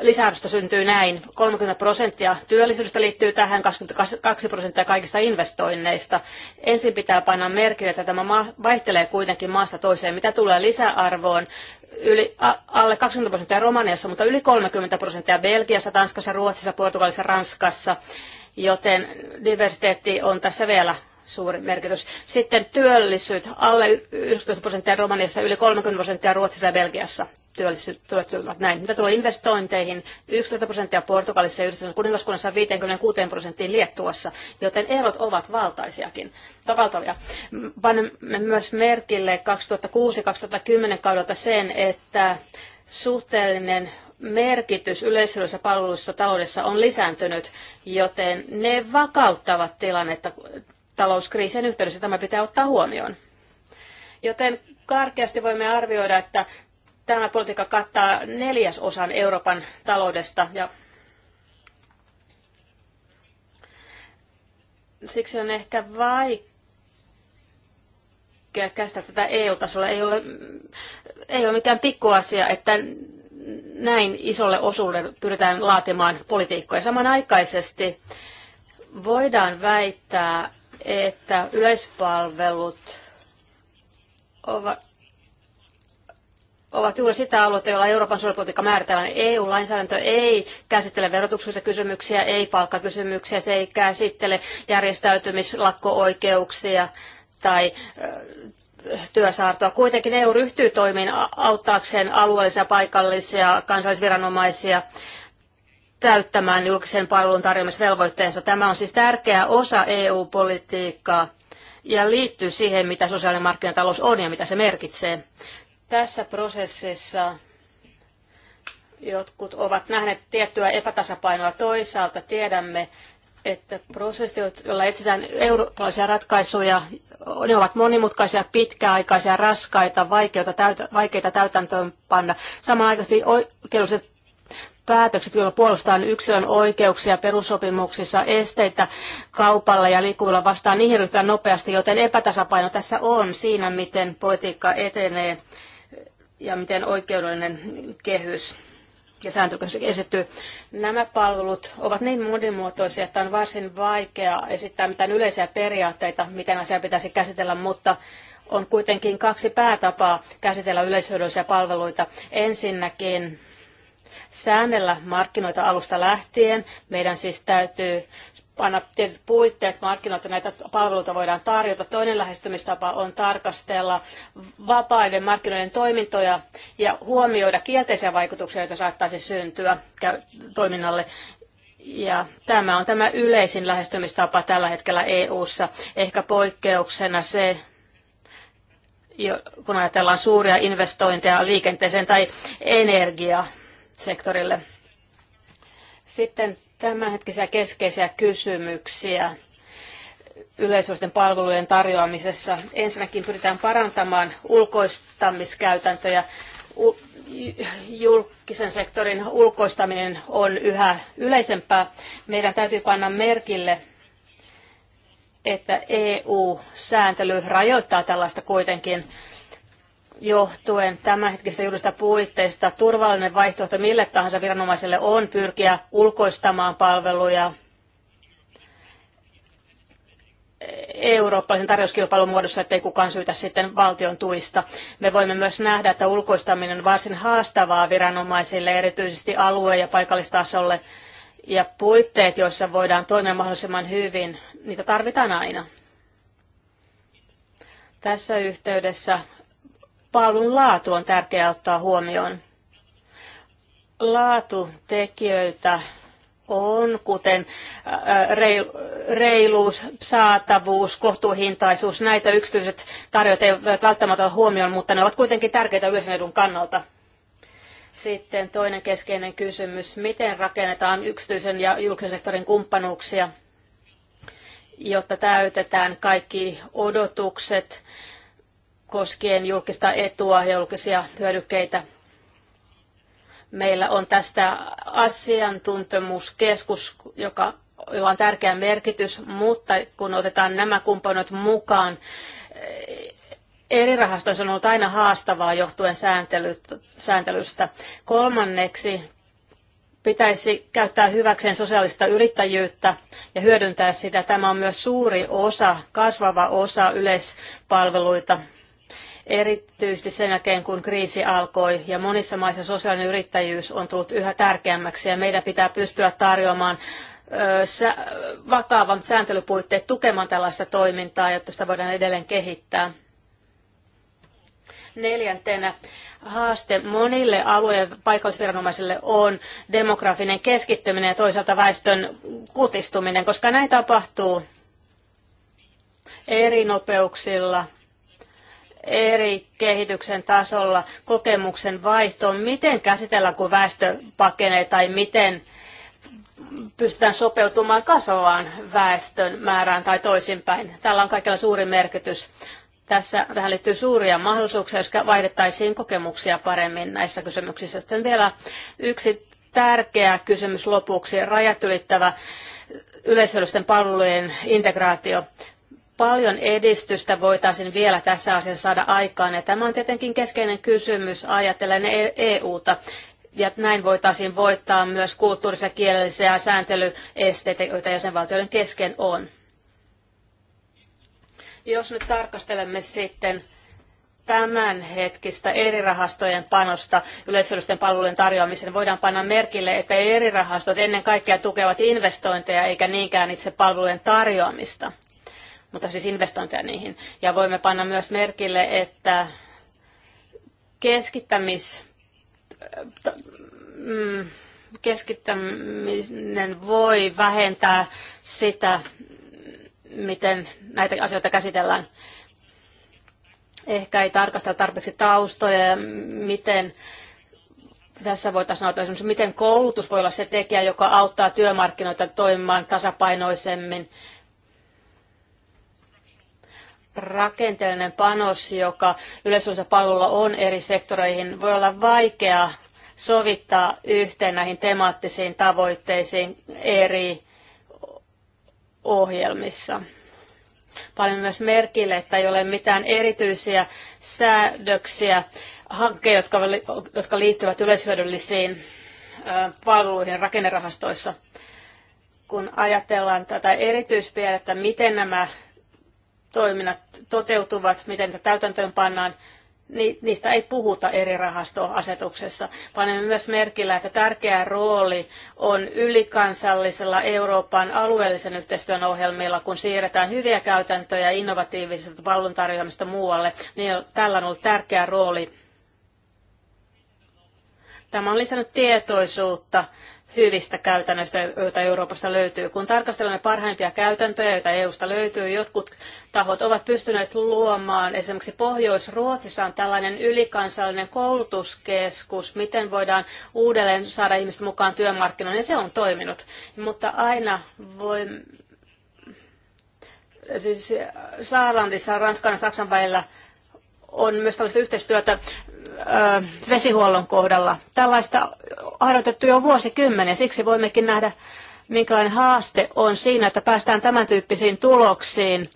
lisäarvosta syntyy näin. 30 prosenttia työllisyydestä liittyy tähän, 22 prosenttia kaikista investoinneista. Ensin pitää painaa merkille, että tämä vaihtelee kuitenkin maasta toiseen. Mitä tulee lisäarvoon, yli, a, alle 20 prosenttia Romaniassa, mutta yli 30 prosenttia Belgiassa, Tanskassa, Ruotsissa, Portugalissa, Ranskassa, joten diversiteetti on tässä vielä suuri merkitys. Sitten työllisyyt, alle 19 prosenttia Romaniassa, yli 30 prosenttia Ruotsissa ja Belgiassa työllistyvät näin. Mitä tulee investointeihin, 11 prosenttia Portugalissa ja yhdistetyn kuningaskunnassa 56 prosenttiin Liettuassa, joten erot ovat valtaisiakin, valtavia. Panemme myös merkille 2006-2010 kaudelta sen, että suhteellinen merkitys yleishyödyllisissä palveluissa taloudessa on lisääntynyt, joten ne vakauttavat tilannetta talouskriisien yhteydessä. Tämä pitää ottaa huomioon. Joten karkeasti voimme arvioida, että tämä politiikka kattaa neljäsosan Euroopan taloudesta ja siksi on ehkä vaikea käsittää tätä EU-tasolla. Ei ole, ei ole mikään pikkuasia, että näin isolle osuudelle pyritään laatimaan politiikkoja. Samanaikaisesti voidaan väittää, että yleispalvelut ovat ovat juuri sitä aluetta, jolla Euroopan suojelupolitiikka määritellään. EU-lainsäädäntö ei käsittele verotuksessa kysymyksiä, ei palkkakysymyksiä, se ei käsittele järjestäytymislakko-oikeuksia tai työsaartoa. Kuitenkin EU ryhtyy toimiin auttaakseen alueellisia, paikallisia, kansallisviranomaisia täyttämään julkisen palvelun tarjoamisvelvoitteensa. Tämä on siis tärkeä osa EU-politiikkaa ja liittyy siihen, mitä sosiaalinen markkinatalous on ja mitä se merkitsee. Tässä prosessissa jotkut ovat nähneet tiettyä epätasapainoa. Toisaalta tiedämme, että prosessit, joilla etsitään eurooppalaisia ratkaisuja, ne ovat monimutkaisia, pitkäaikaisia, raskaita, vaikeita, täytä, vaikeita täytäntöönpanna. Samanaikaisesti oikeudelliset päätökset, joilla puolustetaan yksilön oikeuksia perussopimuksissa, esteitä kaupalla ja liikkuvilla vastaan, niihin ryhdytään nopeasti, joten epätasapaino tässä on siinä, miten politiikka etenee ja miten oikeudellinen kehys ja sääntökehys esittyy. Nämä palvelut ovat niin monimuotoisia, että on varsin vaikea esittää mitään yleisiä periaatteita, miten asia pitäisi käsitellä, mutta on kuitenkin kaksi päätapaa käsitellä yleishyödyllisiä palveluita. Ensinnäkin säännellä markkinoita alusta lähtien. Meidän siis täytyy panna tietyt puitteet markkinoilta, näitä palveluita voidaan tarjota. Toinen lähestymistapa on tarkastella vapaiden markkinoiden toimintoja ja huomioida kielteisiä vaikutuksia, joita saattaisi syntyä toiminnalle. Ja tämä on tämä yleisin lähestymistapa tällä hetkellä EU:ssa. Ehkä poikkeuksena se, kun ajatellaan suuria investointeja liikenteeseen tai energiaa sektorille. Sitten tämänhetkisiä keskeisiä kysymyksiä yleisöisten palvelujen tarjoamisessa. Ensinnäkin pyritään parantamaan ulkoistamiskäytäntöjä. Julkisen sektorin ulkoistaminen on yhä yleisempää. Meidän täytyy panna merkille, että EU-sääntely rajoittaa tällaista kuitenkin johtuen tämänhetkistä juridista puitteista turvallinen vaihtoehto mille tahansa viranomaiselle on pyrkiä ulkoistamaan palveluja eurooppalaisen tarjouskilpailun muodossa, ettei kukaan syytä sitten valtion tuista. Me voimme myös nähdä, että ulkoistaminen on varsin haastavaa viranomaisille, erityisesti alue- ja paikallistasolle, ja puitteet, joissa voidaan toimia mahdollisimman hyvin, niitä tarvitaan aina. Tässä yhteydessä palvelun laatu on tärkeää ottaa huomioon. Laatutekijöitä on, kuten reiluus, saatavuus, kohtuuhintaisuus. Näitä yksityiset tarjot eivät välttämättä ole huomioon, mutta ne ovat kuitenkin tärkeitä yleisen edun kannalta. Sitten toinen keskeinen kysymys, miten rakennetaan yksityisen ja julkisen sektorin kumppanuuksia, jotta täytetään kaikki odotukset koskien julkista etua ja julkisia hyödykkeitä. Meillä on tästä asiantuntemuskeskus, joka, jolla on tärkeä merkitys, mutta kun otetaan nämä kumppanit mukaan, eri rahastoissa on ollut aina haastavaa johtuen sääntelystä. Kolmanneksi pitäisi käyttää hyväkseen sosiaalista yrittäjyyttä ja hyödyntää sitä. Tämä on myös suuri osa, kasvava osa yleispalveluita erityisesti sen jälkeen, kun kriisi alkoi ja monissa maissa sosiaalinen yrittäjyys on tullut yhä tärkeämmäksi ja meidän pitää pystyä tarjoamaan vakavan sääntelypuitteet tukemaan tällaista toimintaa, jotta sitä voidaan edelleen kehittää. Neljäntenä haaste monille alueen paikallisviranomaisille on demografinen keskittyminen ja toisaalta väestön kutistuminen, koska näin tapahtuu eri nopeuksilla – eri kehityksen tasolla kokemuksen vaihtoon, miten käsitellään, kun väestö pakenee tai miten pystytään sopeutumaan kasvavaan väestön määrään tai toisinpäin. Tällä on kaikilla suuri merkitys. Tässä tähän liittyy suuria mahdollisuuksia, jos vaihdettaisiin kokemuksia paremmin näissä kysymyksissä. Sitten vielä yksi tärkeä kysymys lopuksi, rajat ylittävä yleishyödyllisten palvelujen integraatio paljon edistystä voitaisiin vielä tässä asiassa saada aikaan. Ja tämä on tietenkin keskeinen kysymys ajatellen EUta. E ja näin voitaisiin voittaa myös kulttuurisia, kielellisiä sääntelyesteitä, joita jäsenvaltioiden kesken on. Jos nyt tarkastelemme sitten tämänhetkistä eri rahastojen panosta yleishyödyllisten palvelujen tarjoamiseen niin voidaan panna merkille, että eri rahastot ennen kaikkea tukevat investointeja eikä niinkään itse palvelujen tarjoamista mutta siis investointeja niihin. Ja voimme panna myös merkille, että keskittämis, mm, keskittäminen voi vähentää sitä, miten näitä asioita käsitellään. Ehkä ei tarkastella tarpeeksi taustoja ja miten tässä voitaisiin sanoa, että miten koulutus voi olla se tekijä, joka auttaa työmarkkinoita toimimaan tasapainoisemmin rakenteellinen panos, joka yleisöllisellä palvelulla on eri sektoreihin, voi olla vaikea sovittaa yhteen näihin temaattisiin tavoitteisiin eri ohjelmissa. Paljon myös merkille, että ei ole mitään erityisiä säädöksiä hankkeja, jotka, jotka liittyvät yleishyödyllisiin palveluihin rakennerahastoissa. Kun ajatellaan tätä erityispiirrettä, miten nämä toiminnat toteutuvat, miten niitä täytäntöön pannaan, niin niistä ei puhuta eri rahastoasetuksessa. Panemme myös merkillä, että tärkeä rooli on ylikansallisella Euroopan alueellisen yhteistyön ohjelmilla, kun siirretään hyviä käytäntöjä innovatiivisesta palveluntarjoamista muualle, niin tällä on ollut tärkeä rooli. Tämä on lisännyt tietoisuutta hyvistä käytännöistä, joita Euroopasta löytyy. Kun tarkastellaan parhaimpia käytäntöjä, joita EUsta löytyy, jotkut tahot ovat pystyneet luomaan. Esimerkiksi Pohjois-Ruotsissa on tällainen ylikansallinen koulutuskeskus, miten voidaan uudelleen saada ihmiset mukaan työmarkkinoille, ja se on toiminut. Mutta aina voi... Siis Saarlandissa, Ranskan ja Saksan välillä on myös tällaista yhteistyötä vesihuollon kohdalla. Tällaista harjoitettu jo vuosikymmeniä, siksi voimmekin nähdä, minkälainen haaste on siinä, että päästään tämän tyyppisiin tuloksiin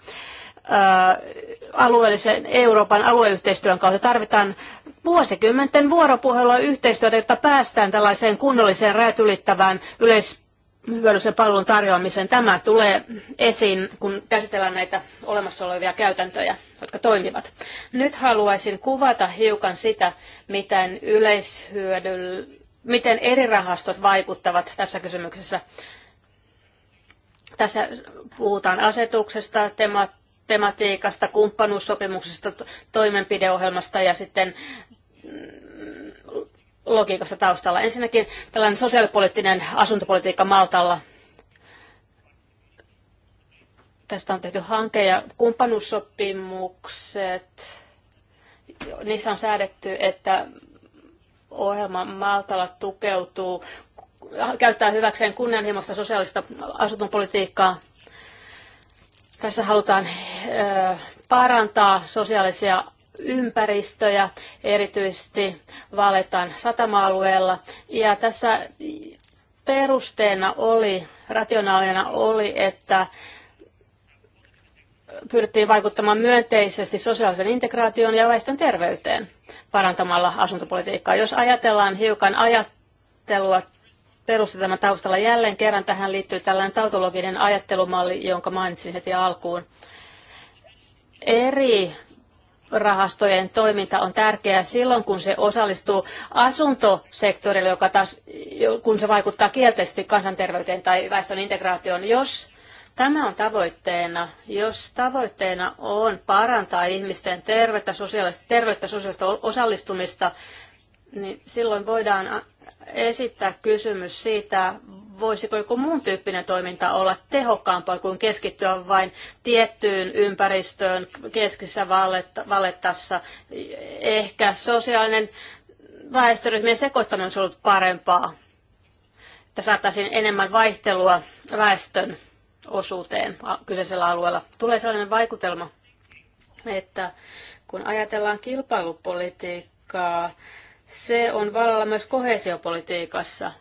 alueellisen Euroopan alueyhteistyön kautta. Tarvitaan vuosikymmenten vuoropuhelua yhteistyötä, jotta päästään tällaiseen kunnolliseen rajat ylittävään yleis hyödyllisen palvelun tarjoamiseen. Tämä tulee esiin, kun käsitellään näitä olemassa olevia käytäntöjä, jotka toimivat. Nyt haluaisin kuvata hiukan sitä, miten yleishyödyll... miten eri rahastot vaikuttavat tässä kysymyksessä. Tässä puhutaan asetuksesta, tema- tematiikasta, kumppanuussopimuksesta, toimenpideohjelmasta ja sitten mm, logiikasta taustalla. Ensinnäkin tällainen sosiaalipoliittinen asuntopolitiikka Maltalla. Tästä on tehty hanke ja kumppanuussopimukset. Niissä on säädetty, että ohjelma Maltalla tukeutuu, käyttää hyväkseen kunnianhimoista sosiaalista asuntopolitiikkaa. Tässä halutaan parantaa sosiaalisia ympäristöjä, erityisesti Valetan satama-alueella. Ja tässä perusteena oli, rationaalina oli, että pyrittiin vaikuttamaan myönteisesti sosiaalisen integraation ja väestön terveyteen parantamalla asuntopolitiikkaa. Jos ajatellaan hiukan ajattelua perusteena taustalla jälleen kerran, tähän liittyy tällainen tautologinen ajattelumalli, jonka mainitsin heti alkuun. Eri rahastojen toiminta on tärkeää silloin, kun se osallistuu asuntosektorille, joka taas, kun se vaikuttaa kielteisesti kansanterveyteen tai väestön integraatioon, jos Tämä on tavoitteena, jos tavoitteena on parantaa ihmisten terveyttä, sosiaalista, terveyttä, sosiaalista osallistumista, niin silloin voidaan esittää kysymys siitä, voisiko joku muun tyyppinen toiminta olla tehokkaampaa kuin keskittyä vain tiettyyn ympäristöön keskisessä vallettassa. Ehkä sosiaalinen väestöryhmien sekoittaminen olisi ollut parempaa, että saataisiin enemmän vaihtelua väestön osuuteen kyseisellä alueella. Tulee sellainen vaikutelma, että kun ajatellaan kilpailupolitiikkaa, se on vallalla myös kohesiopolitiikassa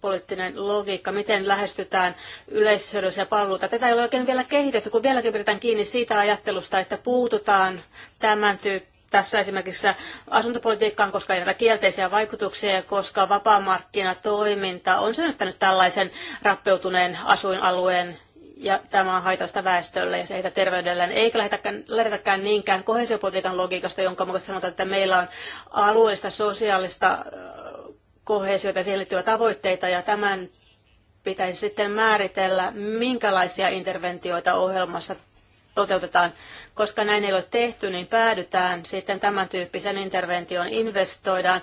poliittinen logiikka, miten lähestytään yleishyödyllisiä palveluita. Tätä ei ole oikein vielä kehitetty, kun vieläkin pidetään kiinni siitä ajattelusta, että puututaan tämän tyyppi tässä esimerkiksi asuntopolitiikkaan, koska ei näitä kielteisiä vaikutuksia, koska vapaamarkkinatoiminta on synnyttänyt tällaisen rappeutuneen asuinalueen ja tämä on haitallista väestölle ja se heitä terveydelleen. Eikä lähetäkään, lähetäkään niinkään kohesiopolitiikan logiikasta, jonka mukaan sanotaan, että meillä on alueellista sosiaalista kohesioita ja siihen liittyviä tavoitteita ja tämän pitäisi sitten määritellä, minkälaisia interventioita ohjelmassa toteutetaan. Koska näin ei ole tehty, niin päädytään sitten tämän tyyppisen intervention investoidaan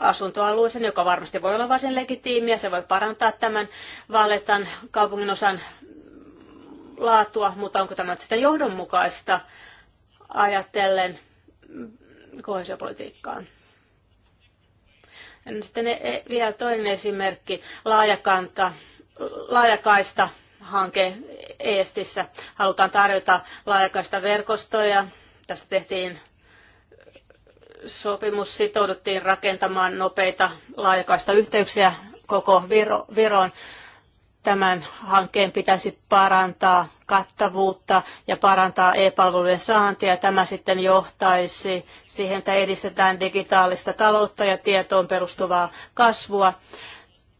asuntoalueeseen, joka varmasti voi olla varsin legitiimiä. Se voi parantaa tämän Valletan kaupungin osan laatua, mutta onko tämä sitten johdonmukaista ajatellen kohesiopolitiikkaan? Sitten e, e, vielä toinen esimerkki, laajakanta, laajakaista hanke Eestissä. Halutaan tarjota laajakaista verkostoja. Tästä tehtiin sopimus, sitouduttiin rakentamaan nopeita laajakaista yhteyksiä koko Viro, Viroon tämän hankkeen pitäisi parantaa kattavuutta ja parantaa e palvelujen saantia. Tämä sitten johtaisi siihen, että edistetään digitaalista taloutta ja tietoon perustuvaa kasvua.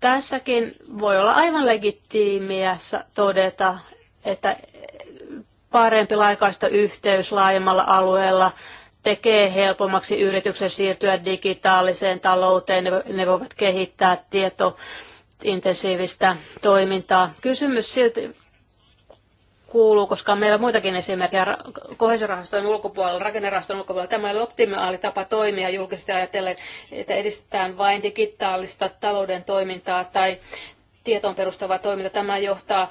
Tässäkin voi olla aivan legitiimiä todeta, että parempi laikaista yhteys laajemmalla alueella tekee helpommaksi yrityksen siirtyä digitaaliseen talouteen. Ne voivat kehittää tieto intensiivistä toimintaa. Kysymys silti kuuluu, koska on meillä on muitakin esimerkkejä kohesirahaston ulkopuolella, rakennerahastojen ulkopuolella. Tämä oli optimaali tapa toimia julkisesti ajatellen, että edistetään vain digitaalista talouden toimintaa tai tietoon perustava toiminta. Tämä johtaa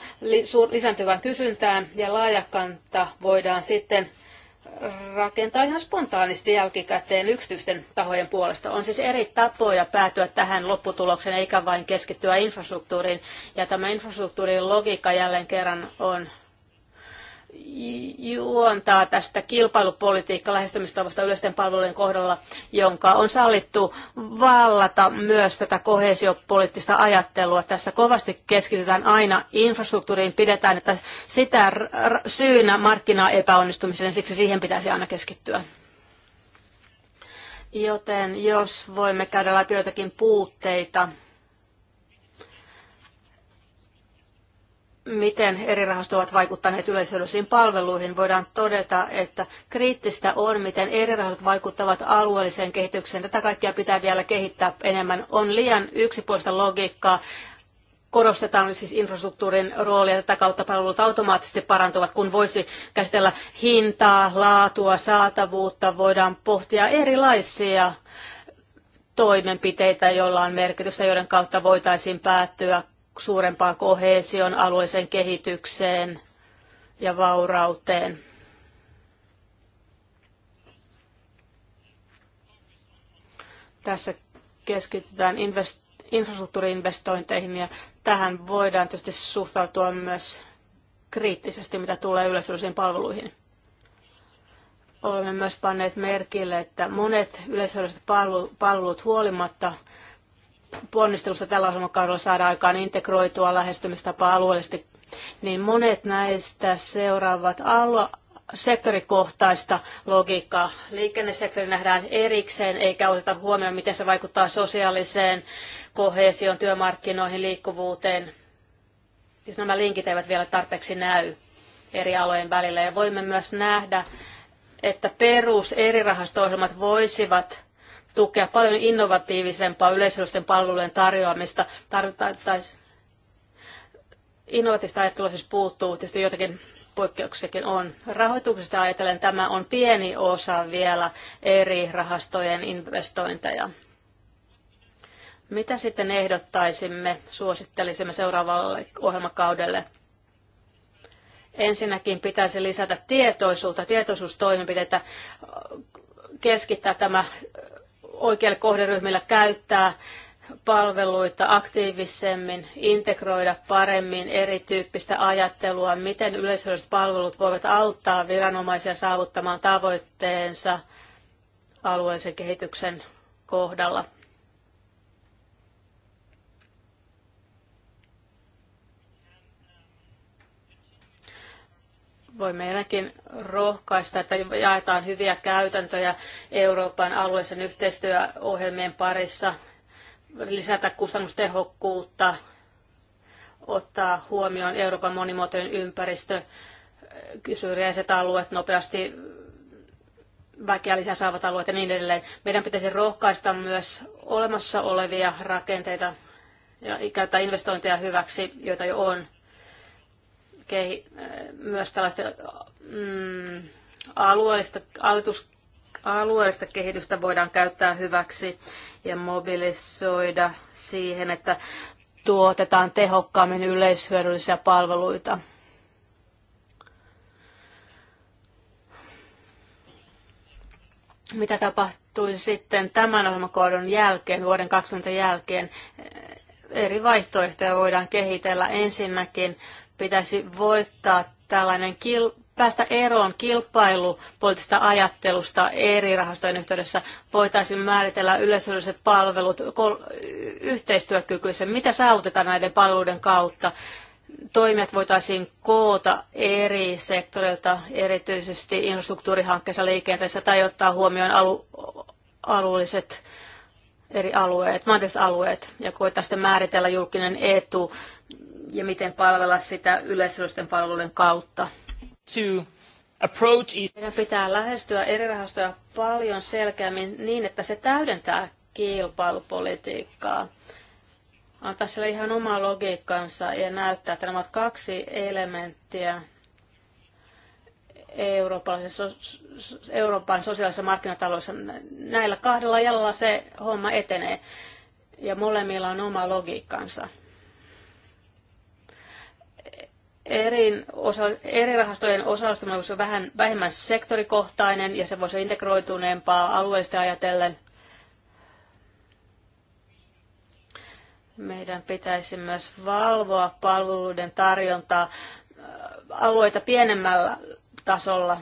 lisääntyvään kysyntään ja laajakanta voidaan sitten rakentaa ihan spontaanisti jälkikäteen yksityisten tahojen puolesta. On siis eri tapoja päätyä tähän lopputulokseen, eikä vain keskittyä infrastruktuuriin. Ja tämä infrastruktuurin logiikka jälleen kerran on juontaa tästä kilpailupolitiikka lähestymistavasta yleisten palvelujen kohdalla, jonka on sallittu vallata myös tätä kohesiopoliittista ajattelua. Tässä kovasti keskitytään aina infrastruktuuriin, pidetään että sitä syynä markkinaa epäonnistumiseen, siksi siihen pitäisi aina keskittyä. Joten jos voimme käydä läpi joitakin puutteita, miten eri rahastot ovat vaikuttaneet yleishyödyllisiin palveluihin, voidaan todeta, että kriittistä on, miten eri rahastot vaikuttavat alueelliseen kehitykseen. Tätä kaikkea pitää vielä kehittää enemmän. On liian yksipuolista logiikkaa. Korostetaan siis infrastruktuurin roolia, tätä kautta palvelut automaattisesti parantuvat, kun voisi käsitellä hintaa, laatua, saatavuutta, voidaan pohtia erilaisia toimenpiteitä, joilla on merkitystä, joiden kautta voitaisiin päättyä suurempaan koheesion alueeseen kehitykseen ja vaurauteen. Tässä keskitytään invest- infrastruktuuriinvestointeihin ja tähän voidaan tietysti suhtautua myös kriittisesti, mitä tulee yleisöllisiin palveluihin. Olemme myös panneet merkille, että monet yleisölliset palvelut huolimatta ponnistelusta tällä ohjelmakaudella saada aikaan integroitua lähestymistapaa alueellisesti, niin monet näistä seuraavat alue- sektorikohtaista logiikkaa. Liikennesektori nähdään erikseen, eikä oteta huomioon, miten se vaikuttaa sosiaaliseen kohesioon, työmarkkinoihin, liikkuvuuteen. Jos nämä linkit eivät vielä tarpeeksi näy eri alojen välillä. Ja voimme myös nähdä, että perus eri rahasto-ohjelmat voisivat tukea paljon innovatiivisempaa yleisöllisten palvelujen tarjoamista. Tarvittaisiin innovatiivista ajattelua siis puuttuu, tietysti joitakin poikkeuksiakin on. Rahoituksesta ajatellen tämä on pieni osa vielä eri rahastojen investointeja. Mitä sitten ehdottaisimme, suosittelisimme seuraavalle ohjelmakaudelle? Ensinnäkin pitäisi lisätä tietoisuutta, tietoisuustoimenpiteitä, keskittää tämä oikealle kohderyhmille käyttää palveluita aktiivisemmin, integroida paremmin erityyppistä ajattelua, miten yleisölliset palvelut voivat auttaa viranomaisia saavuttamaan tavoitteensa alueellisen kehityksen kohdalla. voimme ainakin rohkaista, että jaetaan hyviä käytäntöjä Euroopan alueellisen yhteistyöohjelmien parissa, lisätä kustannustehokkuutta, ottaa huomioon Euroopan monimuotoinen ympäristö, syrjäiset alueet, nopeasti väkeä lisää saavat alueet ja niin edelleen. Meidän pitäisi rohkaista myös olemassa olevia rakenteita ja käyttää investointeja hyväksi, joita jo on kehi, myös tällaista mm, alueellista, alitus, alueellista kehitystä voidaan käyttää hyväksi ja mobilisoida siihen, että tuotetaan tehokkaammin yleishyödyllisiä palveluita. Mitä tapahtui sitten tämän ohjelmakohdon jälkeen, vuoden 20 jälkeen? Eri vaihtoehtoja voidaan kehitellä. Ensinnäkin pitäisi voittaa tällainen kil, päästä eroon kilpailupoliittisesta ajattelusta eri rahastojen yhteydessä. Voitaisiin määritellä yleisölliset palvelut kol, yhteistyökykyisen, mitä saavutetaan näiden palveluiden kautta. Toimet voitaisiin koota eri sektoreilta, erityisesti infrastruktuurihankkeessa liikenteessä tai ottaa huomioon alu, alueelliset eri alueet, maantieteelliset alueet, ja koetaan sitten määritellä julkinen etu ja miten palvella sitä yleisöllisten palvelujen kautta. approach is... Meidän pitää lähestyä eri rahastoja paljon selkeämmin niin, että se täydentää kilpailupolitiikkaa. Antaa sille ihan oma logiikkansa ja näyttää, että nämä ovat kaksi elementtiä Euroopan sosiaalisessa markkinataloudessa. Näillä kahdella jalalla se homma etenee ja molemmilla on oma logiikkansa. Erin osa, eri rahastojen osallistuminen olisi vähän vähemmän sektorikohtainen ja se voisi olla integroituneempaa alueellisesti ajatellen. Meidän pitäisi myös valvoa palveluiden tarjontaa alueita pienemmällä tasolla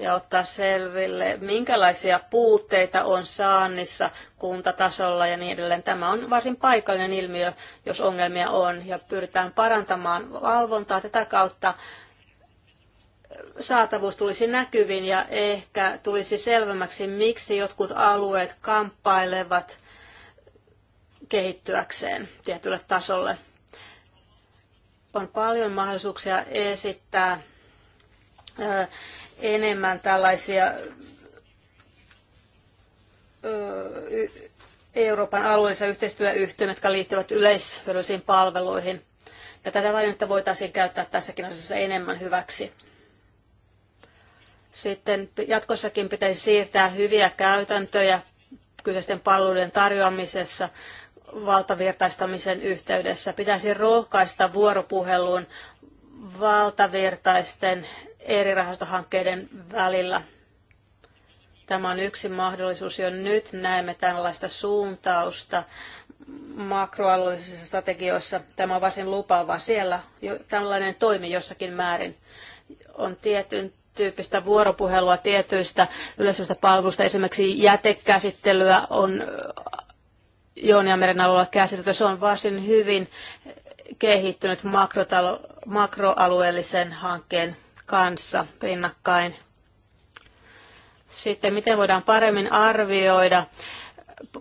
ja ottaa selville, minkälaisia puutteita on saannissa kuntatasolla ja niin edelleen. Tämä on varsin paikallinen ilmiö, jos ongelmia on, ja pyritään parantamaan valvontaa tätä kautta. Saatavuus tulisi näkyvin ja ehkä tulisi selvemmäksi, miksi jotkut alueet kamppailevat kehittyäkseen tietylle tasolle. On paljon mahdollisuuksia esittää enemmän tällaisia Euroopan alueellisia yhteistyöyhtiöitä, jotka liittyvät yleishyödyllisiin palveluihin. Ja tätä välinettä voitaisiin käyttää tässäkin asiassa enemmän hyväksi. Sitten jatkossakin pitäisi siirtää hyviä käytäntöjä kyseisten palveluiden tarjoamisessa valtavirtaistamisen yhteydessä. Pitäisi rohkaista vuoropuheluun valtavirtaisten eri rahastohankkeiden välillä. Tämä on yksi mahdollisuus jo nyt. Näemme tällaista suuntausta makroalueellisissa strategioissa. Tämä on varsin lupaava. Siellä jo, tällainen toimi jossakin määrin. On tietyn tyyppistä vuoropuhelua tietyistä yleisöistä palveluista. Esimerkiksi jätekäsittelyä on Jooniameren alueella käsitelty. Se on varsin hyvin kehittynyt makroalueellisen hankkeen kanssa rinnakkain. Sitten miten voidaan paremmin arvioida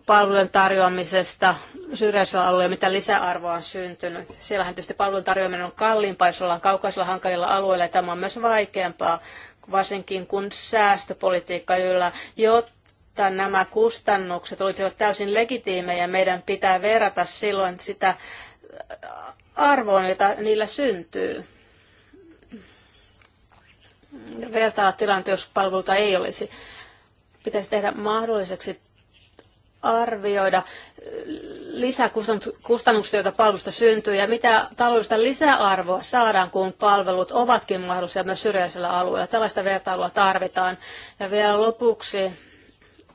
palvelujen tarjoamisesta syrjäisellä alueella, mitä lisäarvoa on syntynyt. Siellähän tietysti palvelun tarjoaminen on kalliimpaa, jos ollaan kaukaisilla hankalilla alueilla, ja tämä on myös vaikeampaa, varsinkin kun säästöpolitiikka yllä, jotta nämä kustannukset olisivat täysin legitiimejä, meidän pitää verrata silloin sitä arvoa, jota niillä syntyy vertaa tilannetta, jos palveluita ei olisi. Pitäisi tehdä mahdolliseksi arvioida lisäkustannuksia, joita palvelusta syntyy, ja mitä taloudellista lisäarvoa saadaan, kun palvelut ovatkin mahdollisia myös syrjäisellä alueella. Tällaista vertailua tarvitaan. Ja vielä lopuksi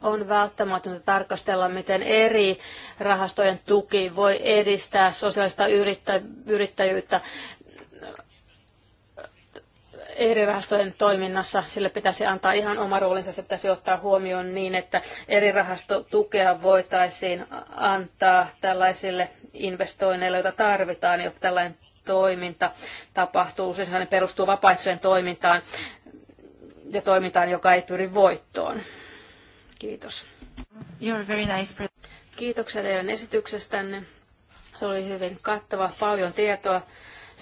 on välttämätöntä tarkastella, miten eri rahastojen tuki voi edistää sosiaalista yrittäjyyttä, eri rahastojen toiminnassa. Sille pitäisi antaa ihan oma roolinsa, se pitäisi ottaa huomioon niin, että eri rahastotukea voitaisiin antaa tällaisille investoinneille, joita tarvitaan, jotta tällainen toiminta tapahtuu. Usein siis se perustuu vapaaehtoiseen toimintaan ja toimintaan, joka ei pyri voittoon. Kiitos. You're very nice. Kiitoksia teidän esityksestänne. Se oli hyvin kattava, paljon tietoa.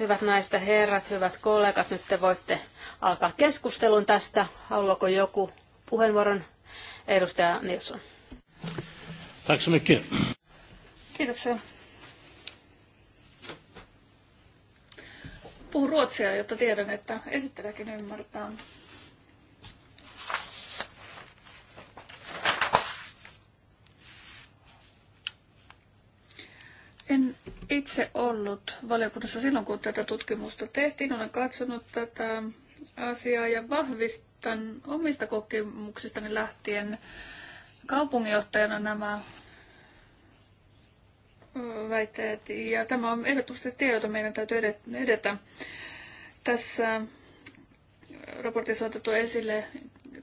Hyvät naiset ja herrat, hyvät kollegat, nyt te voitte alkaa keskustelun tästä. Haluaako joku puheenvuoron? Edustaja Nilsson. Kiitoksia. Puhun ruotsia, jotta tiedän, että esittelijäkin ymmärtää. En itse ollut valiokunnassa silloin, kun tätä tutkimusta tehtiin. Olen katsonut tätä asiaa ja vahvistan omista kokemuksistani lähtien kaupunginjohtajana nämä väitteet. Ja tämä on ehdottomasti tie, jota meidän täytyy edetä. Tässä raportissa on otettu esille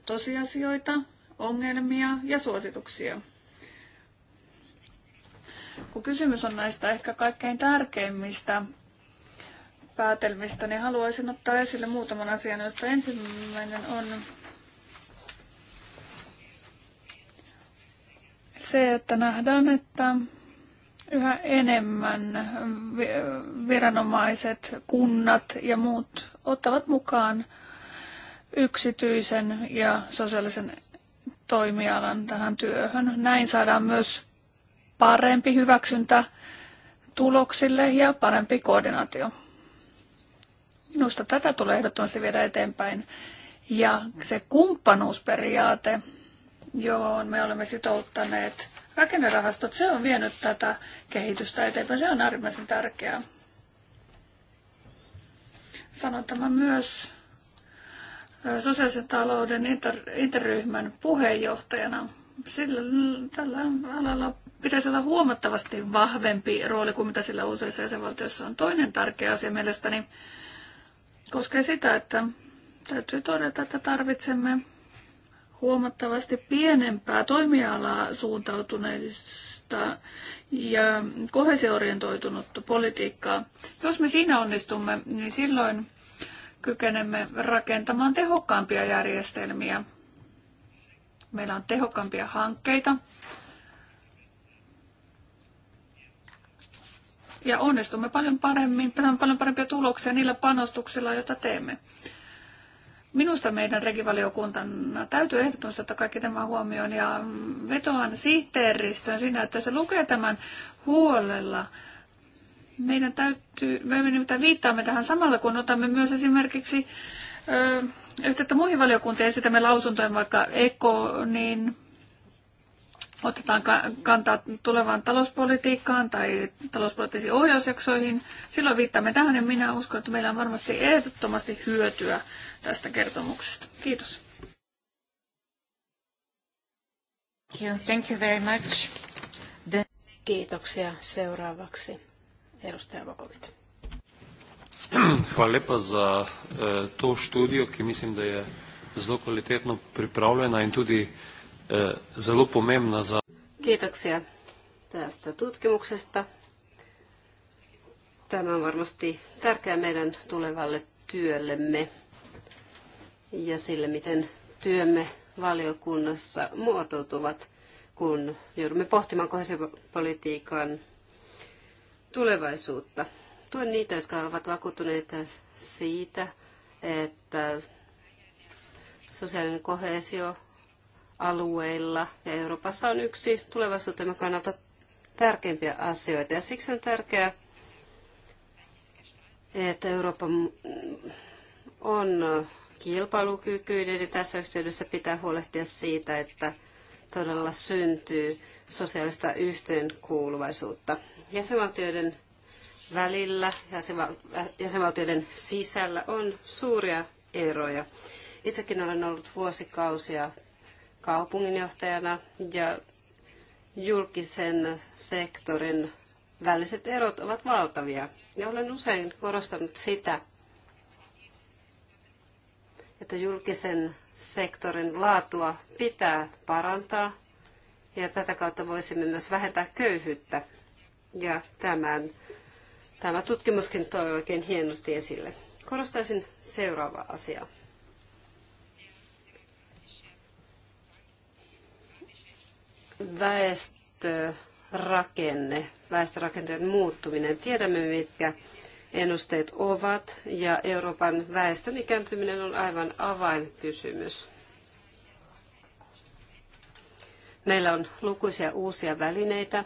tosiasioita, ongelmia ja suosituksia. Kun kysymys on näistä ehkä kaikkein tärkeimmistä päätelmistä, niin haluaisin ottaa esille muutaman asian, joista ensimmäinen on se, että nähdään, että yhä enemmän viranomaiset, kunnat ja muut ottavat mukaan yksityisen ja sosiaalisen toimialan tähän työhön. Näin saadaan myös parempi hyväksyntä tuloksille ja parempi koordinaatio. Minusta tätä tulee ehdottomasti viedä eteenpäin. Ja se kumppanuusperiaate, johon me olemme sitouttaneet rakennerahastot, se on vienyt tätä kehitystä eteenpäin. Se on äärimmäisen tärkeää. Sanon tämän myös sosiaalisen talouden inter- interryhmän puheenjohtajana. Sillä tällä alalla pitäisi olla huomattavasti vahvempi rooli kuin mitä sillä useissa jäsenvaltioissa on. Toinen tärkeä asia mielestäni koskee sitä, että täytyy todeta, että tarvitsemme huomattavasti pienempää toimialaa suuntautuneista ja kohesiorientoitunutta politiikkaa. Jos me siinä onnistumme, niin silloin kykenemme rakentamaan tehokkaampia järjestelmiä. Meillä on tehokkaampia hankkeita, ja onnistumme paljon paremmin, saamme paljon parempia tuloksia niillä panostuksilla, joita teemme. Minusta meidän regivaliokuntana täytyy ehdottomasti ottaa kaikki tämä huomioon ja vetoan sihteeristöön siinä, että se lukee tämän huolella. Meidän täytyy, me nimittäin viittaamme tähän samalla, kun otamme myös esimerkiksi ö, yhteyttä muihin valiokuntiin esitämme lausuntoja vaikka EKO, niin otetaan kantaa tulevaan talouspolitiikkaan tai talouspoliittisiin ohjausjaksoihin. Silloin viittaamme tähän ja minä uskon, että meillä on varmasti ehdottomasti hyötyä tästä kertomuksesta. Kiitos. Thank you very much. The... Kiitoksia. Seuraavaksi edustaja Vokovic. [CLEARS THROAT] Hvala lepa za eh, to študijo, ki mislim, da je zelo kvalitetno pripravljena in tudi Eh, zelo pomembna za. Kiitoksia tästä tutkimuksesta. Tämä on varmasti tärkeä meidän tulevalle työllemme ja sille, miten työmme valiokunnassa muotoutuvat, kun joudumme pohtimaan kohesiopolitiikan tulevaisuutta. Tuen niitä, jotka ovat vakuuttuneita siitä, että sosiaalinen kohesio alueilla. Ja Euroopassa on yksi tulevaisuutemme kannalta tärkeimpiä asioita. Ja siksi on tärkeää, että Eurooppa on kilpailukykyinen ja tässä yhteydessä pitää huolehtia siitä, että todella syntyy sosiaalista yhteenkuuluvaisuutta jäsenvaltioiden välillä, ja jäsenvaltioiden sisällä on suuria eroja. Itsekin olen ollut vuosikausia kaupunginjohtajana ja julkisen sektorin väliset erot ovat valtavia. Ja olen usein korostanut sitä, että julkisen sektorin laatua pitää parantaa ja tätä kautta voisimme myös vähentää köyhyyttä. Ja tämän, tämä tutkimuskin toi oikein hienosti esille. Korostaisin seuraavaa asiaa. väestörakenne, väestörakenteen muuttuminen. Tiedämme, mitkä ennusteet ovat, ja Euroopan väestön ikääntyminen on aivan avainkysymys. Meillä on lukuisia uusia välineitä,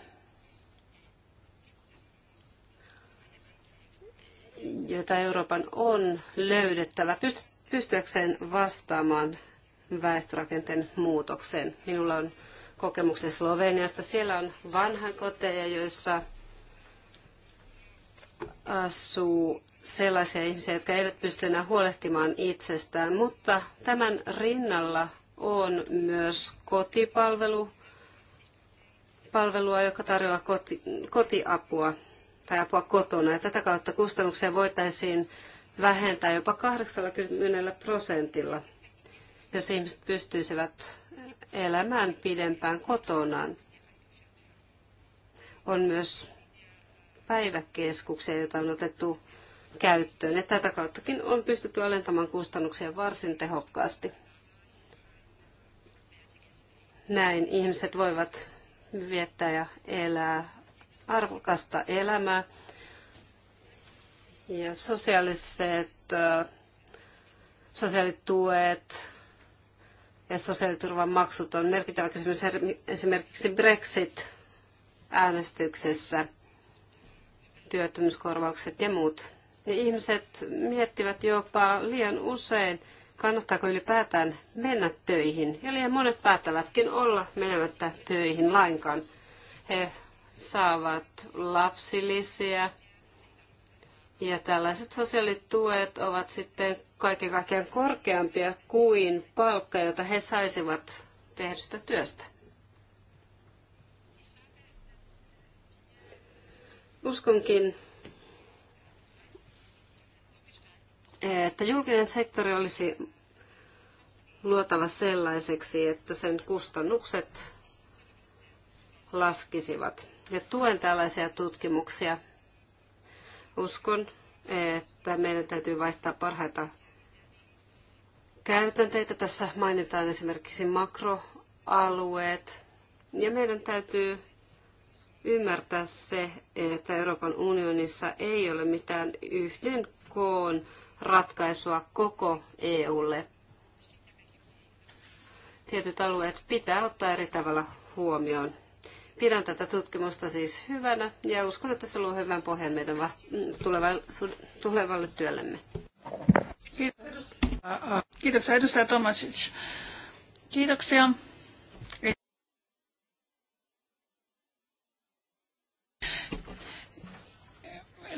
joita Euroopan on löydettävä pystyäkseen vastaamaan väestörakenteen muutokseen. Minulla on kokemuksen Sloveniasta. Siellä on vanha koteja, joissa asuu sellaisia ihmisiä, jotka eivät pysty enää huolehtimaan itsestään, mutta tämän rinnalla on myös kotipalvelu, palvelua, joka tarjoaa koti, kotiapua tai apua kotona. Ja tätä kautta kustannuksia voitaisiin vähentää jopa 80 prosentilla, jos ihmiset pystyisivät elämään pidempään kotonaan. On myös päiväkeskuksia, joita on otettu käyttöön. Ja tätä kauttakin on pystytty alentamaan kustannuksia varsin tehokkaasti. Näin ihmiset voivat viettää ja elää arvokasta elämää. Ja sosiaaliset, sosiaalituet, ja sosiaaliturvan maksut on merkittävä kysymys esimerkiksi Brexit-äänestyksessä, työttömyyskorvaukset ja muut. Ja ihmiset miettivät jopa liian usein, kannattaako ylipäätään mennä töihin. Ja liian monet päättävätkin olla menemättä töihin lainkaan. He saavat lapsilisiä ja tällaiset sosiaalituet ovat sitten kaiken kaikkiaan korkeampia kuin palkka, jota he saisivat tehdystä työstä. Uskonkin, että julkinen sektori olisi luotava sellaiseksi, että sen kustannukset laskisivat. Ja tuen tällaisia tutkimuksia. Uskon, että meidän täytyy vaihtaa parhaita käytänteitä. Tässä mainitaan esimerkiksi makroalueet. Ja meidän täytyy ymmärtää se, että Euroopan unionissa ei ole mitään yhden koon ratkaisua koko EUlle. Tietyt alueet pitää ottaa eri tavalla huomioon. Pidän tätä tutkimusta siis hyvänä ja uskon, että se luo hyvän pohjan meidän vast- mm, tulevalle työllemme. Kiitos. Kiitoksia edustaja Tomasic. Kiitoksia.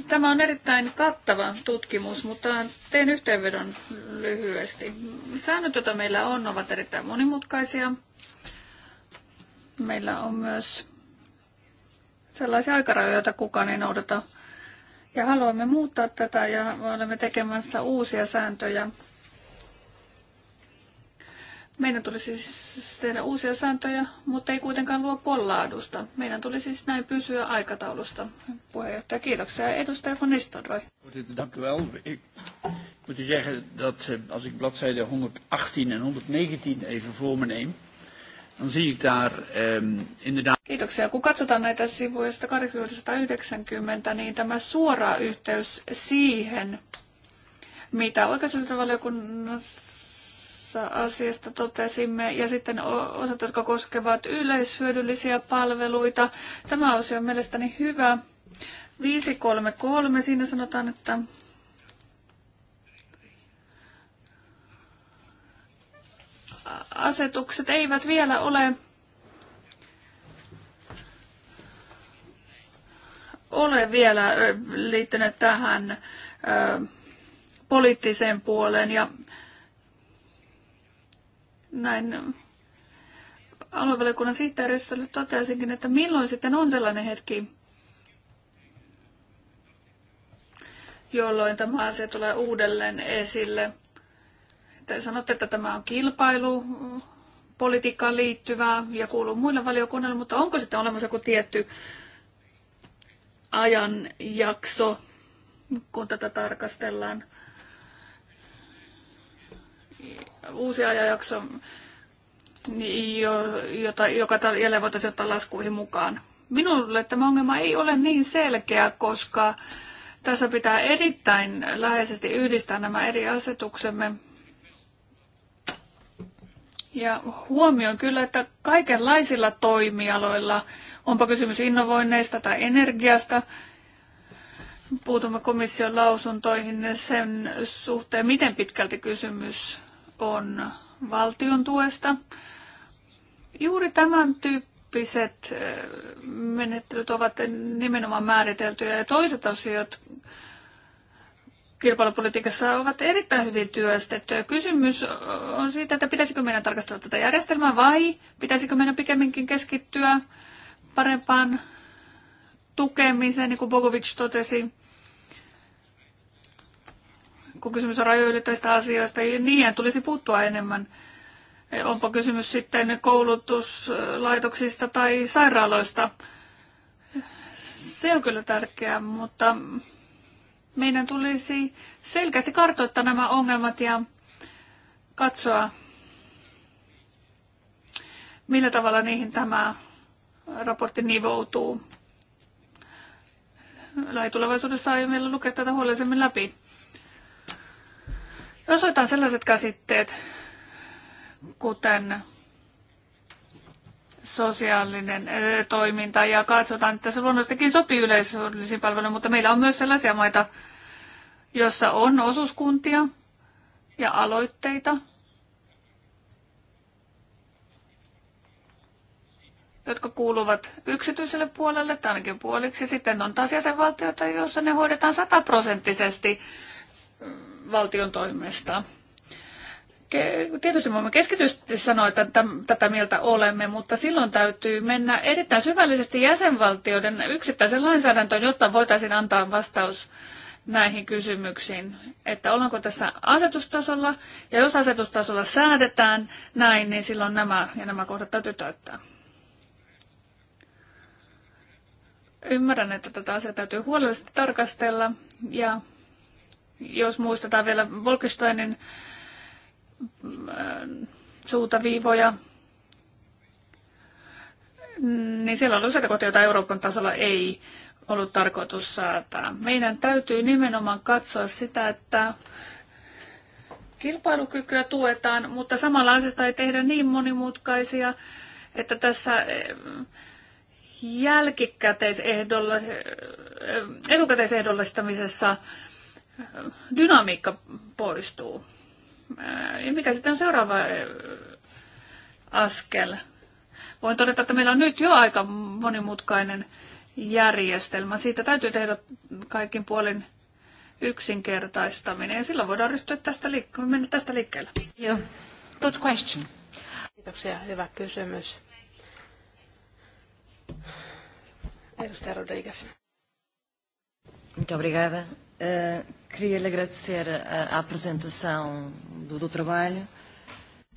Tämä on erittäin kattava tutkimus, mutta teen yhteenvedon lyhyesti. Säännöt, joita meillä on, ovat erittäin monimutkaisia. Meillä on myös sellaisia aikarajoja, joita kukaan ei noudata. Ja haluamme muuttaa tätä ja olemme tekemässä uusia sääntöjä meidän tulisi siis tehdä uusia sääntöjä, mutta ei kuitenkaan luo pollaadusta. Meidän tulisi siis näin pysyä aikataulusta. Puheenjohtaja, kiitoksia. Edustaja von Nistelrooy. Dank u wel. Ik moet u zeggen dat eh, als ik bladzijde 118 en 119 even voor me neem, dan zie ik daar eh, inderdaad... Kiitoksia. Kun katsotaan näitä sivuja 1890, niin tämä suora yhteys siihen, mitä oikeusvaliokunnassa tässä asiasta totesimme, ja sitten osat, jotka koskevat yleishyödyllisiä palveluita. Tämä osio on mielestäni hyvä. 533, siinä sanotaan, että asetukset eivät vielä ole ole vielä liittyneet tähän ö, poliittiseen puoleen ja näin aluevaliokunnan sihteerissä totesinkin, että milloin sitten on sellainen hetki, jolloin tämä asia tulee uudelleen esille. Te sanotte, että tämä on kilpailu, politiikkaan liittyvää ja kuuluu muille valiokunnille, mutta onko sitten olemassa joku tietty ajanjakso, kun tätä tarkastellaan? uusi ajanjakso, niin jota, joka jälleen voitaisiin ottaa laskuihin mukaan. Minulle tämä ongelma ei ole niin selkeä, koska tässä pitää erittäin läheisesti yhdistää nämä eri asetuksemme. Ja huomioon kyllä, että kaikenlaisilla toimialoilla, onpa kysymys innovoinneista tai energiasta, puutumme komission lausuntoihin sen suhteen, miten pitkälti kysymys on valtion tuesta. Juuri tämän tyyppiset menettelyt ovat nimenomaan määriteltyjä ja toiset asiat kilpailupolitiikassa ovat erittäin hyvin työstettyjä. Kysymys on siitä, että pitäisikö meidän tarkastella tätä järjestelmää vai pitäisikö meidän pikemminkin keskittyä parempaan tukemiseen, niin kuin Bogovic totesi kun kysymys on rajoilyttävistä asioista, niin niihin tulisi puuttua enemmän. Onpa kysymys sitten koulutuslaitoksista tai sairaaloista. Se on kyllä tärkeää, mutta meidän tulisi selkeästi kartoittaa nämä ongelmat ja katsoa, millä tavalla niihin tämä raportti nivoutuu. Lähitulevaisuudessa aion vielä lukea tätä huolellisemmin läpi. Jos otetaan sellaiset käsitteet, kuten sosiaalinen eh, toiminta ja katsotaan, että se luonnollisestikin sopii yleisöllisiin palveluihin, mutta meillä on myös sellaisia maita, joissa on osuuskuntia ja aloitteita, jotka kuuluvat yksityiselle puolelle tai ainakin puoliksi. Sitten on taas jäsenvaltioita, joissa ne hoidetaan sataprosenttisesti valtion toimesta. Tietysti voimme keskitysti sanoa, että tätä mieltä olemme, mutta silloin täytyy mennä erittäin syvällisesti jäsenvaltioiden yksittäisen lainsäädäntöön, jotta voitaisiin antaa vastaus näihin kysymyksiin, että ollaanko tässä asetustasolla, ja jos asetustasolla säädetään näin, niin silloin nämä ja nämä kohdat täytyy täyttää. Ymmärrän, että tätä asiaa täytyy huolellisesti tarkastella, ja jos muistetaan vielä Wolkensteinin äh, suuntaviivoja, niin siellä on useita kohtia, joita Euroopan tasolla ei ollut tarkoitus säätää. Meidän täytyy nimenomaan katsoa sitä, että kilpailukykyä tuetaan, mutta samalla ei tehdä niin monimutkaisia, että tässä äh, jälkikäteisehdolla, äh, etukäteisehdollistamisessa dynamiikka poistuu. Ja mikä sitten on seuraava askel? Voin todeta, että meillä on nyt jo aika monimutkainen järjestelmä. Siitä täytyy tehdä kaikin puolin yksinkertaistaminen ja silloin voidaan ryhtyä tästä, liik- mennä tästä liikkeelle. Joo. Good question. Kiitoksia. Hyvä kysymys. Edustaja Rodriguez. Muito obrigada. Uh, queria lhe agradecer a, eh, a apresentação do, do trabalho.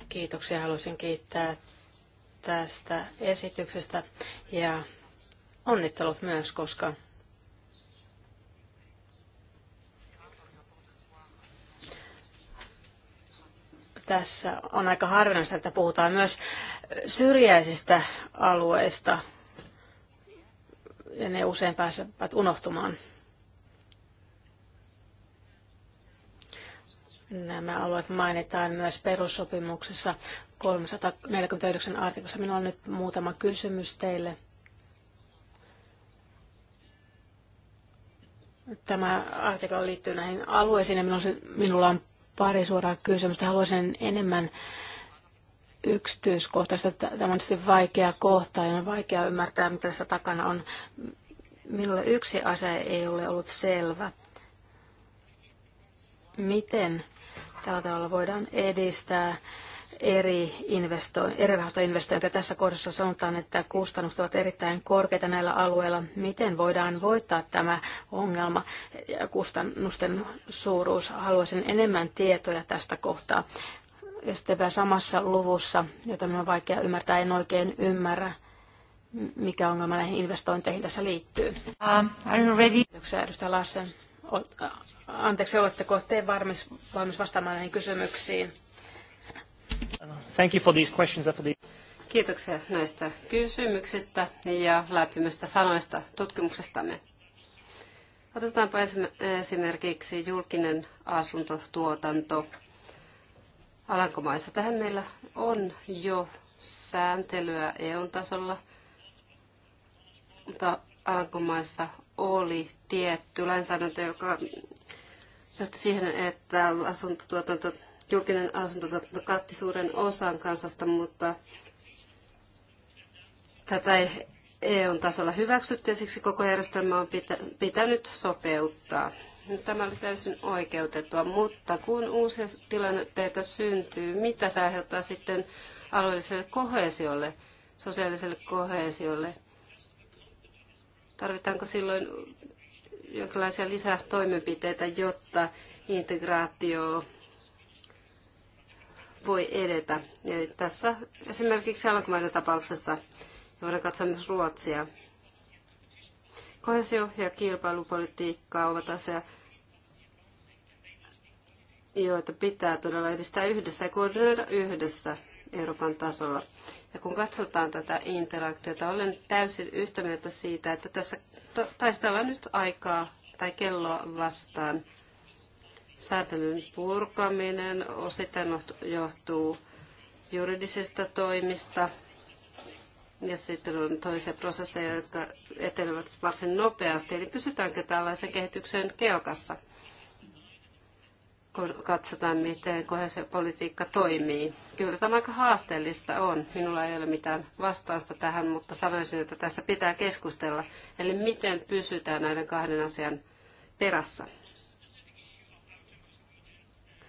Kiitoksia. Haluaisin kiittää tästä esityksestä ja onnittelut myös, koska tässä on aika harvinaista, että puhutaan myös syrjäisistä alueista ja ne usein pääsevät unohtumaan. Nämä alueet mainitaan myös perussopimuksessa 349 artiklassa Minulla on nyt muutama kysymys teille. Tämä artikla liittyy näihin alueisiin ja minulla on pari suoraa kysymystä. Haluaisin enemmän yksityiskohtaista. Tämä on tietysti vaikea kohta ja on vaikea ymmärtää, mitä tässä takana on. Minulle yksi asia ei ole ollut selvä. Miten Tällä tavalla voidaan edistää eri, investoin, eri rahastoinvestointeja. Tässä kohdassa sanotaan, että kustannukset ovat erittäin korkeita näillä alueilla. Miten voidaan voittaa tämä ongelma ja kustannusten suuruus? Haluaisin enemmän tietoja tästä kohtaa. Ja sitten vielä samassa luvussa, jota minun on vaikea ymmärtää, en oikein ymmärrä, mikä ongelma näihin investointeihin tässä liittyy. Um, are you ready? Edustaja Larsen. Anteeksi, oletteko te varmis, valmis vastaamaan näihin kysymyksiin? Thank you for these questions. For the... Kiitoksia näistä kysymyksistä ja lämpimistä sanoista tutkimuksestamme. Otetaanpa esimerkiksi julkinen asuntotuotanto Alankomaissa. Tähän meillä on jo sääntelyä eu tasolla, mutta Alankomaissa oli tietty lainsäädäntö, joka johti siihen, että asuntotuotanto, julkinen asuntotuotanto katti suuren osan kansasta, mutta tätä ei EUn tasolla hyväksytty ja siksi koko järjestelmä on pitänyt sopeuttaa. Tämä oli täysin oikeutettua, mutta kun uusia tilanteita syntyy, mitä se aiheuttaa sitten alueelliselle kohesiolle, sosiaaliselle kohesiolle – Tarvitaanko silloin jonkinlaisia lisätoimenpiteitä, jotta integraatio voi edetä. Ja tässä esimerkiksi alkumaiden tapauksessa voidaan katsoa myös Ruotsia. Kohesio ja kilpailupolitiikka ovat asia, joita pitää todella edistää yhdessä ja koordinoida yhdessä. Euroopan tasolla. Ja kun katsotaan tätä interaktiota, olen täysin yhtä mieltä siitä, että tässä taistellaan nyt aikaa tai kelloa vastaan. Säätelyn purkaminen osittain johtuu juridisista toimista, ja sitten on toisia prosesseja, jotka etenevät varsin nopeasti. Eli pysytäänkö tällaisen kehityksen keokassa? kun katsotaan, miten kohesiopolitiikka toimii. Kyllä tämä aika haasteellista on. Minulla ei ole mitään vastausta tähän, mutta sanoisin, että tässä pitää keskustella. Eli miten pysytään näiden kahden asian perässä.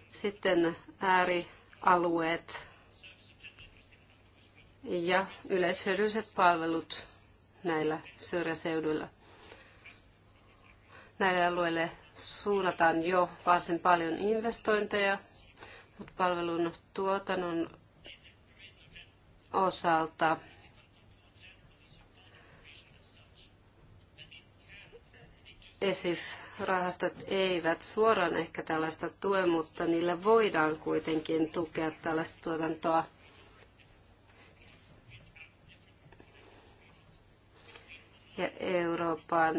Sitten äärialueet ja yleishyödylliset palvelut näillä syrjäseuduilla. Näille alueille suunnataan jo varsin paljon investointeja, mutta palvelun tuotannon osalta ESIF-rahastot eivät suoraan ehkä tällaista tue, mutta niillä voidaan kuitenkin tukea tällaista tuotantoa. Ja Euroopan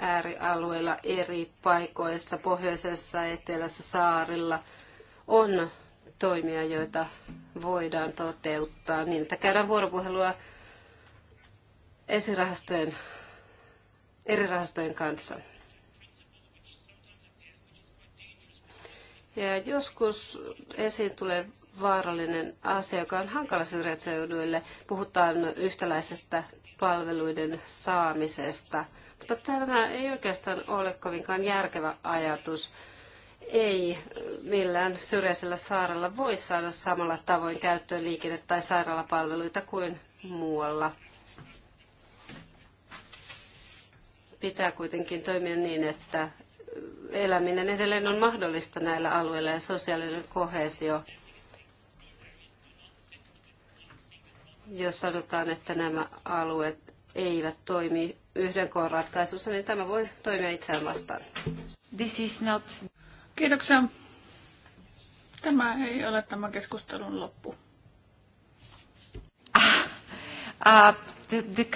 äärialueilla eri paikoissa, pohjoisessa, etelässä, saarilla on toimia, joita voidaan toteuttaa niin, että käydään vuoropuhelua esirahastojen, eri rahastojen kanssa. Ja joskus esiin tulee vaarallinen asia, joka on hankala syrjäseuduille. Puhutaan yhtäläisestä palveluiden saamisesta – mutta tämä ei oikeastaan ole kovinkaan järkevä ajatus. Ei millään syrjäisellä saarella voi saada samalla tavoin käyttöön liikenne- tai sairaalapalveluita kuin muualla. Pitää kuitenkin toimia niin, että eläminen edelleen on mahdollista näillä alueilla ja sosiaalinen kohesio jos sanotaan, että nämä alueet eivät toimi yhden koon ratkaisussa, niin tämä voi toimia itseään vastaan. This is not... Kiitoksia. Tämä ei ole tämän keskustelun loppu. Ah, uh, the, the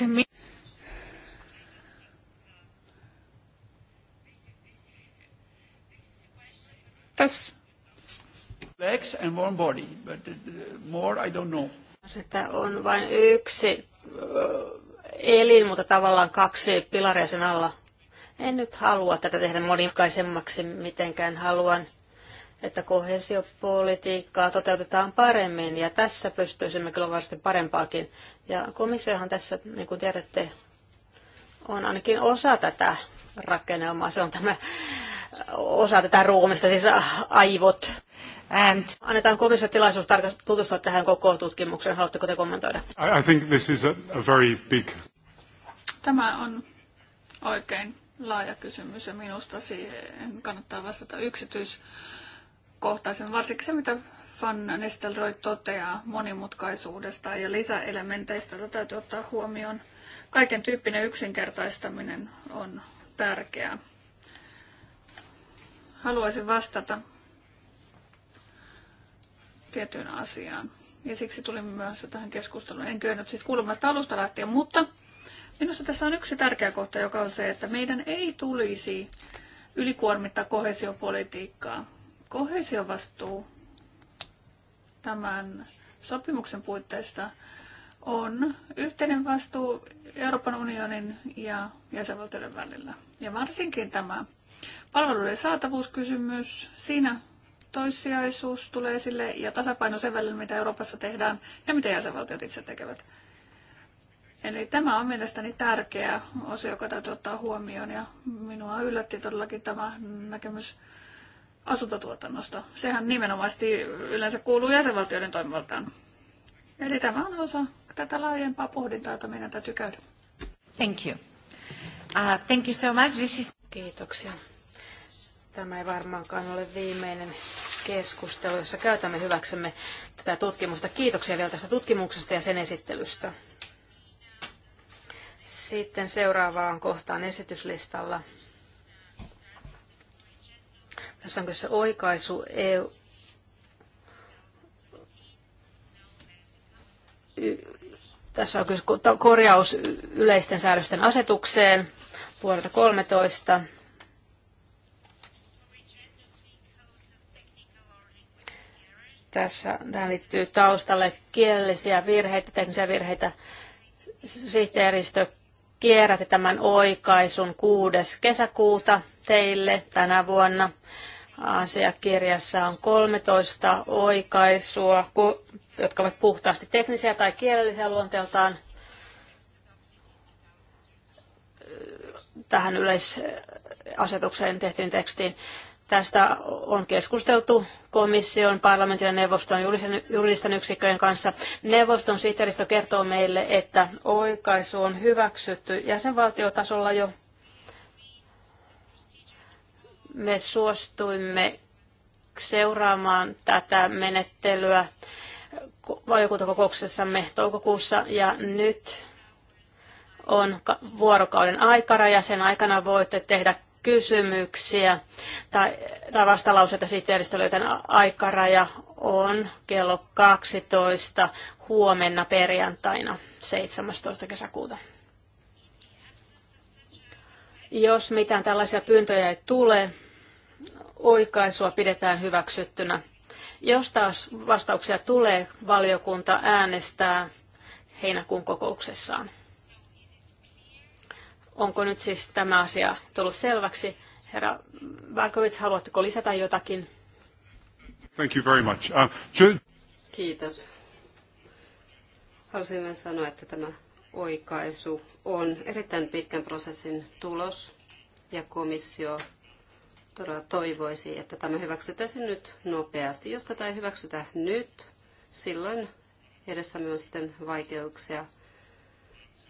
Legs and one body, but uh, more I don't know. Sitä on vain yksi elin, mutta tavallaan kaksi pilaria sen alla. En nyt halua tätä tehdä monimutkaisemmaksi mitenkään. Haluan, että kohesiopolitiikkaa toteutetaan paremmin ja tässä pystyisimme kyllä varmasti parempaakin. Ja komissiohan tässä, niin kuin tiedätte, on ainakin osa tätä rakennelmaa. Se on tämä osa tätä ruumista, siis aivot. And Annetaan komissio tilaisuus tutustua tähän koko tutkimukseen. Haluatteko te kommentoida? I, I think this is a, a very big... Tämä on oikein laaja kysymys ja minusta siihen kannattaa vastata yksityiskohtaisen, varsinkin se mitä Van Nestelrooy toteaa monimutkaisuudesta ja lisäelementeistä, jota täytyy ottaa huomioon. Kaiken tyyppinen yksinkertaistaminen on tärkeää. Haluaisin vastata tiettyyn asiaan. Ja siksi tulin myös tähän keskusteluun. En kyennyt siis kuulemasta alusta lähtien, mutta minusta tässä on yksi tärkeä kohta, joka on se, että meidän ei tulisi ylikuormittaa kohesiopolitiikkaa. Kohesiovastuu tämän sopimuksen puitteista on yhteinen vastuu Euroopan unionin ja jäsenvaltioiden välillä. Ja varsinkin tämä palveluiden saatavuuskysymys, siinä toissijaisuus tulee esille ja tasapaino sen välillä, mitä Euroopassa tehdään ja mitä jäsenvaltiot itse tekevät. Eli tämä on mielestäni tärkeä osio, joka täytyy ottaa huomioon ja minua yllätti todellakin tämä näkemys asuntotuotannosta. Sehän nimenomaisesti yleensä kuuluu jäsenvaltioiden toimivaltaan. Eli tämä on osa tätä laajempaa pohdintaa, jota meidän täytyy käydä. Thank you. Uh, thank you so much. This is... Kiitoksia. Tämä ei varmaankaan ole viimeinen keskustelu, jossa käytämme hyväksemme tätä tutkimusta. Kiitoksia vielä tästä tutkimuksesta ja sen esittelystä. Sitten seuraavaan kohtaan esityslistalla. Tässä on se oikaisu EU, tässä on kyse korjaus yleisten säädösten asetukseen vuodelta 13 Tässä tämä liittyy taustalle kielellisiä virheitä, teknisiä virheitä. Sihteeristö kierrätti tämän oikaisun 6. kesäkuuta teille tänä vuonna. Asiakirjassa on 13 oikaisua, jotka ovat puhtaasti teknisiä tai kielellisiä luonteeltaan. Tähän yleisasetukseen tehtiin tekstiin Tästä on keskusteltu komission, parlamentin ja neuvoston juridisten yksikköjen kanssa. Neuvoston sihteeristö kertoo meille, että oikaisu on hyväksytty jäsenvaltiotasolla jo. Me suostuimme seuraamaan tätä menettelyä valiokuntakokouksessamme toukokuussa ja nyt on vuorokauden ja Sen aikana voitte tehdä kysymyksiä tai, tai vastalauseita sihteeristölle, aikaraja on kello 12 huomenna perjantaina 17. kesäkuuta. Jos mitään tällaisia pyyntöjä ei tule, oikaisua pidetään hyväksyttynä. Jos taas vastauksia tulee, valiokunta äänestää heinäkuun kokouksessaan. Onko nyt siis tämä asia tullut selväksi? Herra Varkovits, haluatteko lisätä jotakin? Thank you very much. Uh, Kiitos. Haluaisin myös sanoa, että tämä oikaisu on erittäin pitkän prosessin tulos ja komissio todella toivoisi, että tämä hyväksytäisiin nyt nopeasti. Jos tätä ei hyväksytä nyt, silloin edessä on sitten vaikeuksia –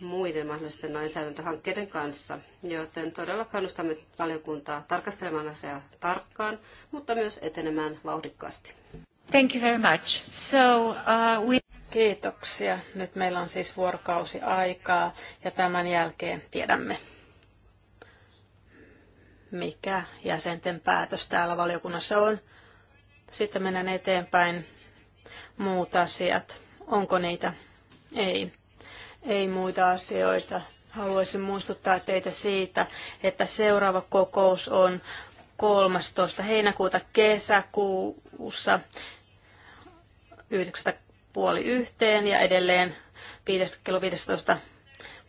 muiden mahdollisten lainsäädäntöhankkeiden kanssa, joten todella kannustamme valiokuntaa tarkastelemaan asiaa tarkkaan, mutta myös etenemään vauhdikkaasti. Thank you very much. So, uh, we... Kiitoksia. Nyt meillä on siis vuorokausi aikaa ja tämän jälkeen tiedämme, mikä jäsenten päätös täällä valiokunnassa on. Sitten mennään eteenpäin. Muut asiat. Onko niitä? Ei. Ei muita asioita. Haluaisin muistuttaa teitä siitä, että seuraava kokous on 13. heinäkuuta kesäkuussa 9.30 yhteen ja edelleen 5, kello 15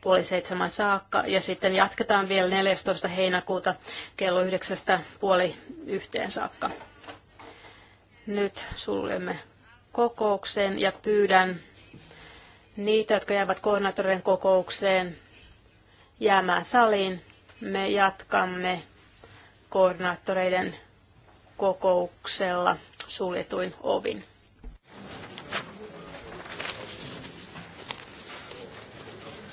puoli seitsemän saakka. Ja sitten jatketaan vielä 14. heinäkuuta kello yhdeksästä puoli yhteen saakka. Nyt suljemme kokouksen ja pyydän Niitä, jotka jäävät koordinaattorien kokoukseen jäämään saliin, me jatkamme koordinaattoreiden kokouksella suljetuin ovin.